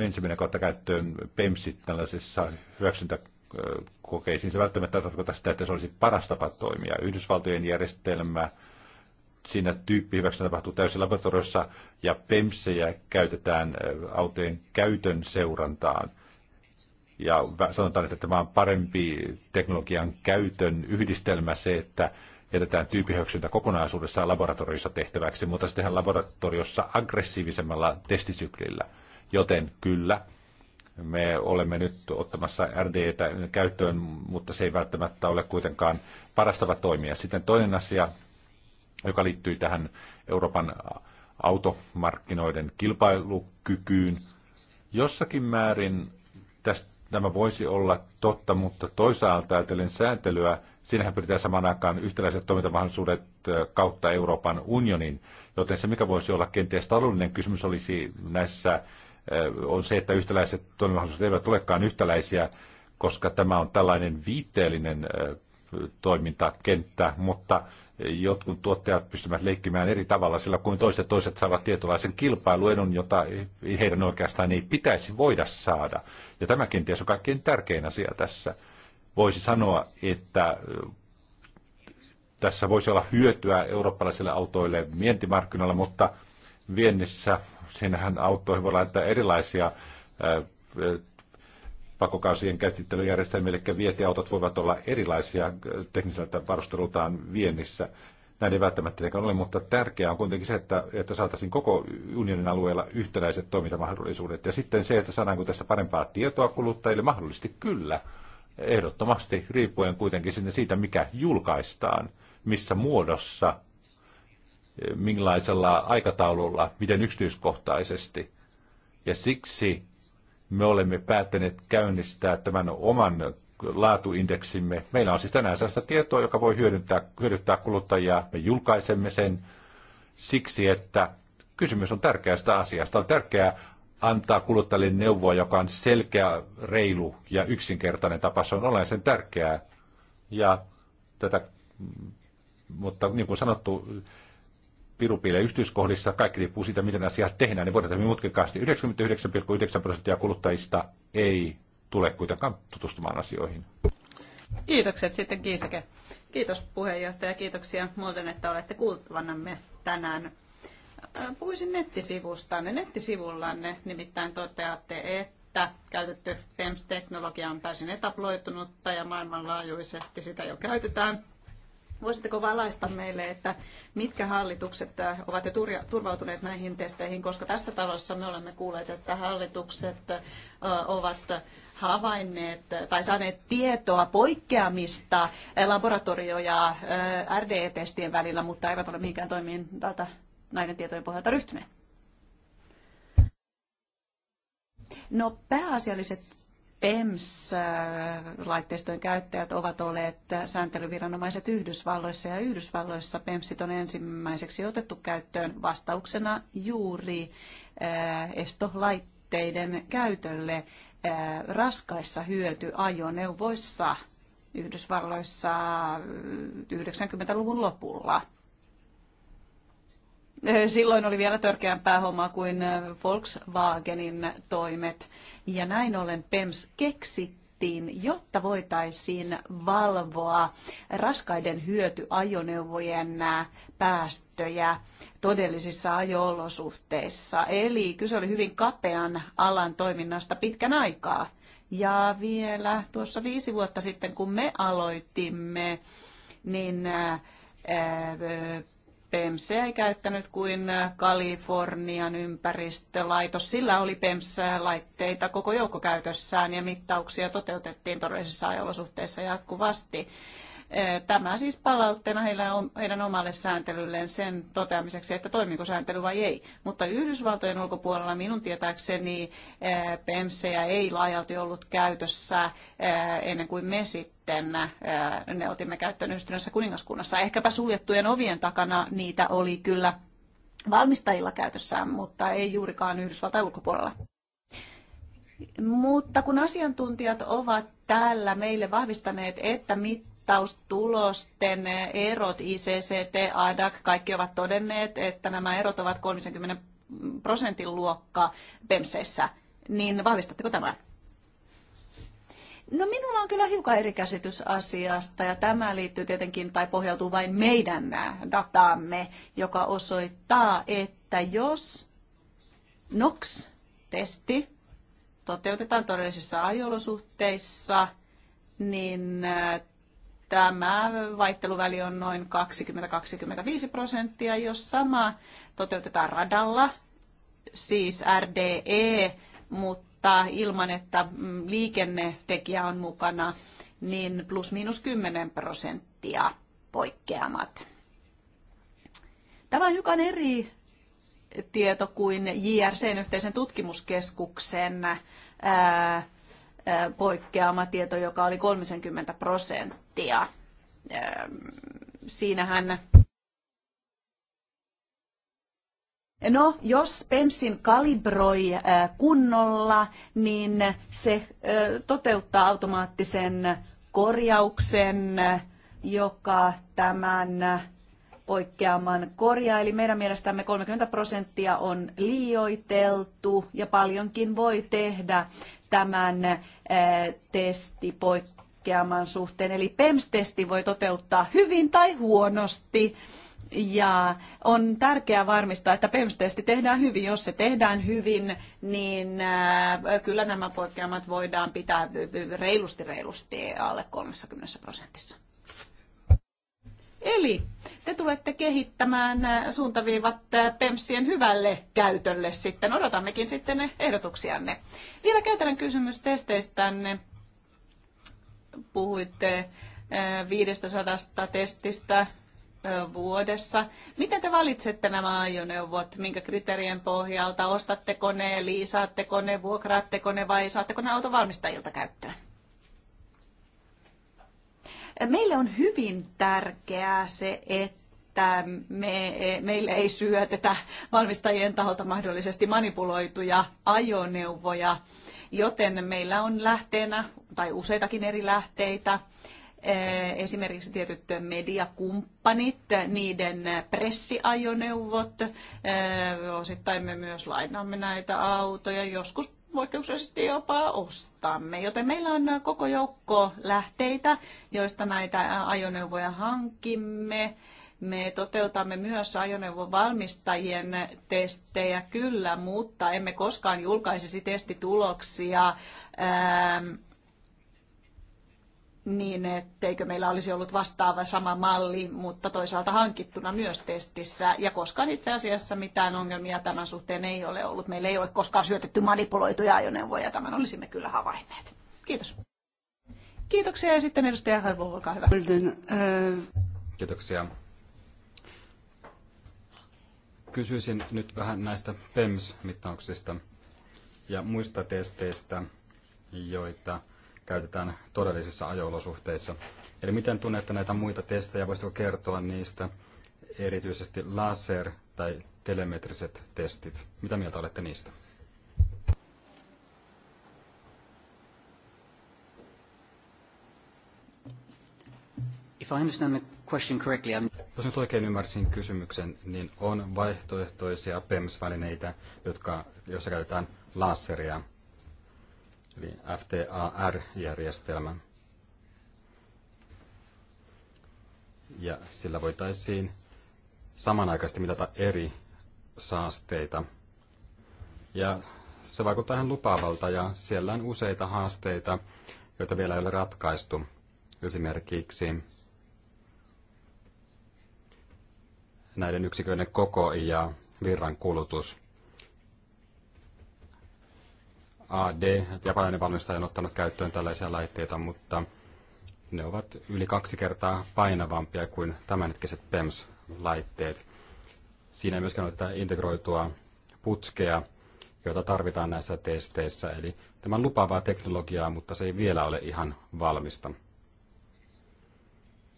ensimmäinen kautta käyttöön PEMSit tällaisissa hyväksyntäkokeisiin. Se välttämättä tarkoittaa sitä, että se olisi paras tapa toimia. Yhdysvaltojen järjestelmä, siinä hyväksyntä tapahtuu täysin laboratoriossa ja PEMSejä käytetään autojen käytön seurantaan. Ja sanotaan, että tämä on parempi teknologian käytön yhdistelmä se, että jätetään tyyppihyväksyntä kokonaisuudessaan laboratoriossa tehtäväksi, mutta se tehdään laboratoriossa aggressiivisemmalla testisyklillä. Joten kyllä, me olemme nyt ottamassa RDtä käyttöön, mutta se ei välttämättä ole kuitenkaan parastava toimia. Sitten toinen asia, joka liittyy tähän Euroopan automarkkinoiden kilpailukykyyn. Jossakin määrin tästä tämä voisi olla totta, mutta toisaalta ajatellen sääntelyä, siinähän pyritään samaan aikaan yhtäläiset toimintamahdollisuudet kautta Euroopan unionin, joten se mikä voisi olla kenties taloudellinen kysymys olisi näissä on se, että yhtäläiset toimimahdollisuudet eivät olekaan yhtäläisiä, koska tämä on tällainen viitteellinen toimintakenttä, mutta jotkut tuottajat pystyvät leikkimään eri tavalla sillä kuin toiset. Toiset saavat tietynlaisen kilpailuedun, jota heidän oikeastaan ei pitäisi voida saada. Ja tämä kenties on kaikkein tärkein asia tässä. Voisi sanoa, että tässä voisi olla hyötyä eurooppalaisille autoille vientimarkkinoilla, mutta viennissä siinähän auttoi voi laittaa erilaisia pakokausien käsittelyjärjestelmiä, eli vietiautot voivat olla erilaisia tekniseltä varustelultaan viennissä. Näin ei välttämättä ole, mutta tärkeää on kuitenkin se, että, että saataisiin koko unionin alueella yhtenäiset toimintamahdollisuudet. Ja sitten se, että saadaanko tästä parempaa tietoa kuluttajille, mahdollisesti kyllä, ehdottomasti, riippuen kuitenkin siitä, mikä julkaistaan, missä muodossa minkälaisella aikataululla, miten yksityiskohtaisesti. Ja siksi me olemme päättäneet käynnistää tämän oman laatuindeksimme. Meillä on siis tänään sellaista tietoa, joka voi hyödyntää, hyödyttää kuluttajia. Me julkaisemme sen siksi, että kysymys on tärkeästä asiasta. On tärkeää antaa kuluttajille neuvoa, joka on selkeä, reilu ja yksinkertainen tapa. Se on olennaisen tärkeää. Ja tätä, mutta niin kuin sanottu, pirupiilejä yksityiskohdissa. Kaikki riippuu siitä, miten asiat tehdään. Ne niin voidaan tehdä mutkikkaasti. 99,9 prosenttia kuluttajista ei tule kuitenkaan tutustumaan asioihin. Kiitokset sitten Kiisake. Kiitos puheenjohtaja, kiitoksia muuten, että olette kuultavannamme tänään. Äh, puhuisin nettisivustanne. Nettisivullanne nimittäin toteatte, että käytetty PEMS-teknologia on täysin etaploitunutta ja maailmanlaajuisesti sitä jo käytetään Voisitteko valaista meille, että mitkä hallitukset äh, ovat jo turvautuneet näihin testeihin, koska tässä talossa me olemme kuulleet, että hallitukset äh, ovat havainneet tai saaneet tietoa poikkeamista laboratorio- ja äh, RDE-testien välillä, mutta eivät ole mihinkään toimiin tältä näiden tietojen pohjalta ryhtyneet. No pääasialliset PEMS-laitteistojen käyttäjät ovat olleet sääntelyviranomaiset Yhdysvalloissa ja Yhdysvalloissa PEMSit on ensimmäiseksi otettu käyttöön vastauksena juuri eh, estolaitteiden käytölle eh, raskaissa hyötyajoneuvoissa Yhdysvalloissa 90-luvun eh, lopulla – silloin oli vielä törkeämpää hommaa kuin Volkswagenin toimet. Ja näin ollen PEMS keksittiin, jotta voitaisiin valvoa raskaiden hyötyajoneuvojen päästöjä todellisissa ajo-olosuhteissa. Eli kyse oli hyvin kapean alan toiminnasta pitkän aikaa. Ja vielä tuossa viisi vuotta sitten, kun me aloitimme, niin PEMS ei käyttänyt kuin Kalifornian ympäristölaitos. Sillä oli PEMS-laitteita koko joukko käytössään ja mittauksia toteutettiin todellisissa ajolosuhteissa jatkuvasti. Tämä siis palautteena heidän omalle sääntelylleen sen toteamiseksi, että toimiko sääntely vai ei. Mutta Yhdysvaltojen ulkopuolella minun tietääkseni PEMSejä ei laajalti ollut käytössä ennen kuin me sitten ne otimme käyttöön yhdistyneessä kuningaskunnassa. Ehkäpä suljettujen ovien takana niitä oli kyllä valmistajilla käytössään, mutta ei juurikaan Yhdysvaltain ulkopuolella. Mutta kun asiantuntijat ovat täällä meille vahvistaneet, että mit, mittaustulosten erot, ICCT, ADAC, kaikki ovat todenneet, että nämä erot ovat 30 prosentin luokka PEMSeissä, niin vahvistatteko tämän? No minulla on kyllä hiukan eri käsitys asiasta ja tämä liittyy tietenkin tai pohjautuu vain meidän dataamme, joka osoittaa, että jos NOx-testi toteutetaan todellisissa ajolosuhteissa, niin äh, tämä vaihteluväli on noin 20-25 prosenttia. Jos sama toteutetaan radalla, siis RDE, mutta ilman, että mm, liikennetekijä on mukana, niin plus miinus 10 prosenttia poikkeamat. Tämä on hiukan eri tieto kuin JRC, yhteisen tutkimuskeskuksen ää, poikkeama tieto, joka oli 30 prosenttia. Siinähän No, jos pensin kalibroi kunnolla, niin se toteuttaa automaattisen korjauksen, joka tämän poikkeaman korjaa. Eli meidän mielestämme 30 prosenttia on liioiteltu ja paljonkin voi tehdä tämän eh, testipoikkeaman suhteen. Eli PEMS-testi voi toteuttaa hyvin tai huonosti. Ja on tärkeää varmistaa, että PEMS-testi tehdään hyvin. Jos se tehdään hyvin, niin eh, kyllä nämä poikkeamat voidaan pitää reilusti reilusti alle 30 prosentissa. Eli te tulette kehittämään äh, suuntaviivat äh, PEMSien hyvälle käytölle sitten. Odotammekin sitten ne ehdotuksianne. Vielä käytännön kysymys testeistänne. Puhuitte 500 äh, testistä vuodessa. Miten te valitsette nämä ajoneuvot? Minkä kriteerien pohjalta? Ostatteko ne, liisaatteko ne, vuokraatteko ne vai saatteko ne autovalmistajilta käyttöön? Meille on hyvin tärkeää se, että että me, meille ei syötetä valmistajien taholta mahdollisesti manipuloituja ajoneuvoja, joten meillä on lähteenä tai useitakin eri lähteitä eh, esimerkiksi tietyt mediakumppanit, niiden pressiajoneuvot, eh, osittain me myös lainaamme näitä autoja, joskus poikkeuksellisesti jopa ostamme. Joten meillä on koko joukko lähteitä, joista näitä ajoneuvoja hankimme. Me toteutamme myös ajoneuvon valmistajien testejä, kyllä, mutta emme koskaan julkaisisi testituloksia. Ähm, niin etteikö meillä olisi ollut vastaava sama malli, mutta toisaalta hankittuna myös testissä. Ja koskaan itse asiassa mitään ongelmia tämän suhteen ei ole ollut. Meillä ei ole koskaan syötetty manipuloituja ajoneuvoja. Tämän olisimme kyllä havainneet. Kiitos. Kiitoksia ja sitten edustaja Haivo, olkaa hyvä. Äh, Kiitoksia. Kysyisin nyt vähän näistä PEMS-mittauksista ja muista testeistä, joita käytetään todellisissa ajoolosuhteissa. Eli miten tunnette näitä muita testejä, voisitko kertoa niistä, erityisesti laser- tai telemetriset testit? Mitä mieltä olette niistä? If I understand the question correctly, I'm... Jos nyt oikein ymmärsin kysymyksen, niin on vaihtoehtoisia PEMS-välineitä, jotka, joissa käytetään laseria eli FTAR-järjestelmä. Ja sillä voitaisiin samanaikaisesti mitata eri saasteita. Ja se vaikuttaa ihan lupaavalta ja siellä on useita haasteita, joita vielä ei ole ratkaistu. Esimerkiksi näiden yksiköiden koko ja virran kulutus. AD, japanilainen valmistaja, on ottanut käyttöön tällaisia laitteita, mutta ne ovat yli kaksi kertaa painavampia kuin tämänhetkiset PEMS-laitteet. Siinä ei myöskään ole tätä integroitua putkea, jota tarvitaan näissä testeissä. Eli tämä on lupaavaa teknologiaa, mutta se ei vielä ole ihan valmista.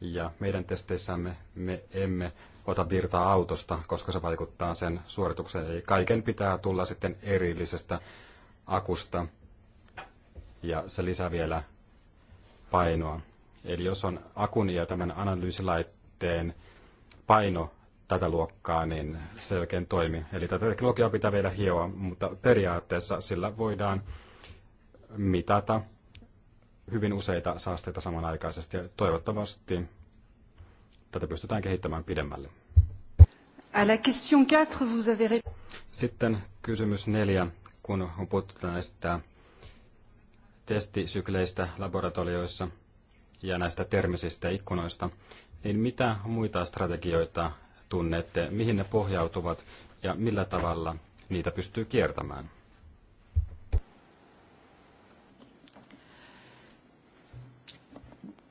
Ja meidän testeissämme me emme ota virtaa autosta, koska se vaikuttaa sen suoritukseen. Eli kaiken pitää tulla sitten erillisestä akusta ja se lisää vielä painoa. Eli jos on akun ja tämän analyysilaitteen paino tätä luokkaa, niin se oikein toimi. Eli tätä teknologiaa pitää vielä hioa, mutta periaatteessa sillä voidaan mitata hyvin useita saasteita samanaikaisesti ja toivottavasti tätä pystytään kehittämään pidemmälle. Sitten kysymys neljä kun on puhuttu näistä testisykleistä laboratorioissa ja näistä termisistä ikkunoista, niin mitä muita strategioita tunnette, mihin ne pohjautuvat ja millä tavalla niitä pystyy kiertämään?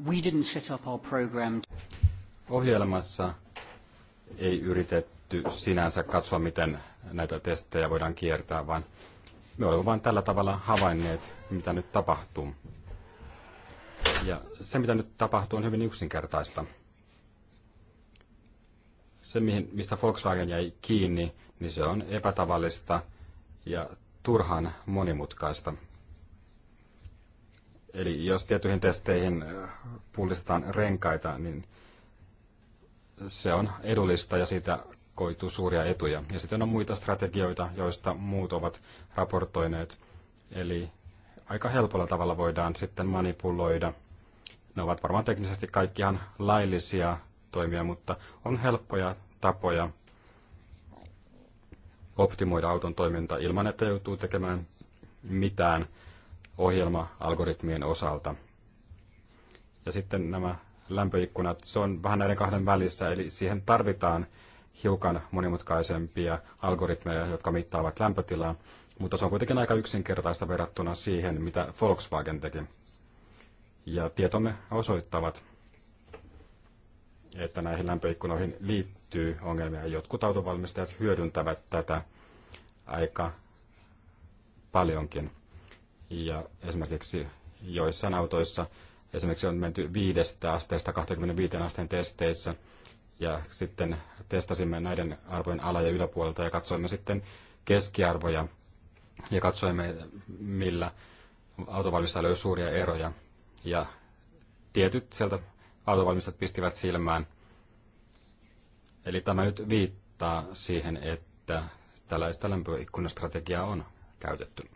We didn't set up our program. Ohjelmassa ei yritetty sinänsä katsoa, miten näitä testejä voidaan kiertää, vaan me olemme vain tällä tavalla havainneet, mitä nyt tapahtuu. Ja se, mitä nyt tapahtuu, on hyvin yksinkertaista. Se, mihin, mistä Volkswagen jäi kiinni, niin se on epätavallista ja turhan monimutkaista. Eli jos tiettyihin testeihin äh, pullistetaan renkaita, niin se on edullista ja siitä koituu suuria etuja. Ja sitten on muita strategioita, joista muut ovat raportoineet. Eli aika helpolla tavalla voidaan sitten manipuloida. Ne ovat varmaan teknisesti kaikki ihan laillisia toimia, mutta on helppoja tapoja optimoida auton toiminta ilman, että joutuu tekemään mitään ohjelma-algoritmien osalta. Ja sitten nämä lämpöikkunat, se on vähän näiden kahden välissä, eli siihen tarvitaan hiukan monimutkaisempia algoritmeja, jotka mittaavat lämpötilaa, mutta se on kuitenkin aika yksinkertaista verrattuna siihen, mitä Volkswagen teki. Ja tietomme osoittavat, että näihin lämpöikkunoihin liittyy ongelmia. Jotkut autovalmistajat hyödyntävät tätä aika paljonkin. Ja esimerkiksi joissain autoissa esimerkiksi on menty viidestä asteesta 25 asteen testeissä – ja sitten testasimme näiden arvojen ala- ja yläpuolelta ja katsoimme sitten keskiarvoja ja katsoimme, millä autovalmistajilla oli suuria eroja. Ja tietyt sieltä autovalmistajat pistivät silmään. Eli tämä nyt viittaa siihen, että tällaista lämpöikkunastrategiaa on käytetty.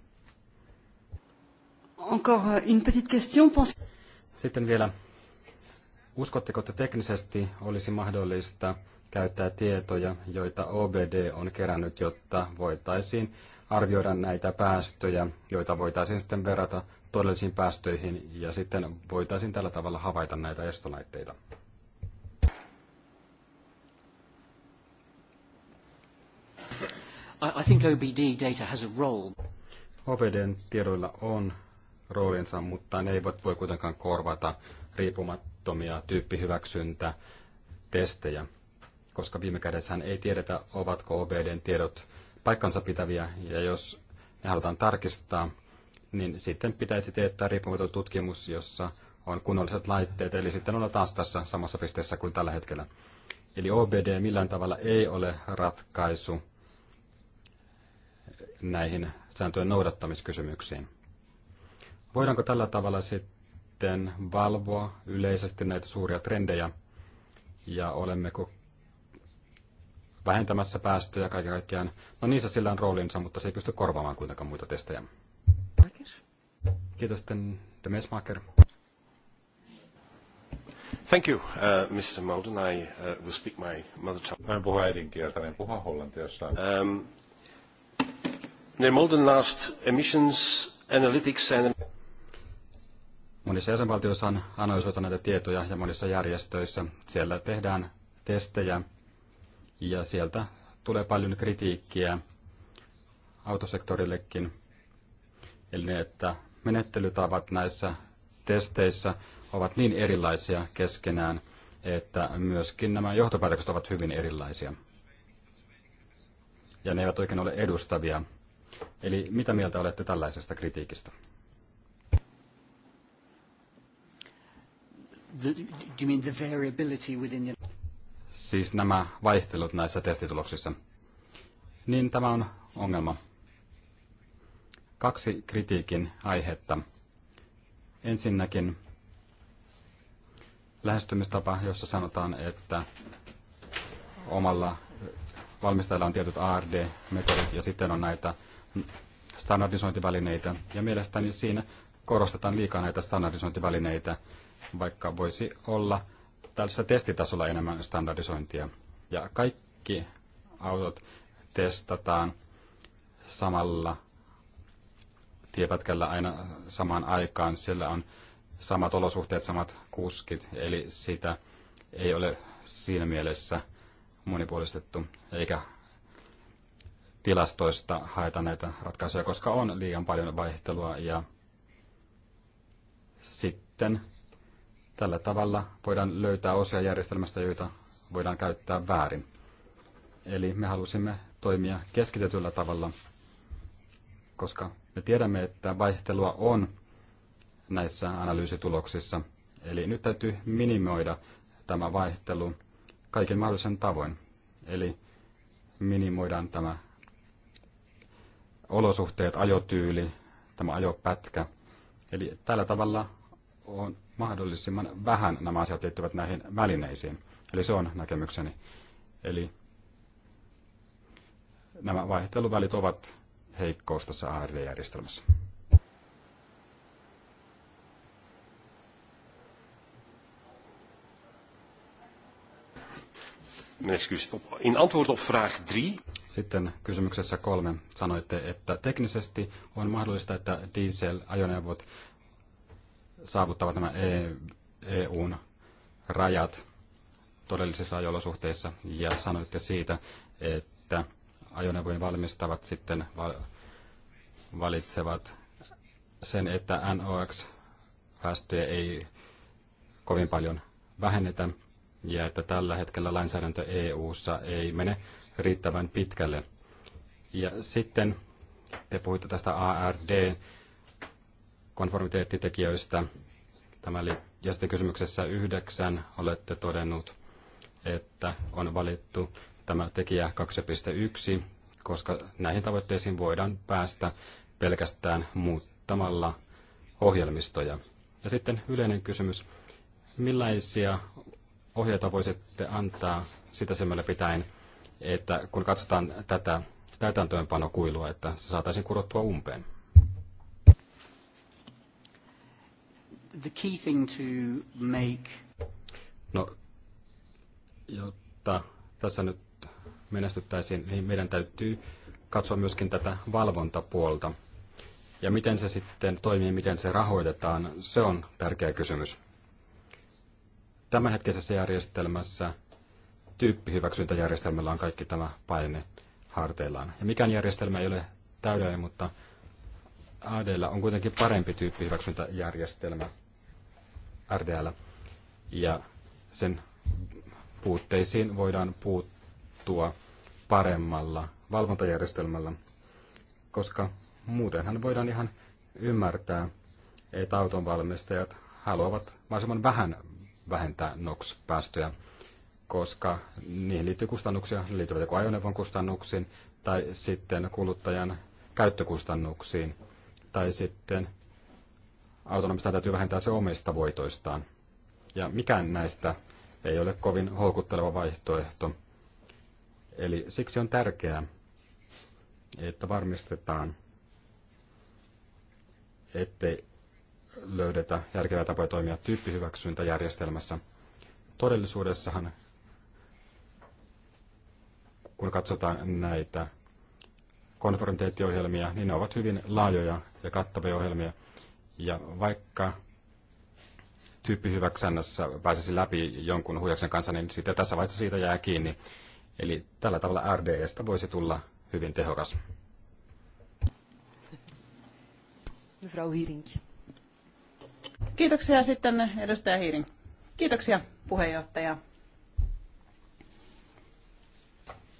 Encore une petite question. Sitten vielä Uskotteko, että teknisesti olisi mahdollista käyttää tietoja, joita OBD on kerännyt, jotta voitaisiin arvioida näitä päästöjä, joita voitaisiin sitten verrata todellisiin päästöihin ja sitten voitaisiin tällä tavalla havaita näitä estolaitteita? I think OBD data has a role. OBDn tiedoilla on roolinsa, mutta ne eivät voi kuitenkaan korvata riippumatta tyyppihyväksyntä testejä, koska viime kädessähän ei tiedetä, ovatko OBDn tiedot paikkansa pitäviä, ja jos ne halutaan tarkistaa, niin sitten pitäisi teettää riippumaton tutkimus, jossa on kunnolliset laitteet, eli sitten ollaan taas tässä samassa pisteessä kuin tällä hetkellä. Eli OBD millään tavalla ei ole ratkaisu näihin sääntöjen noudattamiskysymyksiin. Voidaanko tällä tavalla sitten sitten valvoa yleisesti näitä suuria trendejä ja olemmeko vähentämässä päästöjä kaiken kaikkiaan. No niissä sillä on roolinsa, mutta se ei pysty korvaamaan kuitenkaan muita testejä. Kiitos sitten Demesmaker. Thank you, uh, Mr. Malden. I uh, will speak my mother tongue. Mä en puhu äidinkieltä, niin puhu hollantia jossain. Um, Meneer Malden, last emissions analytics and... Monissa jäsenvaltioissa on analysoitu näitä tietoja ja monissa järjestöissä siellä tehdään testejä ja sieltä tulee paljon kritiikkiä autosektorillekin. Eli ne, että menettelytavat näissä testeissä ovat niin erilaisia keskenään, että myöskin nämä johtopäätökset ovat hyvin erilaisia. Ja ne eivät oikein ole edustavia. Eli mitä mieltä olette tällaisesta kritiikistä? you mean the variability within the... Siis nämä vaihtelut näissä testituloksissa. Niin tämä on ongelma. Kaksi kritiikin aihetta. Ensinnäkin lähestymistapa, jossa sanotaan, että omalla valmistajalla on tietyt ARD-metodit ja sitten on näitä standardisointivälineitä. Ja mielestäni siinä korostetaan liikaa näitä standardisointivälineitä vaikka voisi olla tällaisessa testitasolla enemmän standardisointia. Ja kaikki autot testataan samalla tiepätkällä aina samaan aikaan. Siellä on samat olosuhteet, samat kuskit, eli sitä ei ole siinä mielessä monipuolistettu, eikä tilastoista haeta näitä ratkaisuja, koska on liian paljon vaihtelua ja sitten Tällä tavalla voidaan löytää osia järjestelmästä, joita voidaan käyttää väärin. Eli me halusimme toimia keskitetyllä tavalla, koska me tiedämme, että vaihtelua on näissä analyysituloksissa. Eli nyt täytyy minimoida tämä vaihtelu kaiken mahdollisen tavoin. Eli minimoidaan tämä olosuhteet, ajotyyli, tämä ajopätkä. Eli tällä tavalla on mahdollisimman vähän nämä asiat liittyvät näihin välineisiin. Eli se on näkemykseni. Eli nämä vaihteluvälit ovat heikkous tässä ARD-järjestelmässä. In antwoord op vraag 3. Sitten kysymyksessä kolme sanoitte, että teknisesti on mahdollista, että diesel-ajoneuvot saavuttavat nämä EUn e rajat todellisissa ajolosuhteissa ja sanoitte siitä, että ajoneuvojen valmistavat sitten valitsevat sen, että NOx-päästöjä ei kovin paljon vähennetä ja että tällä hetkellä lainsäädäntö EU:ssa ei mene riittävän pitkälle. Ja sitten te puhuitte tästä ARD konformiteettitekijöistä. Tämä oli ja sitten kysymyksessä yhdeksän olette todennut, että on valittu tämä tekijä 2.1, koska näihin tavoitteisiin voidaan päästä pelkästään muuttamalla ohjelmistoja. Ja sitten yleinen kysymys, millaisia ohjeita voisitte antaa sitä silmällä pitäen, että kun katsotaan tätä täytäntöönpanokuilua, että se saataisiin kurottua umpeen? the key thing to make... No, jotta tässä nyt menestyttäisiin, niin meidän täytyy katsoa myöskin tätä valvontapuolta. Ja miten se sitten toimii, miten se rahoitetaan, se on tärkeä kysymys. Tämänhetkisessä järjestelmässä tyyppihyväksyntäjärjestelmällä on kaikki tämä paine harteillaan. Ja mikään järjestelmä ei ole täydellinen, mutta ADlla on kuitenkin parempi tyyppihyväksyntäjärjestelmä RDL, ja sen puutteisiin voidaan puuttua paremmalla valvontajärjestelmällä, koska muutenhan voidaan ihan ymmärtää, että autonvalmistajat haluavat mahdollisimman vähän vähentää NOx-päästöjä, koska niihin liittyy kustannuksia, liittyvät joko ajoneuvon kustannuksiin tai sitten kuluttajan käyttökustannuksiin tai sitten autonomista täytyy vähentää se omista voitoistaan. Ja mikään näistä ei ole kovin houkutteleva vaihtoehto. Eli siksi on tärkeää, että varmistetaan, ettei löydetä järkevää tapoja toimia tyyppihyväksyntäjärjestelmässä. Todellisuudessahan, kun katsotaan näitä konfronteettiohjelmia, niin ne ovat hyvin laajoja ja kattavia ohjelmia, ja vaikka tyyppihyväksännässä pääsisi läpi jonkun huijauksen kanssa, niin sitten tässä vaiheessa siitä jää kiinni. Eli tällä tavalla RDEstä voisi tulla hyvin tehokas. Mevrouw Hiring. Kiitoksia sitten edustaja Hiirin. Kiitoksia puheenjohtaja.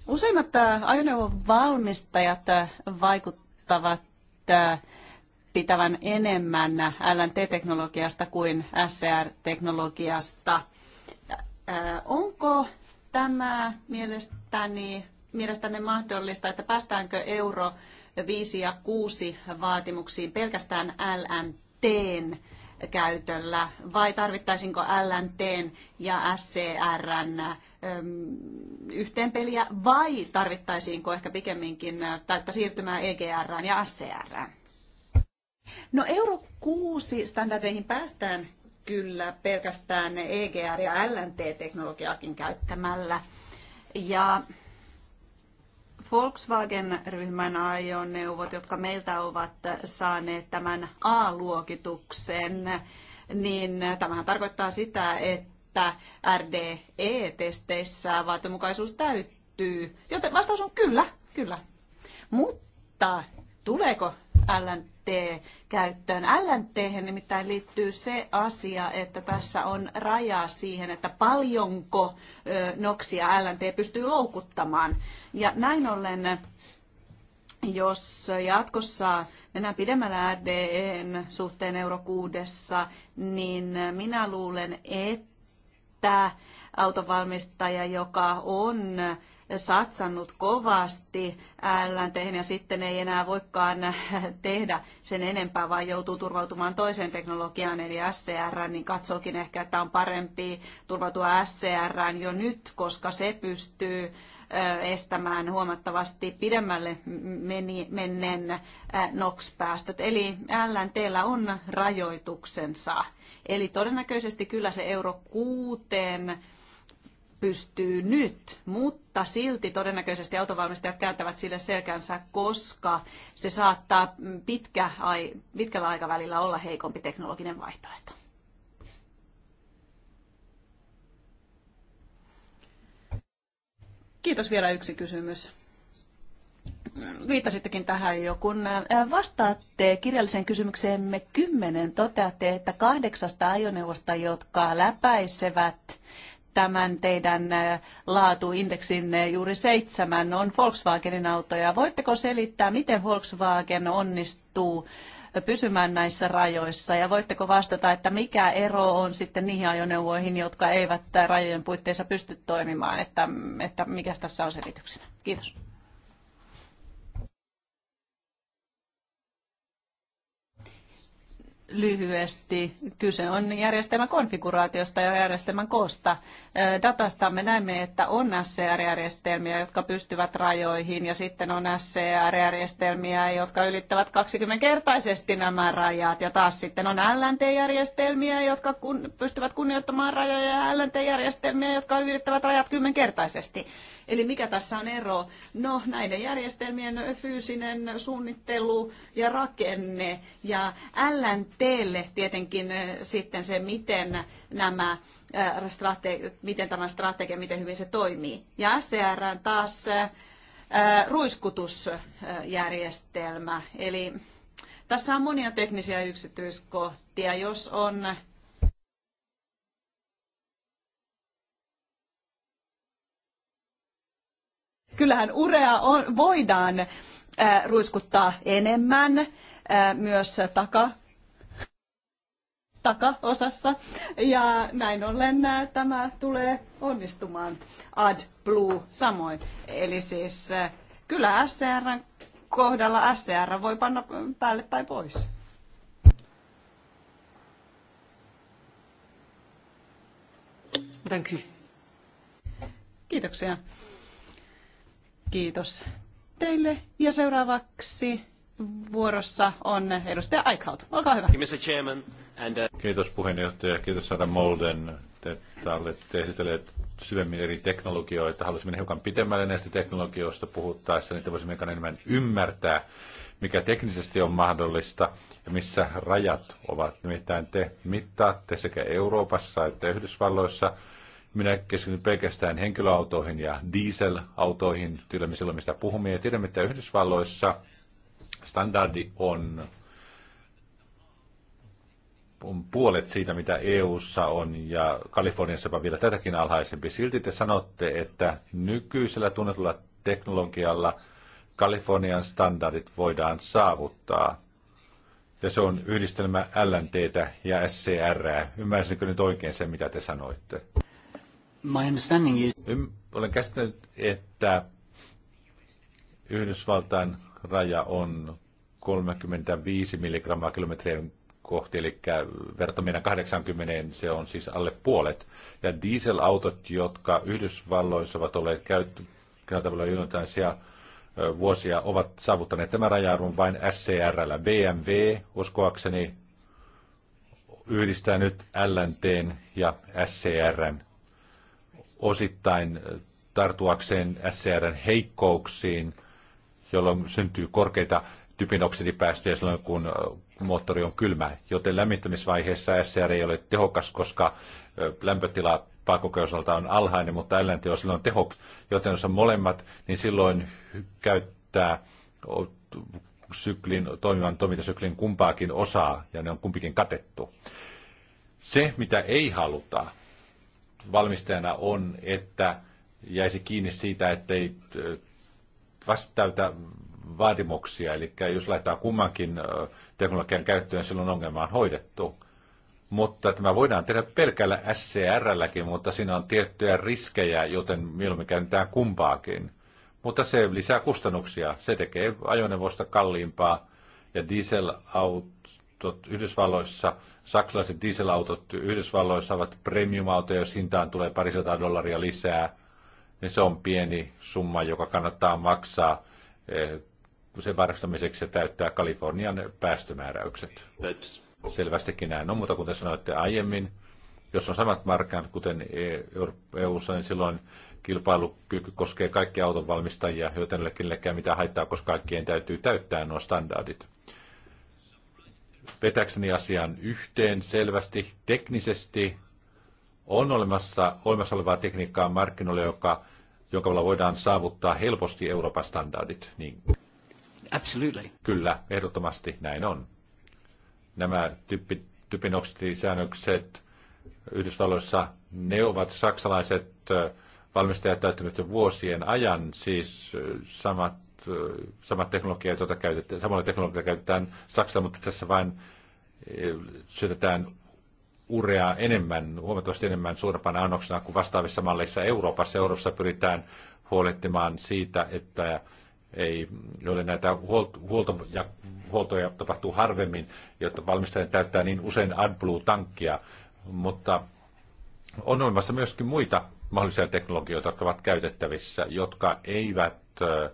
Useimmat äh, ajoneuvon valmistajat äh, vaikuttavat äh, pitävän enemmän LNT-teknologiasta kuin SCR-teknologiasta. Äh, onko tämä mielestäni, mielestäni mahdollista, että päästäänkö euro 5 ja 6 vaatimuksiin pelkästään LNTn käytöllä vai tarvittaisinko LNTn ja SCRn ähm, yhteenpeliä vai tarvittaisiinko ehkä pikemminkin äh, täyttä siirtymää EGRään ja SCRään? No euro 6 standardeihin päästään kyllä pelkästään EGR- ja LNT-teknologiaakin käyttämällä. Ja Volkswagen-ryhmän ajoneuvot, jotka meiltä ovat saaneet tämän A-luokituksen, niin tämähän tarkoittaa sitä, että RDE-testeissä vaatimukaisuus täyttyy. Joten vastaus on kyllä, kyllä. Mutta tuleeko LNT-käyttöön. LNT nimittäin liittyy se asia, että tässä on raja siihen, että paljonko noksia LNT pystyy loukuttamaan. Ja näin ollen jos jatkossa mennään pidemmällä RDEn suhteen euro niin minä luulen, että autovalmistaja, joka on satsannut kovasti LNT ja sitten ei enää voikaan tehdä sen enempää, vaan joutuu turvautumaan toiseen teknologiaan eli SCR, niin katsookin ehkä, että on parempi turvautua SCR jo nyt, koska se pystyy estämään huomattavasti pidemmälle menneen NOx-päästöt. Eli LNTllä on rajoituksensa. Eli todennäköisesti kyllä se euro kuuteen pystyy nyt, mutta silti todennäköisesti autovalmistajat kääntävät sille selkänsä, koska se saattaa pitkä, ai, pitkällä aikavälillä olla heikompi teknologinen vaihtoehto. Kiitos vielä yksi kysymys. Viittasittekin tähän jo, kun vastaatte kirjalliseen kysymykseemme 10, toteatte, että kahdeksasta ajoneuvosta, jotka läpäisevät tämän teidän laatuindeksinne juuri seitsemän on Volkswagenin autoja. Voitteko selittää, miten Volkswagen onnistuu pysymään näissä rajoissa? Ja voitteko vastata, että mikä ero on sitten niihin ajoneuvoihin, jotka eivät rajojen puitteissa pysty toimimaan, että, että mikä tässä on selityksenä? Kiitos. lyhyesti. Kyse on järjestelmän konfiguraatiosta ja järjestelmän koosta. Datasta me näemme, että on SCR-järjestelmiä, jotka pystyvät rajoihin, ja sitten on SCR-järjestelmiä, jotka ylittävät 20-kertaisesti nämä rajat, ja taas sitten on LNT-järjestelmiä, jotka kun, pystyvät kunnioittamaan rajoja, ja LNT-järjestelmiä, jotka ylittävät rajat 10-kertaisesti. Eli mikä tässä on ero? No näiden järjestelmien fyysinen suunnittelu ja rakenne ja LNTlle tietenkin sitten se, miten nämä strate- miten tämä strategia, miten hyvin se toimii. Ja SCR taas ruiskutusjärjestelmä. Eli tässä on monia teknisiä yksityiskohtia. Jos on kyllähän urea on, voidaan äh, ruiskuttaa enemmän äh, myös taka takaosassa. Ja näin ollen äh, tämä tulee onnistumaan AdBlue samoin. Eli siis kyllä SCR kohdalla SCR voi panna päälle tai pois. Thank you. Kiitoksia. Kiitos teille. Ja seuraavaksi vuorossa on edustaja Eichhout. Olkaa hyvä. Uh, Kiitos puheenjohtaja. Kiitos Sara Molden. Te olette esitelleet syvemmin eri teknologioita. Haluaisimme hiukan pitemmälle näistä teknologioista puhuttaessa, niin voisimme enemmän ymmärtää, mikä teknisesti on mahdollista ja missä rajat ovat. Nimittäin te mittaatte sekä Euroopassa että Yhdysvalloissa – minä keskityn pelkästään henkilöautoihin ja dieselautoihin, tiedämme silloin mistä puhumme. Ja tiedämme, että Yhdysvalloissa standardi on, puolet siitä, mitä EU:ssa on, ja Kaliforniassa jopa vielä tätäkin alhaisempi. Silti te sanotte, että nykyisellä tunnetulla teknologialla Kalifornian standardit voidaan saavuttaa. Ja se on yhdistelmä LNT ja SCR. Ymmärsinkö nyt oikein sen, mitä te sanoitte? My understanding is... Olen käsittänyt, että Yhdysvaltain raja on 35 milligrammaa kilometriä kohti, eli verto meidän 80, se on siis alle puolet. Ja dieselautot, jotka Yhdysvalloissa ovat olleet käytävällä jonotaisia vuosia, ovat saavuttaneet tämän rajaarvon vain SCRL. BMW, uskoakseni, yhdistää nyt LNT ja SCRn osittain tartuakseen SCRn heikkouksiin, jolloin syntyy korkeita typinoksidipäästöjä silloin, kun moottori on kylmä. Joten lämmittämisvaiheessa SCR ei ole tehokas, koska lämpötila pakokeusalta on alhainen, mutta LNT on silloin tehokas. Joten jos on molemmat, niin silloin käyttää syklin, toimivan toimintasyklin kumpaakin osaa, ja ne on kumpikin katettu. Se, mitä ei haluta, valmistajana on, että jäisi kiinni siitä, ettei äh, vastatäytä vaatimuksia. Eli jos laittaa kummankin äh, teknologian käyttöön, niin silloin ongelma on hoidettu. Mutta tämä voidaan tehdä pelkällä SCR-lläkin, mutta siinä on tiettyjä riskejä, joten mieluummin käytetään kumpaakin. Mutta se lisää kustannuksia. Se tekee ajoneuvosta kalliimpaa ja dieselauto autot Yhdysvalloissa, saksalaiset dieselautot Yhdysvalloissa ovat premium-autoja, jos hintaan tulee parisataa dollaria lisää, niin se on pieni summa, joka kannattaa maksaa eh, sen varastamiseksi ja täyttää Kalifornian päästömääräykset. Selvästikin näin on, mutta kuten sanoitte aiemmin, jos on samat markkinat kuten e- EU-ssa, niin silloin kilpailukyky koskee kaikkia autonvalmistajia, joten ei kenellekään mitään haittaa, koska kaikkien täytyy täyttää nuo standardit vetäkseni asian yhteen selvästi teknisesti on olemassa, olemassa olevaa tekniikkaa markkinoille, joka, jonka voidaan saavuttaa helposti Euroopan standardit. Niin. Absolutely. Kyllä, ehdottomasti näin on. Nämä typpi, typinoksidisäännökset Yhdysvalloissa, ne ovat saksalaiset valmistajat täyttäneet jo vuosien ajan, siis samat samat teknologiat, joita käytetään, samalla teknologialla käytetään Saksassa, mutta tässä vain syötetään urea enemmän, huomattavasti enemmän suurempana annoksena kuin vastaavissa malleissa Euroopassa. Euroopassa pyritään huolehtimaan siitä, että ei, ole näitä huolto, huolto ja, huoltoja tapahtuu harvemmin, jotta valmistajan täyttää niin usein AdBlue-tankkia, mutta on olemassa myöskin muita mahdollisia teknologioita, jotka ovat käytettävissä, jotka eivät äh,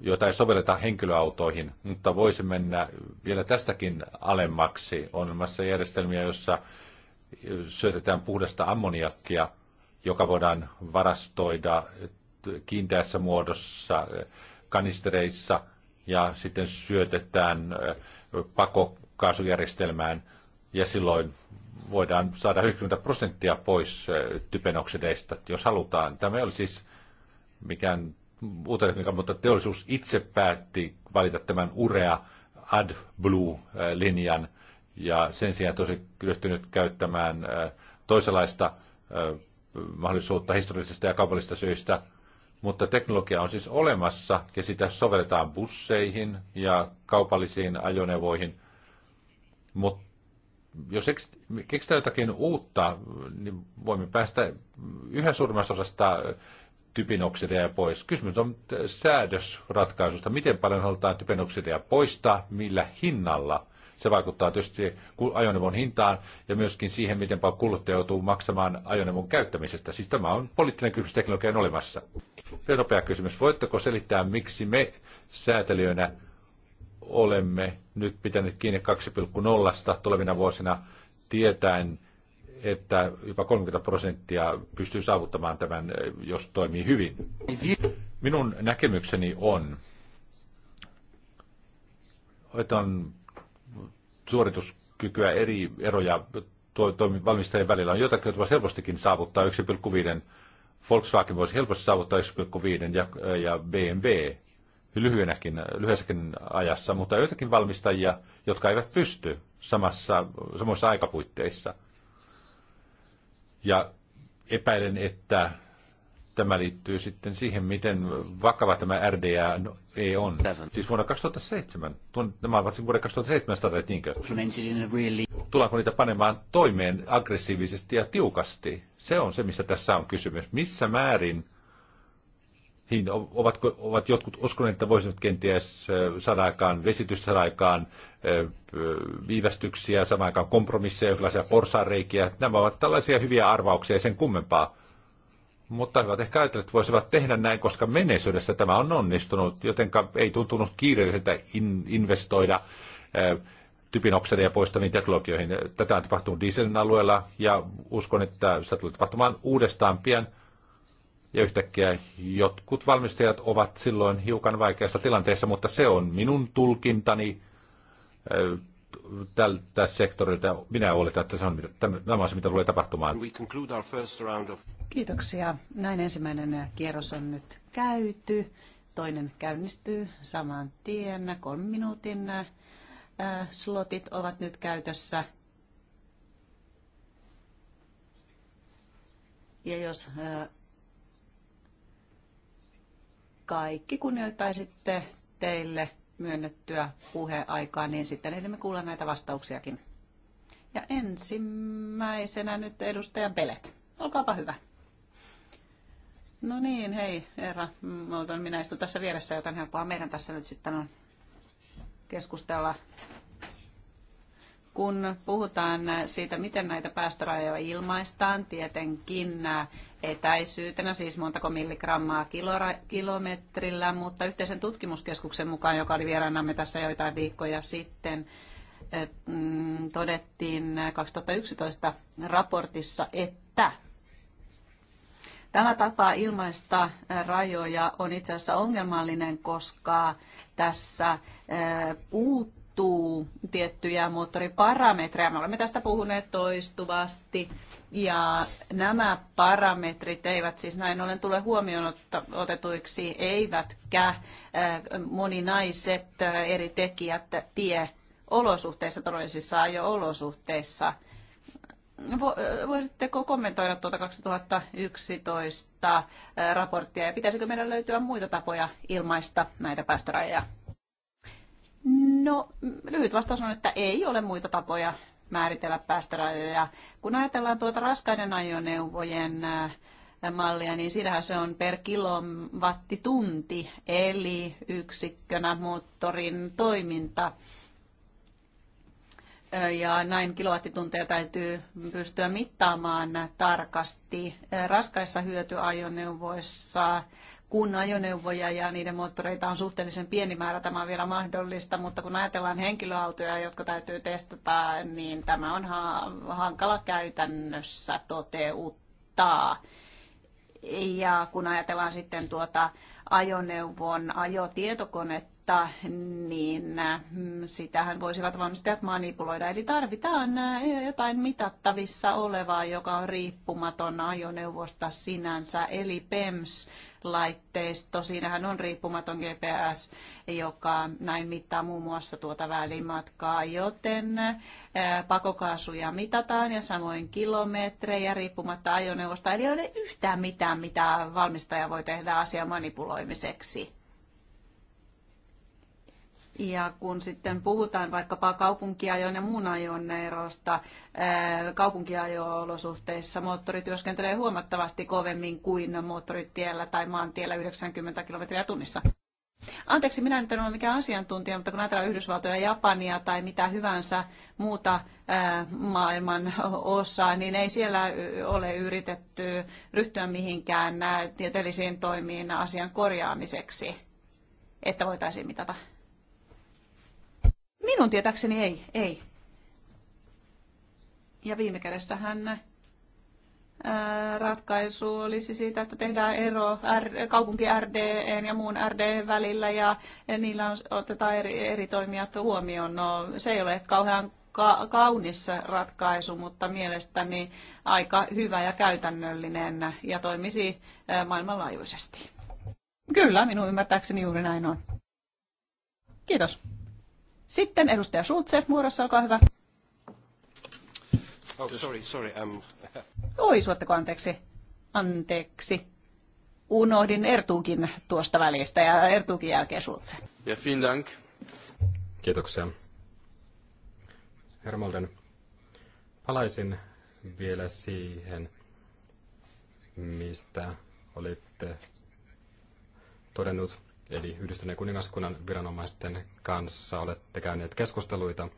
joita ei sovelleta henkilöautoihin, mutta voisi mennä vielä tästäkin alemmaksi. On olemassa järjestelmiä, jossa syötetään puhdasta ammoniakkia, joka voidaan varastoida kiinteässä muodossa kanistereissa ja sitten syötetään pakokaasujärjestelmään ja silloin voidaan saada 90 prosenttia pois typenoksideista, jos halutaan. Tämä ei ole siis mikään uutta mutta teollisuus itse päätti valita tämän urea AdBlue-linjan ja sen sijaan tosi ryhtynyt käyttämään toisenlaista mahdollisuutta historiallisista ja kaupallisista syistä, mutta teknologia on siis olemassa ja sitä sovelletaan busseihin ja kaupallisiin ajoneuvoihin. Mutta jos keksitään jotakin uutta, niin voimme päästä yhä suurimmassa osasta typinoksideja pois. Kysymys on äh, säädösratkaisusta, miten paljon halutaan typinoksideja poistaa, millä hinnalla. Se vaikuttaa tietysti ajoneuvon hintaan ja myöskin siihen, miten paljon kuluttaja joutuu maksamaan ajoneuvon käyttämisestä. Siis tämä on poliittinen kysymys teknologian olemassa. Vielä nopea kysymys. Voitteko selittää, miksi me säätelijöinä olemme nyt pitäneet kiinni 2,0 tulevina vuosina tietäen, että jopa 30 prosenttia pystyy saavuttamaan tämän, eh, jos toimii hyvin. Minun näkemykseni on, että on suorituskykyä eri eroja valmistajien välillä. On jotakin, jotka helpostikin saavuttaa 1,5. Volkswagen voisi helposti saavuttaa 1,5 ja, eh, ja BMW lyhyenäkin, lyhyessäkin ajassa, mutta joitakin valmistajia, jotka eivät pysty samassa, samoissa aikapuitteissa – ja epäilen, että tämä liittyy sitten siihen, miten vakava tämä RDA no, ei on. Siis vuonna 2007, tuon, nämä ovat vuoden 2007 standardit, niinkö? Tullaanko niitä panemaan toimeen aggressiivisesti ja tiukasti? Se on se, mistä tässä on kysymys. Missä määrin niin ovatko, ovat jotkut uskoneet, että voisivat kenties saada aikaan vesitystä, saada aikaan viivästyksiä, samaan aikaan kompromisseja, jonkinlaisia porsaanreikiä. Nämä ovat tällaisia hyviä arvauksia sen kummempaa. Mutta hyvät ehkä että voisivat tehdä näin, koska menneisyydessä tämä on onnistunut, joten ei tuntunut kiireelliseltä in, investoida ja poistaviin teknologioihin. Tätä on tapahtunut dieselin alueella ja uskon, että se tulee tapahtumaan uudestaan pian – ja yhtäkkiä jotkut valmistajat ovat silloin hiukan vaikeassa tilanteessa, mutta se on minun tulkintani eh, tältä sektorilta. Minä oletan, että se on, tämä on se, mitä tulee tapahtumaan. Kiitoksia. Näin ensimmäinen kierros on nyt käyty. Toinen käynnistyy saman tien. Kolmen minuutin eh, slotit ovat nyt käytössä. Ja jos eh, kaikki kunnioittaisitte teille myönnettyä puheaikaa, niin sitten ehdimme kuulla näitä vastauksiakin. Ja ensimmäisenä nyt edustaja Belet. Olkaapa hyvä. No niin, hei Eera minä istun tässä vieressä, joten helpoa meidän tässä nyt sitten on keskustella kun puhutaan siitä, miten näitä päästörajoja ilmaistaan, tietenkin etäisyytenä, siis montako milligrammaa kilometrillä, mutta yhteisen tutkimuskeskuksen mukaan, joka oli vieraanamme tässä joitain viikkoja sitten, mm, todettiin 2011 raportissa, että Tämä tapa ilmaista rajoja on itse asiassa ongelmallinen, koska tässä e, puuttuu muuttuu tiettyjä moottoriparametreja. Me olemme tästä puhuneet toistuvasti ja nämä parametrit eivät siis näin ollen tule huomioon otetuiksi, eivätkä äh, moninaiset äh, eri tekijät tie olosuhteissa, todellisissa ajo-olosuhteissa. Äh, voisitteko kommentoida tuota 2011 raporttia ja pitäisikö meidän löytyä muita tapoja ilmaista näitä päästörajoja? No, mm, lyhyt vastaus on, että ei ole muita tapoja määritellä päästörajoja. Kun ajatellaan tuota raskaiden ajoneuvojen äh, mallia, niin siinähän se on per kilowattitunti, eli yksikkönä moottorin toiminta. Äh, ja näin kilowattitunteja täytyy pystyä mittaamaan tarkasti. Äh, raskaissa hyötyajoneuvoissa kun ajoneuvoja ja niiden moottoreita on suhteellisen pieni määrä, tämä on vielä mahdollista, mutta kun ajatellaan henkilöautoja, jotka täytyy testata, niin tämä on hankala käytännössä toteuttaa. Ja kun ajatellaan sitten tuota ajoneuvon ajotietokonetta, mutta niin sitähän voisivat valmistajat manipuloida. Eli tarvitaan eh, jotain mitattavissa olevaa, joka on riippumaton ajoneuvosta sinänsä, eli PEMS-laitteisto. Siinähän on riippumaton GPS, joka näin mittaa muun muassa tuota välimatkaa, joten eh, pakokaasuja mitataan ja samoin kilometrejä riippumatta ajoneuvosta. Eli ei ole yhtään mitään, mitä valmistaja voi tehdä asian manipuloimiseksi. Ja kun sitten puhutaan vaikkapa kaupunkiajon ja muun ajon erosta, kaupunkiajo-olosuhteissa moottori työskentelee huomattavasti kovemmin kuin moottoritiellä tai maantiellä 90 kilometriä tunnissa. Anteeksi, minä nyt en ole mikään asiantuntija, mutta kun ajatellaan Yhdysvaltoja, Japania tai mitä hyvänsä muuta maailman osaa, niin ei siellä ole yritetty ryhtyä mihinkään tieteellisiin toimiin asian korjaamiseksi, että voitaisiin mitata Minun tietääkseni ei, ei. Ja viime hän äh, ratkaisu olisi siitä, että tehdään ero R, kaupunki RDE:n ja muun rde välillä ja niillä on, otetaan eri, eri toimijat huomioon. No, se ei ole kauhean ka- kaunis ratkaisu, mutta mielestäni aika hyvä ja käytännöllinen ja toimisi äh, maailmanlaajuisesti. Kyllä, minun ymmärtääkseni juuri näin on. Kiitos. Sitten edustaja Schulze, muodossa, olkaa hyvä. Oh, sorry, sorry, um... Oi, suotteko anteeksi. Anteeksi. Unohdin Ertuukin tuosta välistä ja Ertuukin jälkeen Schulze. Ja vielen dank. Kiitoksia. Hermolden, palaisin vielä siihen, mistä olitte todennut eli Yhdistyneen kuningaskunnan viranomaisten kanssa olette käyneet keskusteluita.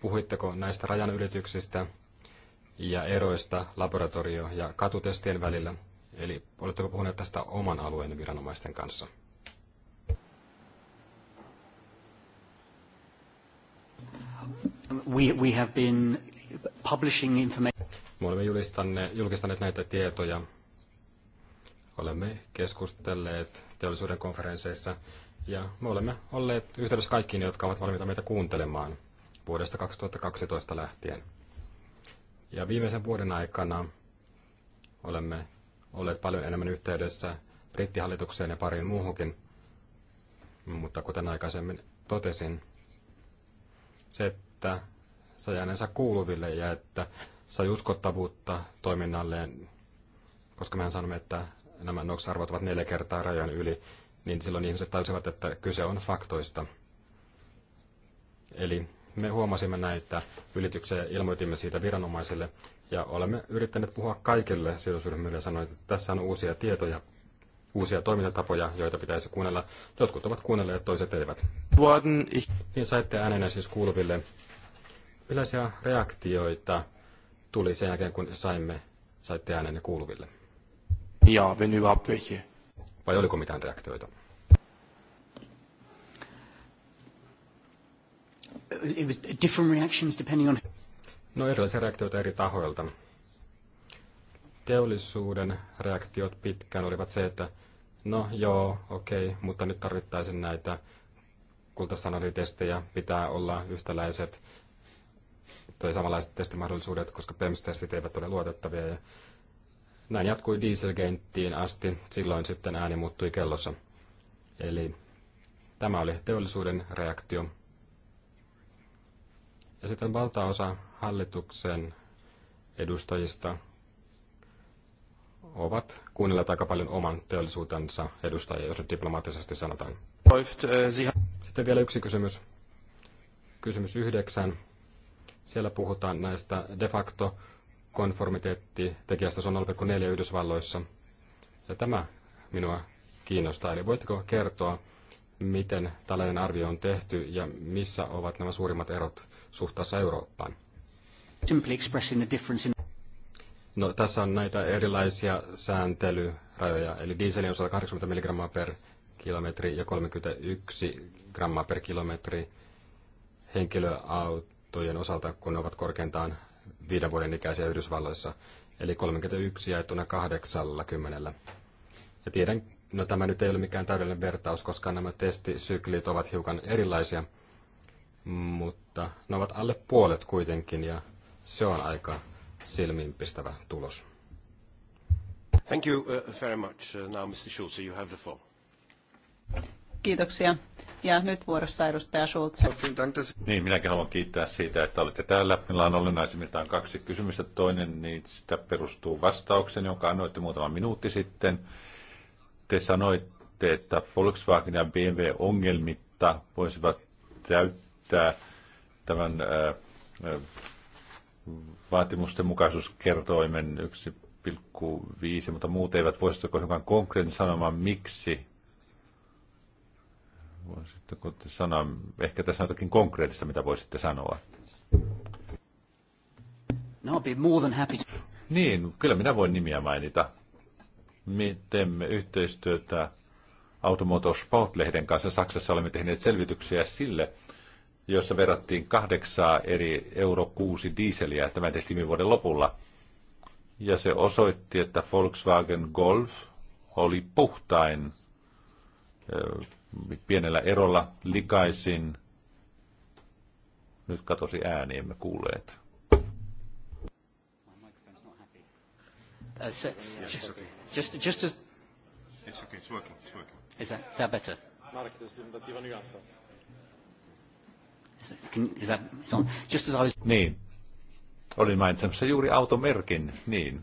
Puhuitteko näistä rajanylityksistä ja eroista laboratorio- ja katutestien välillä? Eli oletteko puhuneet tästä oman alueen viranomaisten kanssa? We, we have been publishing information. Me olemme julkistaneet näitä tietoja Olemme keskustelleet teollisuuden konferensseissa ja me olemme olleet yhteydessä kaikkiin, jotka ovat valmiita meitä kuuntelemaan vuodesta 2012 lähtien. Ja viimeisen vuoden aikana olemme olleet paljon enemmän yhteydessä brittihallitukseen ja pariin muuhunkin. Mutta kuten aikaisemmin totesin, se, että sai kuuluville ja että sai uskottavuutta toiminnalleen, koska mehän sanomme, että nämä NOx-arvot ovat neljä kertaa rajan yli, niin silloin ihmiset tajusivat, että kyse on faktoista. Eli me huomasimme näitä ylityksiä ja ilmoitimme siitä viranomaisille ja olemme yrittäneet puhua kaikille sidosryhmille ja sanoa, että tässä on uusia tietoja, uusia toimintatapoja, joita pitäisi kuunnella. Jotkut ovat kuunnelleet, toiset eivät. Niin saitte äänenä siis kuuluville. Millaisia reaktioita tuli sen jälkeen, kun saimme, saitte äänenne kuuluville? Ja, wenn überhaupt welche. Vai oliko mitään reaktioita? It was different reactions depending on... No erilaisia reaktioita eri tahoilta. Teollisuuden reaktiot pitkään olivat se, että no joo, okei, okay, mutta nyt tarvittaisiin näitä kultasanalitestejä, pitää olla yhtäläiset tai samanlaiset testimahdollisuudet, koska PEMS-testit eivät ole luotettavia. Ja näin jatkui dieselgenttiin asti, silloin sitten ääni muuttui kellossa. Eli tämä oli teollisuuden reaktio. Ja sitten valtaosa hallituksen edustajista ovat kuunnelleet aika paljon oman teollisuutensa edustajia, jos nyt diplomaattisesti sanotaan. Sitten vielä yksi kysymys. Kysymys yhdeksän. Siellä puhutaan näistä de facto konformiteetti tekijästä on 0,4 Yhdysvalloissa. Ja tämä minua kiinnostaa. Eli voitteko kertoa, miten tällainen arvio on tehty ja missä ovat nämä suurimmat erot suhteessa Eurooppaan? No, tässä on näitä erilaisia sääntelyrajoja, eli dieselin on 180 mg per kilometri ja 31 grammaa per kilometri henkilöautojen osalta, kun ne ovat korkeintaan viiden vuoden ikäisiä Yhdysvalloissa, eli 31 jaettuna 80. Ja tiedän, no tämä nyt ei ole mikään täydellinen vertaus, koska nämä testisyklit ovat hiukan erilaisia, mutta ne ovat alle puolet kuitenkin, ja se on aika silmiinpistävä tulos. Thank you uh, very much. Uh, now, Mr. Schulze, you have the floor. Kiitoksia. Ja nyt vuorossa edustaja Schulze. Niin, minäkin haluan kiittää siitä, että olette täällä. Meillä on olennaisimmiltaan kaksi kysymystä. Toinen niistä perustuu vastauksen, jonka annoitte muutama minuutti sitten. Te sanoitte, että Volkswagen ja BMW ongelmitta voisivat täyttää tämän ää, äh, äh, vaatimusten mukaisuuskertoimen 1,5, mutta muut eivät voisi kuitenkaan konkreettisesti sanomaan, miksi Voisitteko te sanoa, ehkä tässä on jotakin konkreettista, mitä voisitte sanoa? No, I'll be more than happy. Niin, kyllä minä voin nimiä mainita. Me teemme yhteistyötä Automoto Sport-lehden kanssa. Saksassa olemme tehneet selvityksiä sille, jossa verrattiin kahdeksaa eri Euro 6 diiseliä tämän tietysti vuoden lopulla. Ja se osoitti, että Volkswagen Golf oli puhtain pienellä erolla likaisin. Nyt katosi ääni, emme kuulleet. Niin. Olin mainitsemassa juuri automerkin. Niin.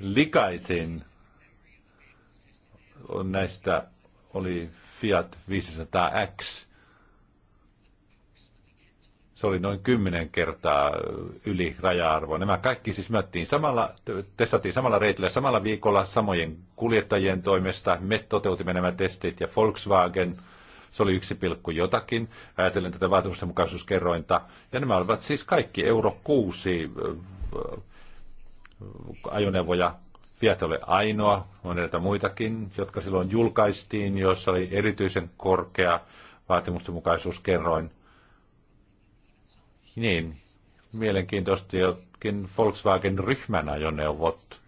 Likaisin on näistä oli Fiat 500X. Se oli noin kymmenen kertaa yli raja arvo Nämä kaikki siis samalla, testattiin samalla reitillä, samalla viikolla samojen kuljettajien toimesta. Me toteutimme nämä testit ja Volkswagen, se oli yksi pilkku jotakin, ajatellen tätä vaatimustenmukaisuuskerrointa. Ja nämä olivat siis kaikki euro 6 äh, ajoneuvoja Fiat oli ainoa, on näitä muitakin, jotka silloin julkaistiin, joissa oli erityisen korkea vaatimustenmukaisuuskerroin. Niin, mielenkiintoista jotkin Volkswagen-ryhmän ajoneuvot.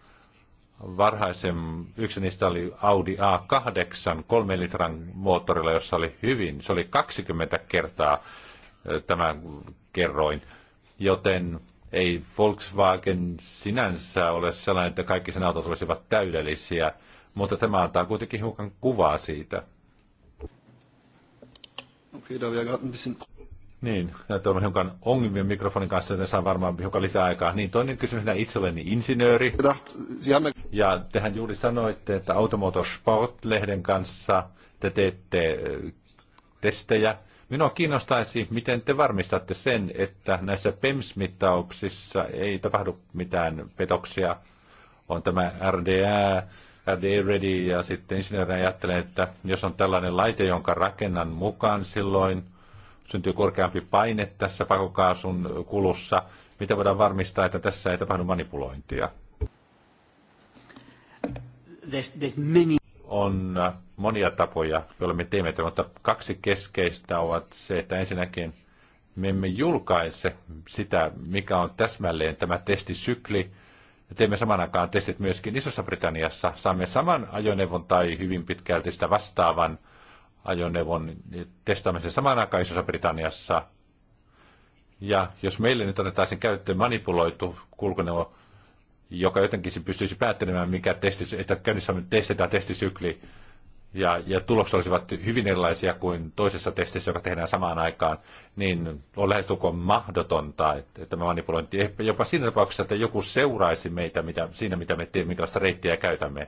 Varhaisen, yksi niistä oli Audi A8 kolmen litran moottorilla, jossa oli hyvin, se oli 20 kertaa tämä kerroin, joten ei Volkswagen sinänsä ole sellainen, että kaikki sen autot olisivat täydellisiä, mutta tämä antaa kuitenkin hiukan kuvaa siitä. Okei, okay, niin, näyttää on hiukan ongelmia mikrofonin kanssa, ne saa varmaan hiukan lisää aikaa. Niin, toinen kysymys, minä itselleni insinööri. Ja tehän juuri sanoitte, että automotorsport lehden kanssa te teette testejä. Minua kiinnostaisi, miten te varmistatte sen, että näissä PEMS-mittauksissa ei tapahdu mitään petoksia. On tämä RDA, RDA Ready ja sitten insinööri ajattelee, että jos on tällainen laite, jonka rakennan mukaan silloin syntyy korkeampi paine tässä pakokaasun kulussa. Miten voidaan varmistaa, että tässä ei tapahdu manipulointia? There's, there's many on monia tapoja, joilla me teemme tämän, mutta kaksi keskeistä ovat se, että ensinnäkin me emme julkaise sitä, mikä on täsmälleen tämä testisykli. Me teemme saman aikaan testit myöskin Isossa Britanniassa. Saamme saman ajoneuvon tai hyvin pitkälti sitä vastaavan ajoneuvon testaamisen saman aikaan Isossa Britanniassa. Ja jos meille nyt sen käyttöön manipuloitu kulkuneuvo, joka jotenkin se pystyisi päättelemään, mikä testi, että käynnissä on testi tai testisykli, ja, ja tulokset olisivat hyvin erilaisia kuin toisessa testissä, joka tehdään samaan aikaan, niin on lähestulkoon mahdotonta, että, että me manipulointi, eh, jopa siinä tapauksessa, että joku seuraisi meitä mitä, siinä, mitä me teemme, minkälaista reittiä käytämme.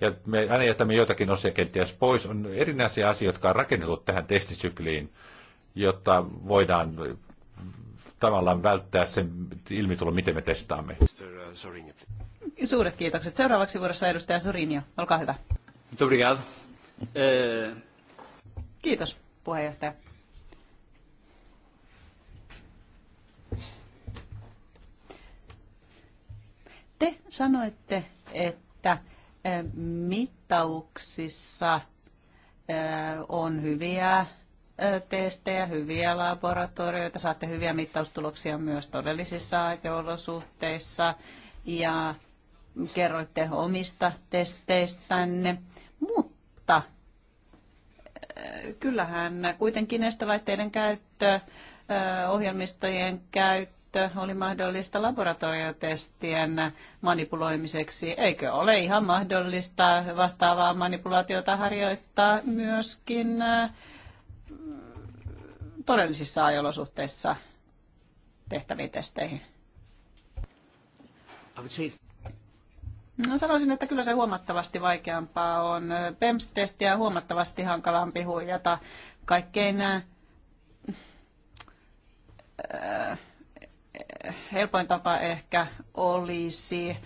Ja me aina jätämme joitakin osia kenties pois. On erinäisiä asioita, jotka on rakennettu tähän testisykliin, jotta voidaan tavallaan välttää sen ilmitulon, miten me testaamme. Suuret kiitokset. Seuraavaksi vuorossa edustaja Sorinio. Olkaa hyvä. Obrigado. Eh, Kiitos, puheenjohtaja. Te sanoitte, että eh, mittauksissa eh, on hyviä testejä, hyviä laboratorioita, saatte hyviä mittaustuloksia myös todellisissa aikeolosuhteissa ja kerroitte omista testeistänne, mutta kyllähän kuitenkin nestelaitteiden käyttö, ohjelmistojen käyttö oli mahdollista laboratoriotestien manipuloimiseksi. Eikö ole ihan mahdollista vastaavaa manipulaatiota harjoittaa myöskin todellisissa ajolosuhteissa tehtäviin testeihin? No sanoisin, että kyllä se huomattavasti vaikeampaa on. PEMS-testiä huomattavasti hankalampi huijata kaikkein äh, äh, helpoin tapa ehkä olisi äh,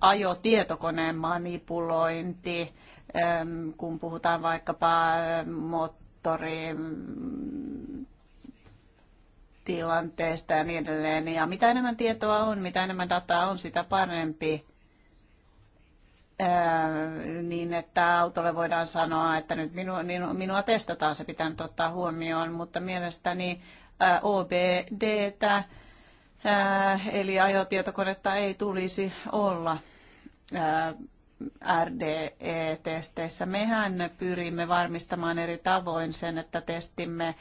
ajotietokoneen manipulointi, ähm, kun puhutaan vaikkapa äh, moottoriin mm, tilanteesta ja niin edelleen. Ja mitä enemmän tietoa on, mitä enemmän dataa on, sitä parempi niin, että autolle voidaan sanoa, että nyt minua, minua testataan, se pitää nyt ottaa huomioon, mutta mielestäni öö, eli ajotietokonetta ei tulisi olla RDE-testeissä. Mehän pyrimme varmistamaan eri tavoin sen, että testimme,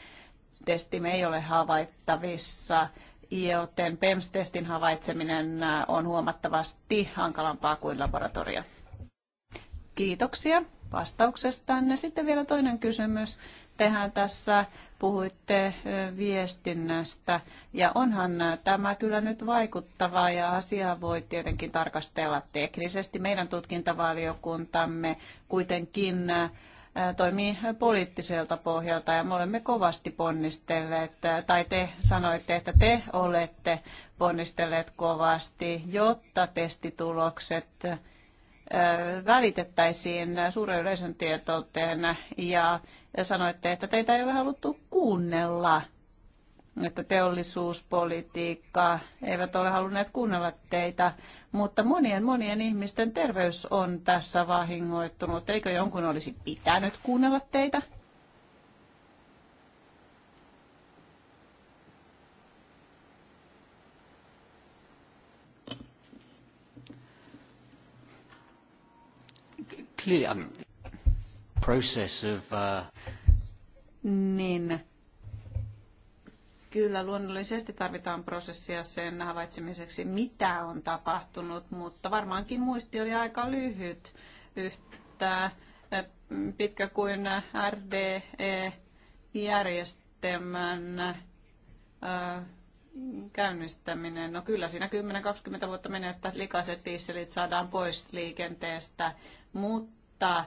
testimme ei ole havaittavissa, joten PEMS-testin havaitseminen on huomattavasti hankalampaa kuin laboratorio. Kiitoksia vastauksestanne. Sitten vielä toinen kysymys. Tehän tässä puhuitte viestinnästä ja onhan tämä kyllä nyt vaikuttavaa ja asiaa voi tietenkin tarkastella teknisesti. Meidän tutkintavaliokuntamme kuitenkin toimii poliittiselta pohjalta ja me olemme kovasti ponnistelleet, tai te sanoitte, että te olette ponnistelleet kovasti, jotta testitulokset välitettäisiin suuren yleisön tietouteen ja ja sanoitte, että teitä ei ole haluttu kuunnella, että teollisuuspolitiikka eivät ole halunneet kuunnella teitä, mutta monien monien ihmisten terveys on tässä vahingoittunut. Eikö jonkun olisi pitänyt kuunnella teitä? clear process of... Uh... Niin. Kyllä, luonnollisesti tarvitaan prosessia sen havaitsemiseksi, mitä on tapahtunut, mutta varmaankin muisti oli aika lyhyt yhtä eh, pitkä kuin RDE-järjestelmän eh, käynnistäminen. No kyllä siinä 10-20 vuotta menee, että likaiset dieselit saadaan pois liikenteestä, mutta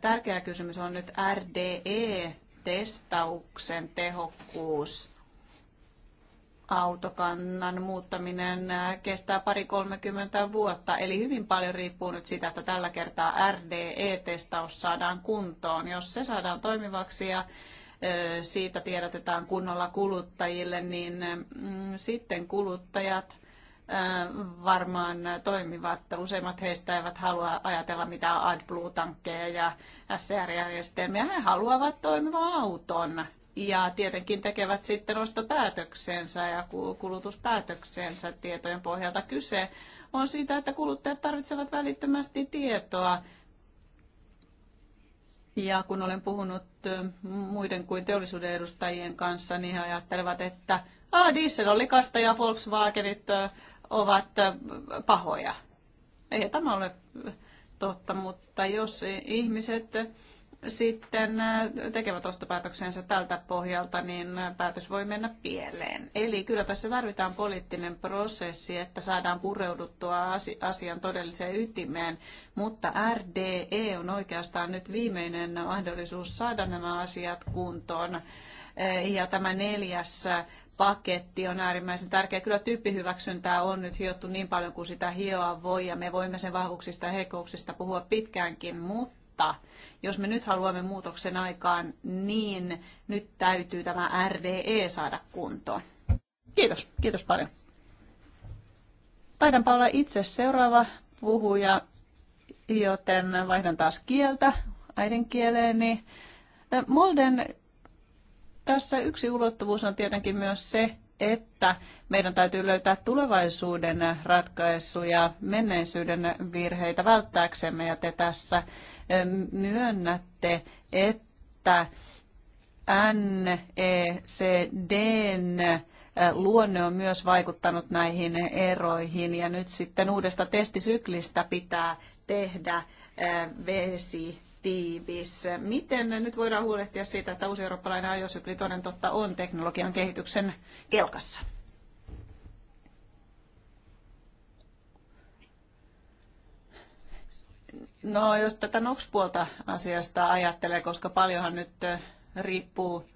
tärkeä kysymys on nyt RDE-testauksen tehokkuus. Autokannan muuttaminen kestää pari 30 vuotta, eli hyvin paljon riippuu nyt siitä, että tällä kertaa RDE-testaus saadaan kuntoon. Jos se saadaan toimivaksi ja siitä tiedotetaan kunnolla kuluttajille, niin mm, sitten kuluttajat varmaan toimivat. Useimmat heistä eivät halua ajatella mitään AdBlue-tankkeja ja SCR-järjestelmiä. He haluavat toimivan auton ja tietenkin tekevät sitten ostopäätöksensä ja kulutuspäätöksensä tietojen pohjalta. Kyse on siitä, että kuluttajat tarvitsevat välittömästi tietoa. Ja kun olen puhunut muiden kuin teollisuuden edustajien kanssa, niin he ajattelevat, että ah, Diesel dieselollikasta ja Volkswagenit ovat pahoja. Ei tämä ole totta, mutta jos ihmiset sitten tekevät ostopäätöksensä tältä pohjalta, niin päätös voi mennä pieleen. Eli kyllä tässä tarvitaan poliittinen prosessi, että saadaan pureuduttua asian todelliseen ytimeen, mutta RDE on oikeastaan nyt viimeinen mahdollisuus saada nämä asiat kuntoon. Ja tämä neljäs paketti on äärimmäisen tärkeä. Kyllä tyyppihyväksyntää on nyt hiottu niin paljon kuin sitä hioa voi ja me voimme sen vahvuuksista ja heikkouksista puhua pitkäänkin, mutta jos me nyt haluamme muutoksen aikaan, niin nyt täytyy tämä RDE saada kuntoon. Kiitos, kiitos paljon. Taidanpa olla itse seuraava puhuja, joten vaihdan taas kieltä äidinkieleeni. Niin, eh, Molden tässä yksi ulottuvuus on tietenkin myös se, että meidän täytyy löytää tulevaisuuden ratkaisuja, menneisyyden virheitä välttääksemme. Ja te tässä myönnätte, että NECDn luonne on myös vaikuttanut näihin eroihin ja nyt sitten uudesta testisyklistä pitää tehdä vesi tiivis. Miten nyt voidaan huolehtia siitä, että uusi eurooppalainen ajosykli toden totta on teknologian kehityksen kelkassa? No jos tätä NOX-puolta asiasta ajattelee, koska paljonhan nyt riippuu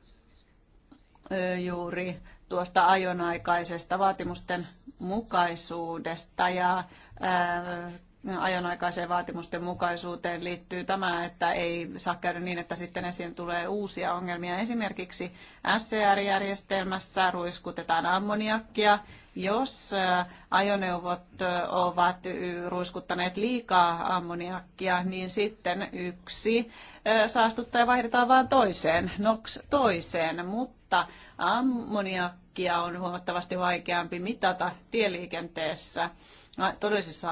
juuri tuosta ajonaikaisesta vaatimusten mukaisuudesta ja ajonaikaiseen vaatimusten mukaisuuteen liittyy tämä, että ei saa käydä niin, että sitten esiin tulee uusia ongelmia. Esimerkiksi SCR-järjestelmässä ruiskutetaan ammoniakkia. Jos äh, ajoneuvot äh, ovat ruiskuttaneet liikaa ammoniakkia, niin sitten yksi äh, saastuttaja vaihdetaan vain toiseen, NOx toiseen, mutta ammoniakkia on huomattavasti vaikeampi mitata tieliikenteessä todellisissa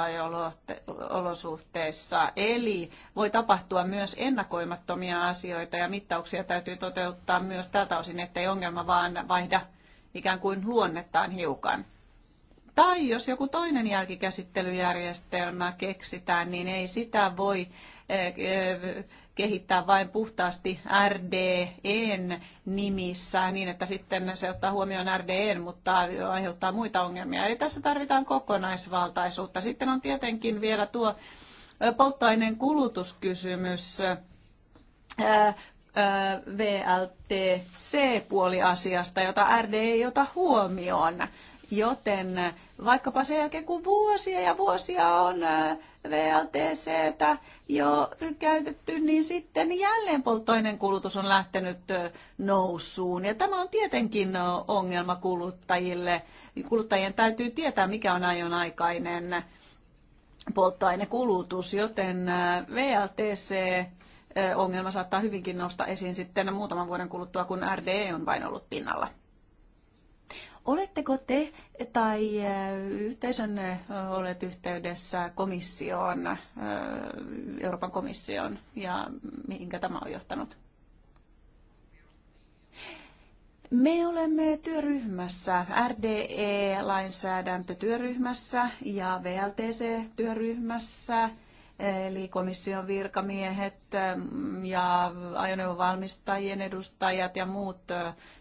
olosuhteissa. Eli voi tapahtua myös ennakoimattomia asioita ja mittauksia täytyy toteuttaa myös tältä osin, ettei ongelma vaan vaihda ikään kuin luonnettaan hiukan. Tai jos joku toinen jälkikäsittelyjärjestelmä keksitään, niin ei sitä voi eh, eh, kehittää vain puhtaasti RDEn nimissä niin, että sitten se ottaa huomioon RDEn, mutta aiheuttaa muita ongelmia. Eli tässä tarvitaan kokonaisvaltaisuutta. Sitten on tietenkin vielä tuo polttoaineen kulutuskysymys. VLTC-puoli asiasta, jota RD ei ota huomioon. Joten vaikkapa sen jälkeen, kun vuosia ja vuosia on VLTCtä jo käytetty, niin sitten jälleen polttoaineen kulutus on lähtenyt noussuun. Ja tämä on tietenkin ongelma kuluttajille. Kuluttajien täytyy tietää, mikä on ajon aikainen polttoainekulutus, joten VLTC ongelma saattaa hyvinkin nousta esiin sitten muutaman vuoden kuluttua, kun RDE on vain ollut pinnalla. Oletteko te tai yhteisön olet yhteydessä komissioon, Euroopan komissioon ja mihinkä tämä on johtanut? Me olemme työryhmässä, RDE-lainsäädäntötyöryhmässä ja VLTC-työryhmässä, eli komission virkamiehet, ja ajoneuvovalmistajien edustajat ja muut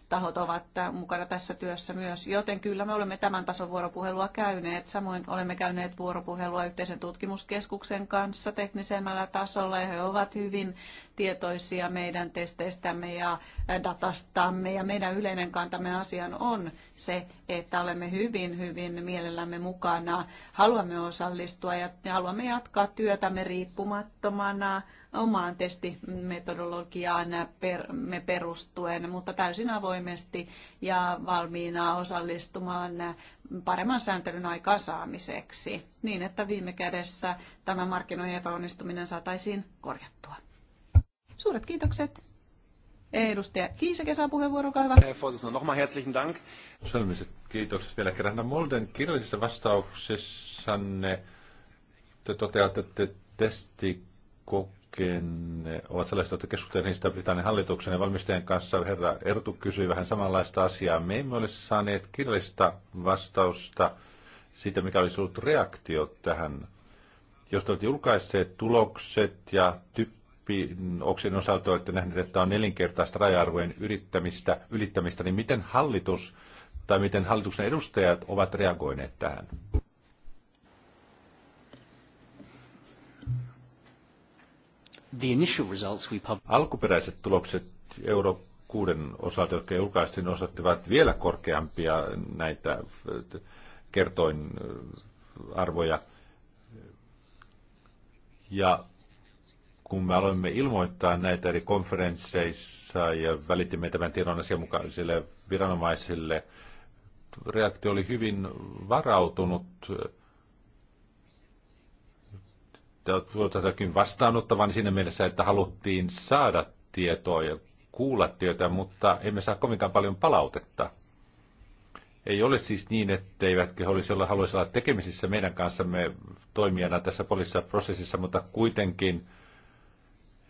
tahot ovat mukana tässä työssä myös, joten kyllä me olemme tämän tason vuoropuhelua käyneet. Samoin olemme käyneet vuoropuhelua yhteisen tutkimuskeskuksen kanssa teknisemmällä tasolla ja he ovat hyvin tietoisia meidän testeistämme ja datastamme ja meidän yleinen kantamme asian on se, että olemme hyvin, hyvin mielellämme mukana. Haluamme osallistua ja haluamme jatkaa työtämme riippumattomana omaan testimetodologiaan per, me perustuen, mutta täysin avoimesti ja valmiina osallistumaan paremman sääntelyn aikaansaamiseksi, niin että viime kädessä tämä markkinoiden epäonnistuminen saataisiin korjattua. Suuret kiitokset. Edustaja Kiisäke saa puheenvuoron, olkaa hyvä. Nochmal herzlichen Dank. Sylmiset kiitokset vielä kerran. No, Molden kirjallisessa vastauksessanne te toteatte, että testikokeilu rakenne ovat sellaiset, että keskustelivat niistä Britannian hallituksen ja valmistajan kanssa. Herra Ertu kysyi vähän samanlaista asiaa. Me emme ole saaneet kirjallista vastausta siitä, mikä olisi ollut reaktio tähän. Jos te olette julkaisseet tulokset ja oksien osalta olette nähneet, että on nelinkertaista raja-arvojen yrittämistä, ylittämistä, niin miten hallitus tai miten hallituksen edustajat ovat reagoineet tähän? The initial results we pub- Alkuperäiset tulokset euro kuuden osalta, jotka julkaistiin, osoittivat vielä korkeampia näitä äh, arvoja. Ja kun me aloimme ilmoittaa näitä eri konferensseissa ja välitimme tämän tiedon asianmukaisille viranomaisille, reaktio oli hyvin varautunut tätäkin vastaanottavan siinä mielessä, että haluttiin saada tietoa ja kuulla tietoa, mutta emme saa kovinkaan paljon palautetta. Ei ole siis niin, etteivätkö he olisi olla, haluaisi olla tekemisissä meidän kanssamme toimijana tässä poliisissa prosessissa, mutta kuitenkin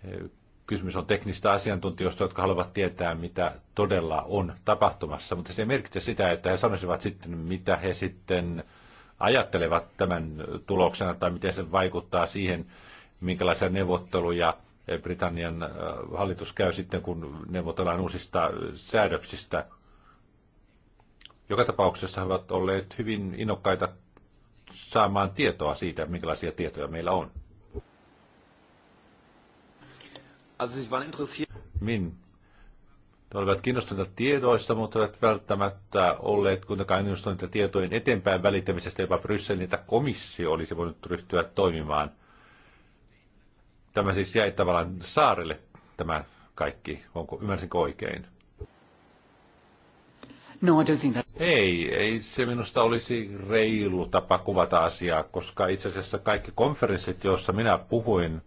eh, kysymys on teknistä asiantuntijoista, jotka haluavat tietää, mitä todella on tapahtumassa. Mutta se ei merkitse sitä, että he sanoisivat sitten, mitä he sitten ajattelevat tämän tuloksena tai miten se vaikuttaa siihen, minkälaisia neuvotteluja Britannian äh, hallitus käy sitten, kun neuvotellaan uusista säädöksistä. Joka tapauksessa he ovat olleet hyvin innokkaita saamaan tietoa siitä, minkälaisia tietoja meillä on. Min ne olivat kiinnostuneita tiedoista, mutta eivät välttämättä olleet kuitenkaan kiinnostuneita tietojen eteenpäin välittämisestä jopa Brysselin, että komissio olisi voinut ryhtyä toimimaan. Tämä siis jäi tavallaan saarelle tämä kaikki. Onko, ymmärsinkö oikein? No, I don't think that... Ei, ei se minusta olisi reilu tapa kuvata asiaa, koska itse asiassa kaikki konferenssit, joissa minä puhuin –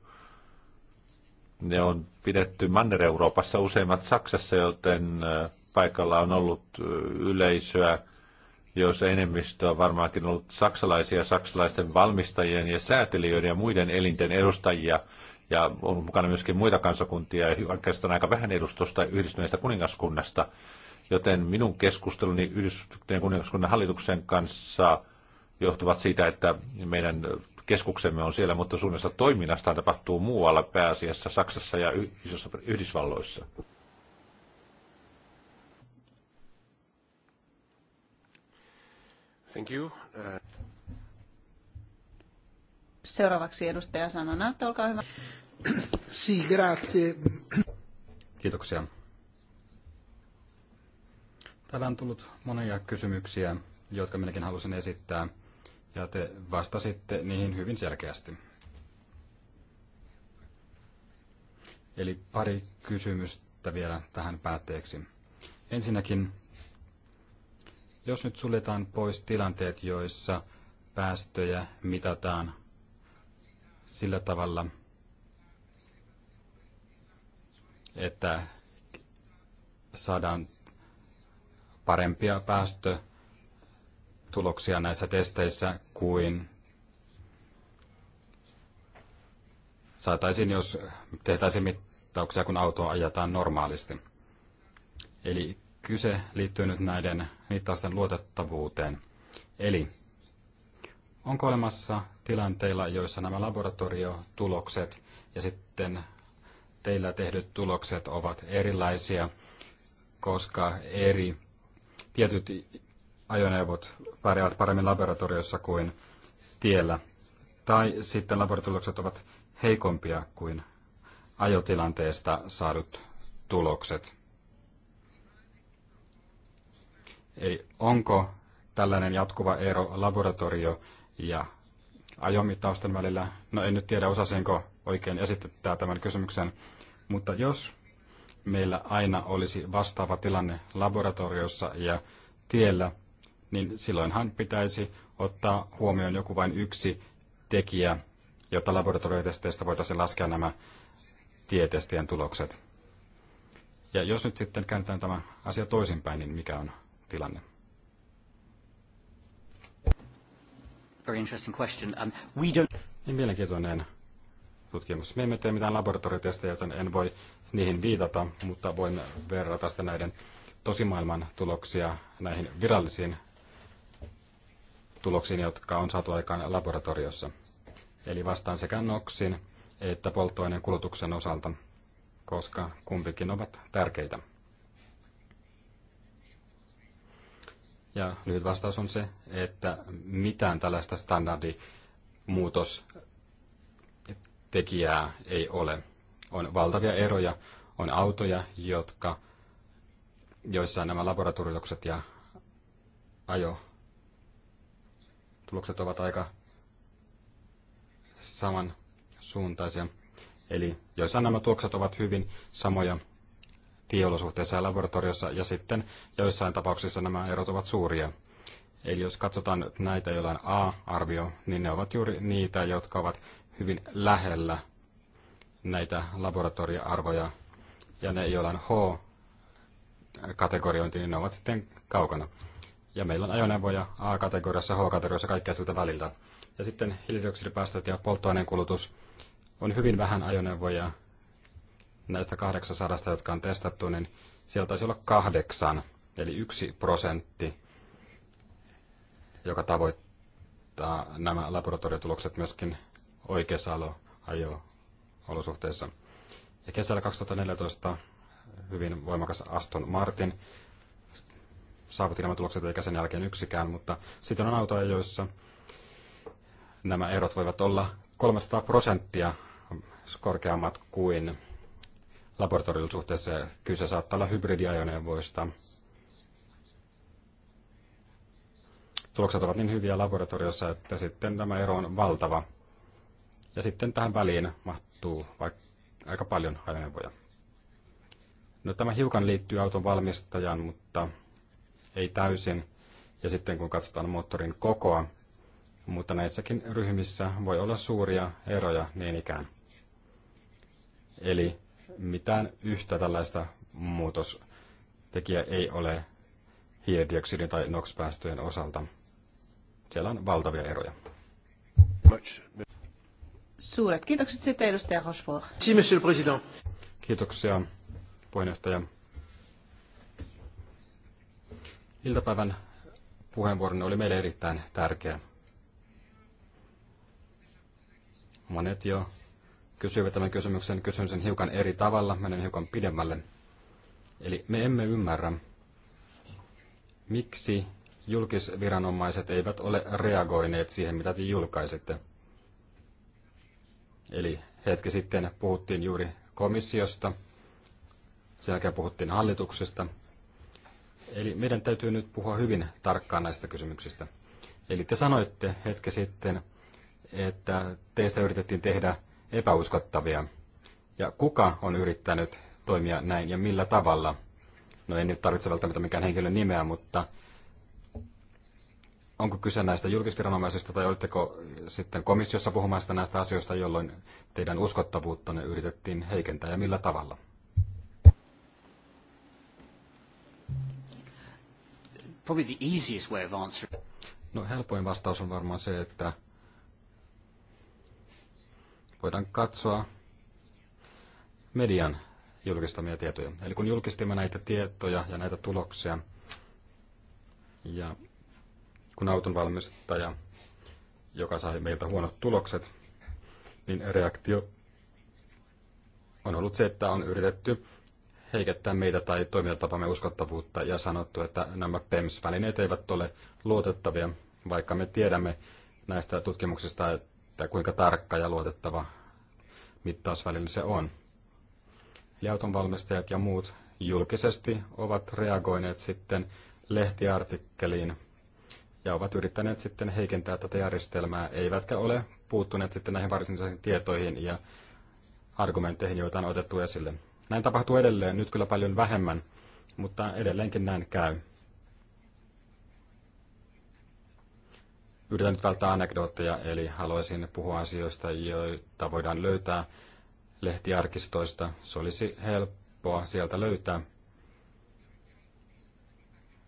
ne on pidetty Manner-Euroopassa, useimmat Saksassa, joten paikalla on ollut yleisöä, joissa enemmistö on varmaankin ollut saksalaisia, saksalaisten valmistajien ja säätelijöiden ja muiden elinten edustajia, ja on mukana myöskin muita kansakuntia, ja oikeastaan aika vähän edustusta yhdistyneestä kuningaskunnasta. Joten minun keskusteluni yhdistyneen kuningaskunnan hallituksen kanssa johtuvat siitä, että meidän keskuksemme on siellä, mutta suunnassa toiminnasta tapahtuu muualla pääasiassa Saksassa ja Yhdysvalloissa. Thank you. Uh, seuraavaksi edustaja Sanona, olkaa hyvä. Si, grazie. Kiitoksia. Täällä on tullut monia kysymyksiä, jotka minäkin halusin esittää ja te vastasitte niihin hyvin selkeästi. Eli pari kysymystä vielä tähän päätteeksi. Ensinnäkin, jos nyt suljetaan pois tilanteet, joissa päästöjä mitataan sillä tavalla, että saadaan parempia päästöjä tuloksia näissä testeissä kuin saataisiin, jos tehtäisiin mittauksia, kun autoa ajetaan normaalisti. Eli kyse liittyy nyt näiden mittausten luotettavuuteen. Eli onko olemassa tilanteilla, joissa nämä laboratoriotulokset ja sitten teillä tehdyt tulokset ovat erilaisia, koska eri tietyt ajoneuvot pärjäävät paremmin laboratoriossa kuin tiellä. Tai sitten laboratoriotulokset ovat heikompia kuin ajotilanteesta saadut tulokset. Eli onko tällainen jatkuva ero laboratorio- ja ajomittausten välillä? No en nyt tiedä, osasinko oikein esittää tämän kysymyksen, mutta jos meillä aina olisi vastaava tilanne laboratoriossa ja tiellä, niin silloinhan pitäisi ottaa huomioon joku vain yksi tekijä, jotta laboratoriotesteistä voitaisiin laskea nämä tietestien tulokset. Ja jos nyt sitten käännetään tämä asia toisinpäin, niin mikä on tilanne? Very interesting question. Um, we don't... Niin mielenkiintoinen tutkimus. Me emme tee mitään laboratoriotestejä, joten en voi niihin viitata, mutta voin verrata sitä näiden tosimaailman tuloksia näihin virallisiin tuloksiin, jotka on saatu aikaan laboratoriossa. Eli vastaan sekä NOXin että polttoaineen kulutuksen osalta, koska kumpikin ovat tärkeitä. Ja lyhyt vastaus on se, että mitään tällaista standardimuutostekijää ei ole. On valtavia eroja. On autoja, jotka, joissa nämä laboratoriolukset ja ajo tulokset ovat aika samansuuntaisia. Eli joissain nämä tulokset ovat hyvin samoja tieolosuhteissa ja laboratoriossa, ja sitten joissain tapauksissa nämä erot ovat suuria. Eli jos katsotaan näitä, joilla on A-arvio, niin ne ovat juuri niitä, jotka ovat hyvin lähellä näitä laboratorioarvoja. Ja ne, joilla on H-kategoriointi, niin ne ovat sitten kaukana. Ja meillä on ajoneuvoja A-kategoriassa, H-kategoriassa, kaikkea siltä väliltä. Ja sitten hiilidioksidipäästöt ja polttoaineen kulutus. On hyvin vähän ajoneuvoja näistä 800, jotka on testattu, niin sieltä taisi olla kahdeksan, eli yksi prosentti, joka tavoittaa nämä laboratoriotulokset myöskin oikeassa ajo olosuhteissa. Ja kesällä 2014 hyvin voimakas Aston Martin saavutti nämä tulokset eikä sen jälkeen yksikään, mutta sitten on autoja, joissa nämä erot voivat olla 300 prosenttia korkeammat kuin laboratoriolla suhteessa. Kyse saattaa olla hybridiajoneuvoista. Tulokset ovat niin hyviä laboratoriossa, että sitten tämä ero on valtava. Ja sitten tähän väliin mahtuu vaikka aika paljon ajoneuvoja. No, tämä hiukan liittyy auton valmistajan, mutta ei täysin, ja sitten kun katsotaan moottorin kokoa, mutta näissäkin ryhmissä voi olla suuria eroja niin ikään. Eli mitään yhtä tällaista muutostekijää ei ole hiilidioksidin tai NOx-päästöjen osalta. Siellä on valtavia eroja. Suuret kiitokset sitten edustaja Rochefort. Kiitoksia puheenjohtaja. Iltapäivän puheenvuoronne oli meille erittäin tärkeä. Monet jo kysyivät tämän kysymyksen. Kysyn sen hiukan eri tavalla, menen hiukan pidemmälle. Eli me emme ymmärrä, miksi julkisviranomaiset eivät ole reagoineet siihen, mitä te julkaisitte. Eli hetki sitten puhuttiin juuri komissiosta, sen jälkeen puhuttiin hallituksesta – Eli meidän täytyy nyt puhua hyvin tarkkaan näistä kysymyksistä. Eli te sanoitte hetki sitten, että teistä yritettiin tehdä epäuskottavia. Ja kuka on yrittänyt toimia näin ja millä tavalla? No en nyt tarvitse välttämättä mikään henkilön nimeä, mutta onko kyse näistä julkisviranomaisista tai olitteko sitten komissiossa puhumassa näistä asioista, jolloin teidän uskottavuuttanne yritettiin heikentää ja millä tavalla? Probably the easiest way of answering. No helpoin vastaus on varmaan se, että voidaan katsoa median julkistamia tietoja. Eli kun julkistimme näitä tietoja ja näitä tuloksia, ja kun auton valmistaja, joka sai meiltä huonot tulokset, niin reaktio on ollut se, että on yritetty heikentää meitä tai toimintatapamme uskottavuutta ja sanottu, että nämä PEMS-välineet eivät ole luotettavia, vaikka me tiedämme näistä tutkimuksista, että kuinka tarkka ja luotettava mittausväline se on. Eli autonvalmistajat ja muut julkisesti ovat reagoineet sitten lehtiartikkeliin ja ovat yrittäneet sitten heikentää tätä järjestelmää, eivätkä ole puuttuneet sitten näihin varsinaisiin tietoihin ja argumentteihin, joita on otettu esille. Näin tapahtuu edelleen, nyt kyllä paljon vähemmän, mutta edelleenkin näin käy. Yritän nyt välttää anekdootteja, eli haluaisin puhua asioista, joita voidaan löytää lehtiarkistoista. Se olisi helppoa sieltä löytää.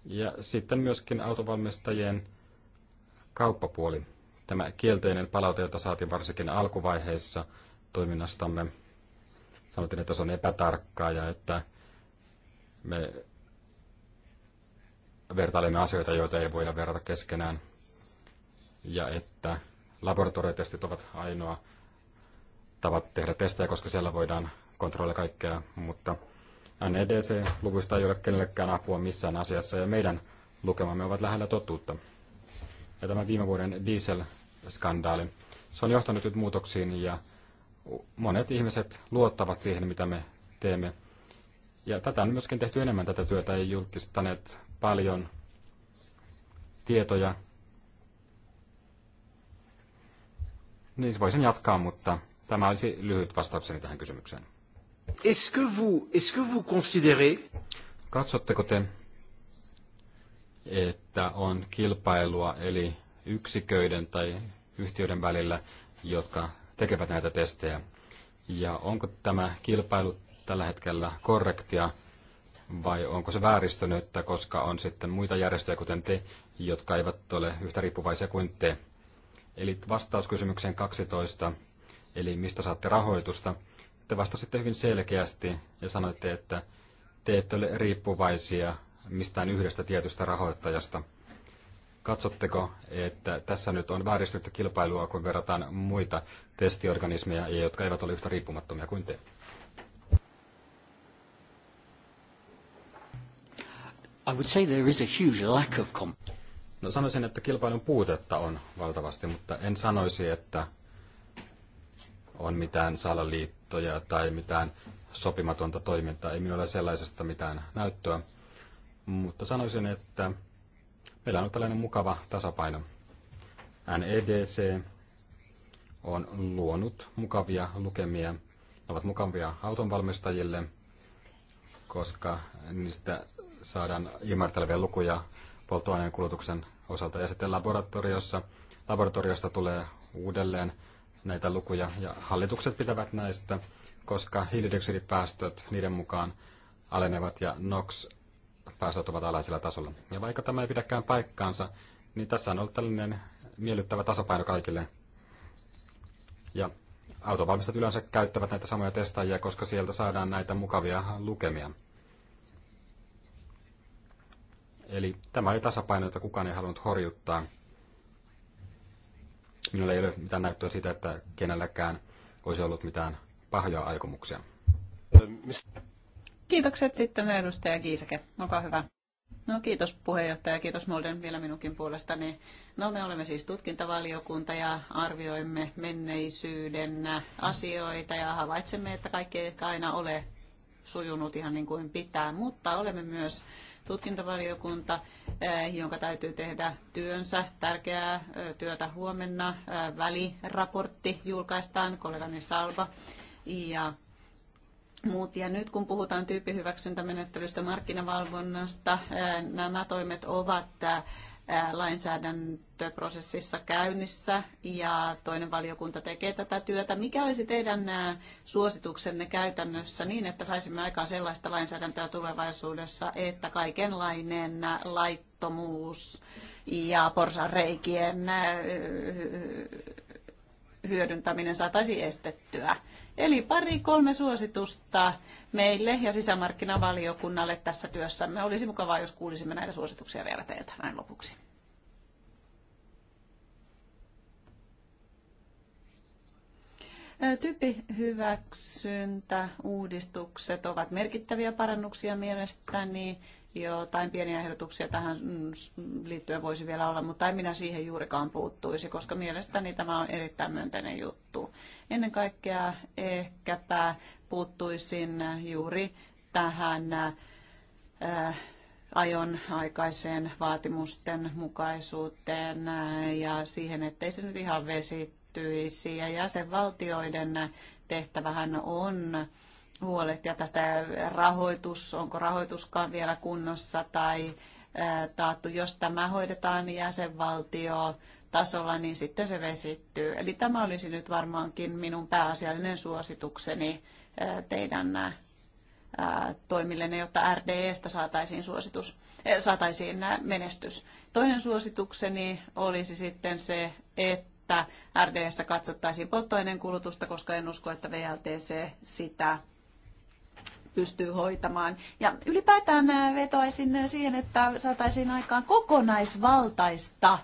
Ja sitten myöskin autovalmistajien kauppapuoli. Tämä kielteinen palaute, jota saatiin varsinkin alkuvaiheessa toiminnastamme, Sanoitin, että se on epätarkkaa ja että me vertailemme asioita, joita ei voida verrata keskenään. Ja että laboratoriotestit ovat ainoa tapa tehdä testejä, koska siellä voidaan kontrolloida kaikkea, mutta NEDC-luvuista ei ole kenellekään apua missään asiassa ja meidän lukemamme ovat lähellä totuutta. Ja tämä viime vuoden diesel-skandaali, se on johtanut nyt muutoksiin ja monet ihmiset luottavat siihen, mitä me teemme. Ja tätä on myöskin tehty enemmän tätä työtä ja julkistaneet paljon tietoja. Niin voisin jatkaa, mutta tämä olisi lyhyt vastaukseni tähän kysymykseen. Est-ce que est que vous considérez... Katsotteko te, että on kilpailua eli yksiköiden tai yhtiöiden välillä, jotka tekevät näitä testejä. Ja onko tämä kilpailu tällä hetkellä korrektia vai onko se vääristynyttä, koska on sitten muita järjestöjä kuten te, jotka eivät ole yhtä riippuvaisia kuin te. Eli vastaus kysymykseen 12, eli mistä saatte rahoitusta. Te vastasitte hyvin selkeästi ja sanoitte, että te ette ole riippuvaisia mistään yhdestä tietystä rahoittajasta – Katsotteko, että tässä nyt on vääristynyttä kilpailua, kun verrataan muita testiorganismeja, jotka eivät ole yhtä riippumattomia kuin te? I would say there is a huge lack of No sanoisin, että kilpailun puutetta on valtavasti, mutta en sanoisi, että on mitään salaliittoja tai mitään sopimatonta toimintaa. Ei minulla ole sellaisesta mitään näyttöä, mutta sanoisin, että Meillä on tällainen mukava tasapaino. NEDC on luonut mukavia lukemia. Ne ovat mukavia autonvalmistajille, koska niistä saadaan ymmärtäviä lukuja polttoaineen kulutuksen osalta. Ja sitten laboratoriossa, laboratoriosta tulee uudelleen näitä lukuja ja hallitukset pitävät näistä, koska hiilidioksidipäästöt niiden mukaan alenevat ja NOx päästöt ovat alhaisella tasolla. Ja vaikka tämä ei pidäkään paikkaansa, niin tässä on ollut tällainen miellyttävä tasapaino kaikille. Ja autovalmistajat yleensä käyttävät näitä samoja testaajia, koska sieltä saadaan näitä mukavia lukemia. Eli tämä oli tasapaino, jota kukaan ei halunnut horjuttaa. Minulla ei ole mitään näyttöä siitä, että kenelläkään olisi ollut mitään pahoja aikomuksia. Ähm, Kiitokset sitten edustaja Kiisake. Olkaa hyvä. No kiitos puheenjohtaja, kiitos Molden vielä minunkin puolestani. No me olemme siis tutkintavaliokunta ja arvioimme menneisyyden asioita ja havaitsemme, että kaikki ei ehkä aina ole sujunut ihan niin kuin pitää, mutta olemme myös tutkintavaliokunta, eh, jonka täytyy tehdä työnsä, tärkeää eh, työtä huomenna. Eh, väliraportti julkaistaan kollegani Salva ja muut. Ja nyt kun puhutaan tyyppihyväksyntämenettelystä, markkinavalvonnasta, nämä toimet ovat lainsäädäntöprosessissa käynnissä ja toinen valiokunta tekee tätä työtä. Mikä olisi teidän suosituksenne käytännössä niin, että saisimme aikaan sellaista lainsäädäntöä tulevaisuudessa, että kaikenlainen laittomuus ja porsareikien hyödyntäminen saataisiin estettyä. Eli pari kolme suositusta meille ja sisämarkkinavaliokunnalle tässä työssämme. Olisi mukavaa, jos kuulisimme näitä suosituksia vielä teiltä näin lopuksi. uudistukset ovat merkittäviä parannuksia mielestäni jotain pieniä ehdotuksia tähän mm, liittyen voisi vielä olla, mutta en minä siihen juurikaan puuttuisi, koska mielestäni tämä on erittäin myönteinen juttu. Ennen kaikkea ehkäpä puuttuisin juuri tähän äh, ajon aikaiseen vaatimusten mukaisuuteen äh, ja siihen, ettei se nyt ihan vesittyisi. Ja jäsenvaltioiden tehtävähän on huolehtia tästä rahoitus, onko rahoituskaan vielä kunnossa tai taattu. Jos tämä hoidetaan jäsenvaltio tasolla, niin sitten se vesittyy. Eli tämä olisi nyt varmaankin minun pääasiallinen suositukseni teidän toimille, jotta RDEstä saataisiin, suositus, saataisiin menestys. Toinen suositukseni olisi sitten se, että RDEssä katsottaisiin polttoaineen kulutusta, koska en usko, että VLTC sitä pystyy hoitamaan. Ja ylipäätään äh, vetoaisin äh, siihen, että saataisiin aikaan kokonaisvaltaista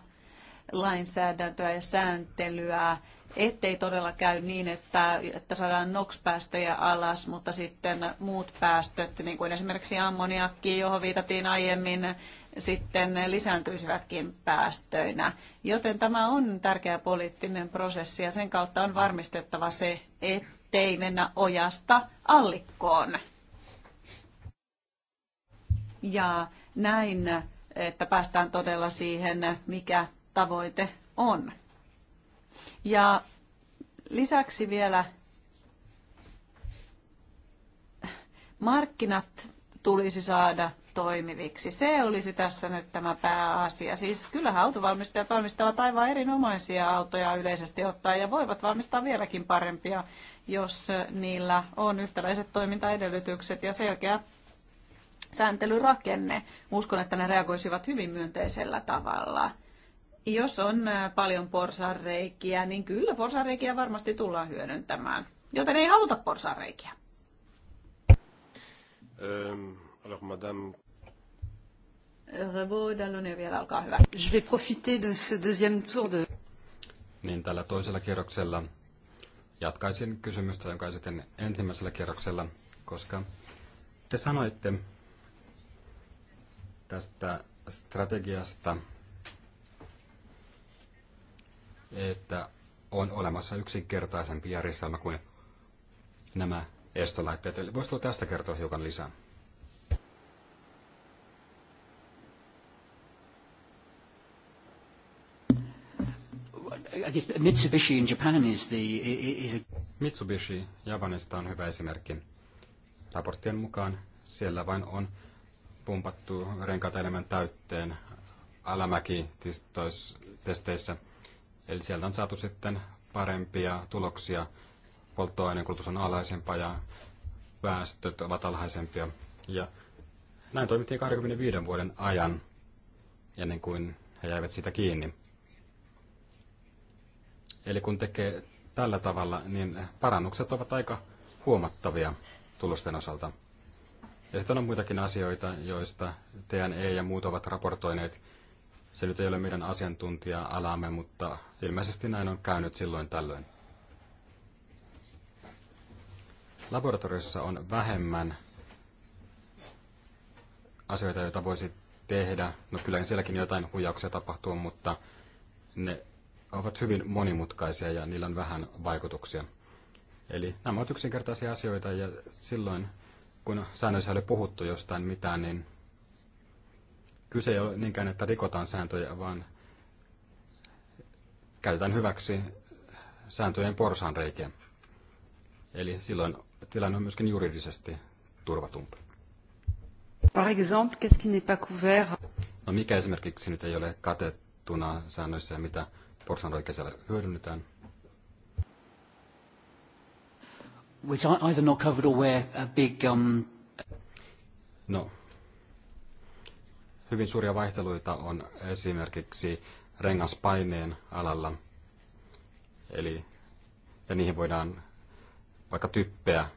lainsäädäntöä ja sääntelyä, ettei todella käy niin, että, että saadaan NOx-päästöjä alas, mutta sitten muut päästöt, niin kuin esimerkiksi ammoniakki, johon viitattiin aiemmin, sitten lisääntyisivätkin päästöinä. Joten tämä on tärkeä poliittinen prosessi ja sen kautta on varmistettava se, ettei mennä ojasta allikkoon ja näin, että päästään todella siihen, mikä tavoite on. Ja lisäksi vielä markkinat tulisi saada toimiviksi. Se olisi tässä nyt tämä pääasia. Siis kyllähän autovalmistajat valmistavat aivan erinomaisia autoja yleisesti ottaen ja voivat valmistaa vieläkin parempia, jos niillä on yhtäläiset toimintaedellytykset ja selkeä sääntelyrakenne. Uskon, että ne reagoisivat hyvin myönteisellä tavalla. Jos on äh, paljon porsareikiä, niin kyllä porsareikiä varmasti tullaan hyödyntämään. Joten ei haluta porsareikiä. Ähm, alors, madame... Revo Dallone vielä, olkaa hyvä. Je vais profiter de ce deuxième tour de... Niin tällä toisella kierroksella jatkaisin kysymystä, jonka esitin ensimmäisellä kierroksella, koska te sanoitte, tästä strategiasta, että on olemassa yksinkertaisempi järjestelmä kuin nämä estolaitteet. Eli voisitko tästä kertoa hiukan lisää? Mitsubishi in Japan is the, is a... Mitsubishi Japanista on hyvä esimerkki. Raporttien mukaan siellä vain on pumpattu renkaita enemmän täytteen alamäki-testeissä. Eli sieltä on saatu sitten parempia tuloksia. Polttoaineen kulutus on alhaisempaa ja päästöt ovat alhaisempia. Ja näin toimittiin 25 vuoden ajan ennen kuin he jäivät sitä kiinni. Eli kun tekee tällä tavalla, niin parannukset ovat aika huomattavia tulosten osalta. Ja sitten on muitakin asioita, joista TNE ja muut ovat raportoineet. Se nyt ei ole meidän asiantuntija-alamme, mutta ilmeisesti näin on käynyt silloin tällöin. Laboratoriossa on vähemmän asioita, joita voisi tehdä. No kyllä sielläkin jotain huijauksia tapahtuu, mutta ne ovat hyvin monimutkaisia ja niillä on vähän vaikutuksia. Eli nämä ovat yksinkertaisia asioita ja silloin kun säännöissä oli puhuttu jostain mitään, niin kyse ei ole niinkään, että rikotaan sääntöjä, vaan käytetään hyväksi sääntöjen porsaanreikiä. Eli silloin tilanne on myöskin juridisesti turvatumpi. Par exemple, qu'est-ce qui n'est pas couvert? No mikä esimerkiksi nyt ei ole katettuna säännöissä ja mitä porsaanreikiä siellä hyödynnetään? which are either not covered or where a big... Um... No. Hyvin suuria vaihteluita on esimerkiksi rengaspaineen alalla. Eli ja niihin voidaan vaikka typpeä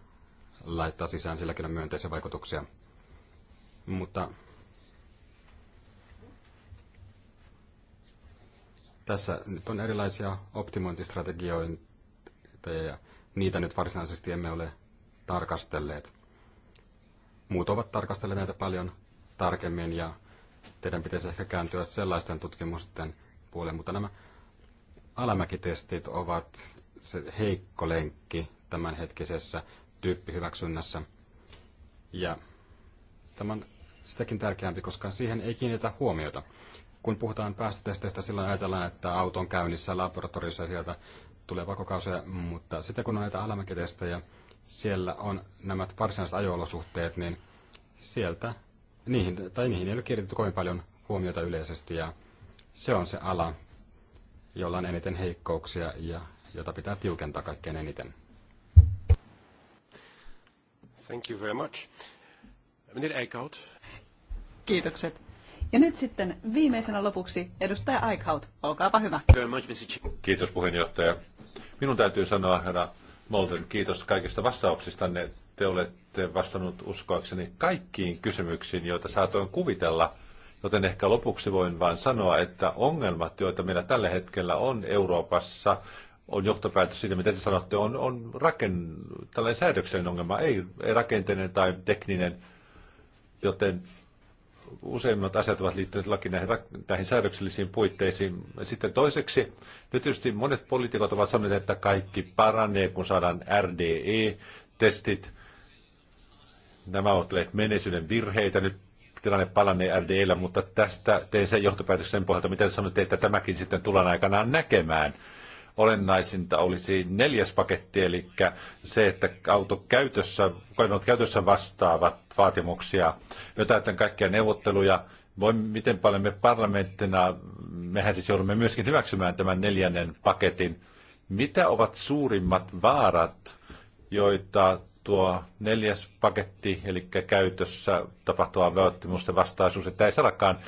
laittaa sisään, silläkin on myönteisiä vaikutuksia. Mutta tässä nyt on erilaisia optimointistrategioita ja niitä nyt varsinaisesti emme ole tarkastelleet. Muut ovat tarkastelleet näitä paljon tarkemmin ja teidän pitäisi ehkä kääntyä sellaisten tutkimusten puoleen, mutta nämä alamäkitestit ovat se heikko lenkki tämänhetkisessä tyyppihyväksynnässä. Ja tämä on sitäkin tärkeämpi, koska siihen ei kiinnitä huomiota. Kun puhutaan päästötesteistä, silloin ajatellaan, että auto on käynnissä laboratoriossa ja sieltä tulee pakokausia, mutta sitten kun on näitä alamäkitestejä, siellä on nämä varsinaiset ajo-olosuhteet, niin sieltä niihin, tai niihin ei ole kiinnitetty kovin paljon huomiota yleisesti ja se on se ala, jolla on eniten heikkouksia ja jota pitää tiukentaa kaikkein eniten. Thank you very much. Meneer Kiitokset. Ja nyt sitten viimeisenä lopuksi edustaja Eickhout, olkaapa hyvä. Kiitos puheenjohtaja. Minun täytyy sanoa, herra Molten, kiitos kaikista vastauksistanne. Te olette vastannut uskoakseni kaikkiin kysymyksiin, joita saatoin kuvitella. Joten ehkä lopuksi voin vain sanoa, että ongelmat, joita meillä tällä hetkellä on Euroopassa, on johtopäätös siitä, mitä te sanotte, on, on raken, tällainen säädöksellinen ongelma, ei, ei rakenteinen tai tekninen. Joten useimmat asiat ovat liittyneet laki näihin, näihin säädöksellisiin puitteisiin. Sitten toiseksi, nyt tietysti monet poliitikot ovat sanoneet, että kaikki paranee, kun saadaan RDE-testit. Nämä ovat olleet menneisyyden virheitä. Nyt tilanne palanee RDEllä, mutta tästä tein sen johtopäätöksen pohjalta, miten sanoitte, että tämäkin sitten tullaan aikanaan näkemään olennaisinta olisi neljäs paketti, eli se, että auto käytössä, koneet käytössä vastaavat vaatimuksia, tämän kaikkia neuvotteluja, voi, miten paljon me parlamenttina, mehän siis joudumme myöskin hyväksymään tämän neljännen paketin. Mitä ovat suurimmat vaarat, joita tuo neljäs paketti, eli käytössä tapahtuva välttämusten vastaisuus, että ei saadakaan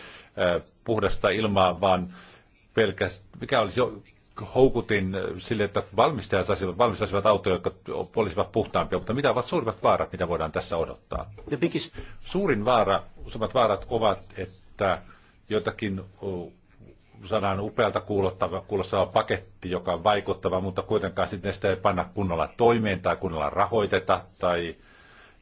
puhdasta ilmaa, vaan pelkästään, mikä olisi houkutin äh, sille, että valmistajat saisivat, valmistaisivat autoja, jotka olisivat puhtaampia, mutta mitä ovat suurimmat vaarat, mitä voidaan tässä odottaa? The biggest... Suurin vaara, suurimmat vaarat ovat, että jotakin saadaan upealta kuulostava, kuulostava paketti, joka on vaikuttava, mutta kuitenkaan sitten sitä ei panna kunnolla toimeen tai kunnolla rahoiteta tai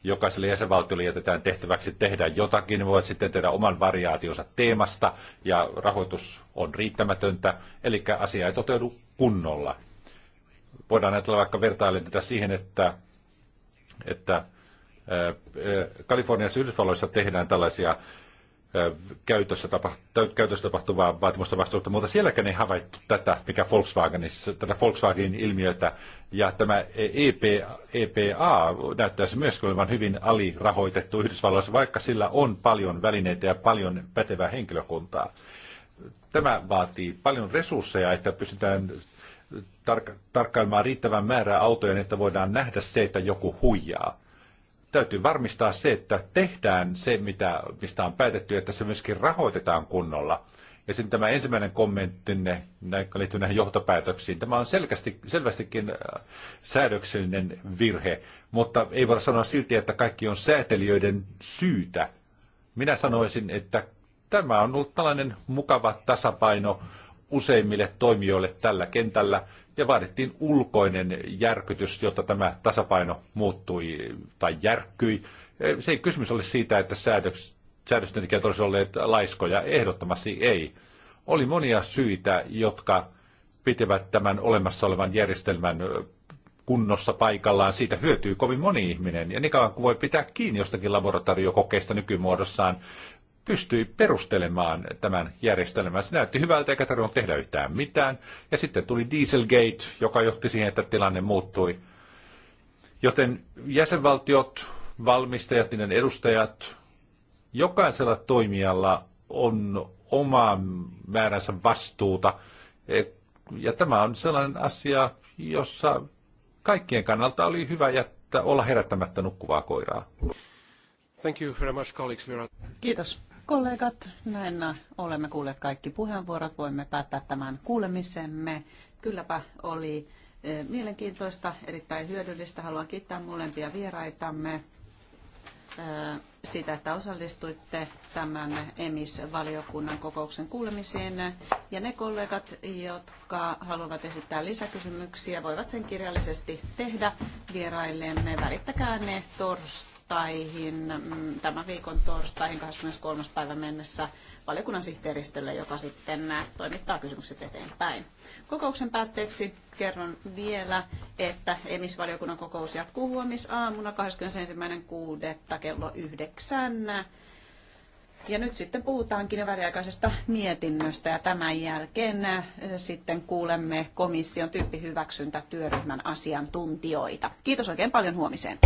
jokaiselle jäsenvaltiolle jätetään tehtäväksi tehdä jotakin, ne voivat sitten tehdä oman variaationsa teemasta ja rahoitus on riittämätöntä, eli asia ei toteudu kunnolla. Voidaan ajatella vaikka vertailen tätä siihen, että, että Kaliforniassa Yhdysvalloissa tehdään tällaisia käytössä, tapahtu, käytössä tapahtuvaa vaatimusta vastuutta, mutta sielläkään ei havaittu tätä, mikä Volkswagenissa, tätä Volkswagenin ilmiötä. Ja tämä EPA e näyttäisi myös olevan hyvin alirahoitettu Yhdysvalloissa, vaikka sillä on paljon välineitä ja paljon pätevää henkilökuntaa. Tämä vaatii paljon resursseja, että pystytään tarkkailemaan riittävän määrää autoja, niin että voidaan nähdä se, että joku huijaa täytyy varmistaa se, että tehdään se, mitä, mistä on päätetty, että se myöskin rahoitetaan kunnolla. Ja sitten tämä ensimmäinen kommenttinne liittyy näihin johtopäätöksiin. Tämä on selkeästi, selvästikin äh, säädöksellinen virhe, mutta ei voida sanoa silti, että kaikki on säätelijöiden syytä. Minä sanoisin, että tämä on ollut tällainen mukava tasapaino useimmille toimijoille tällä kentällä, ja vaadittiin ulkoinen järkytys, jotta tämä tasapaino muuttui tai järkkyi. E, se ei kysymys ole siitä, että säädöstöntekijät olisivat olleet laiskoja, ehdottomasti ei. Oli monia syitä, jotka pitivät tämän olemassa olevan järjestelmän kunnossa paikallaan, siitä hyötyy kovin moni ihminen. Ja niin kauan kuin voi pitää kiinni jostakin laboratoriokokeista nykymuodossaan, pystyi perustelemaan tämän järjestelmän. Se näytti hyvältä eikä tarvinnut tehdä yhtään mitään. Ja sitten tuli Dieselgate, joka johti siihen, että tilanne muuttui. Joten jäsenvaltiot, valmistajat, niiden edustajat, jokaisella toimijalla on oma määränsä vastuuta. Ja tämä on sellainen asia, jossa kaikkien kannalta oli hyvä jättää olla herättämättä nukkuvaa koiraa. Thank you very much, Kiitos kollegat, näin olemme kuulleet kaikki puheenvuorot. Voimme päättää tämän kuulemisemme. Kylläpä oli eh, mielenkiintoista, erittäin hyödyllistä. Haluan kiittää molempia vieraitamme sitä että osallistuitte tämän EMIS-valiokunnan kokouksen kuulemiseen. Ja ne kollegat, jotka haluavat esittää lisäkysymyksiä, voivat sen kirjallisesti tehdä vieraillemme. Välittäkää ne torstaihin, mm, tämän viikon torstaihin 23. päivä mennessä valiokunnan sihteeristölle, joka sitten äh, toimittaa kysymykset eteenpäin. Kokouksen päätteeksi kerron vielä, että emisvaliokunnan kokous jatkuu huomisaamuna 21.6. kello 9. Ja nyt sitten puhutaankin jo väliaikaisesta mietinnöstä ja tämän jälkeen äh, sitten kuulemme komission tyyppihyväksyntätyöryhmän asiantuntijoita. Kiitos oikein paljon huomiseen.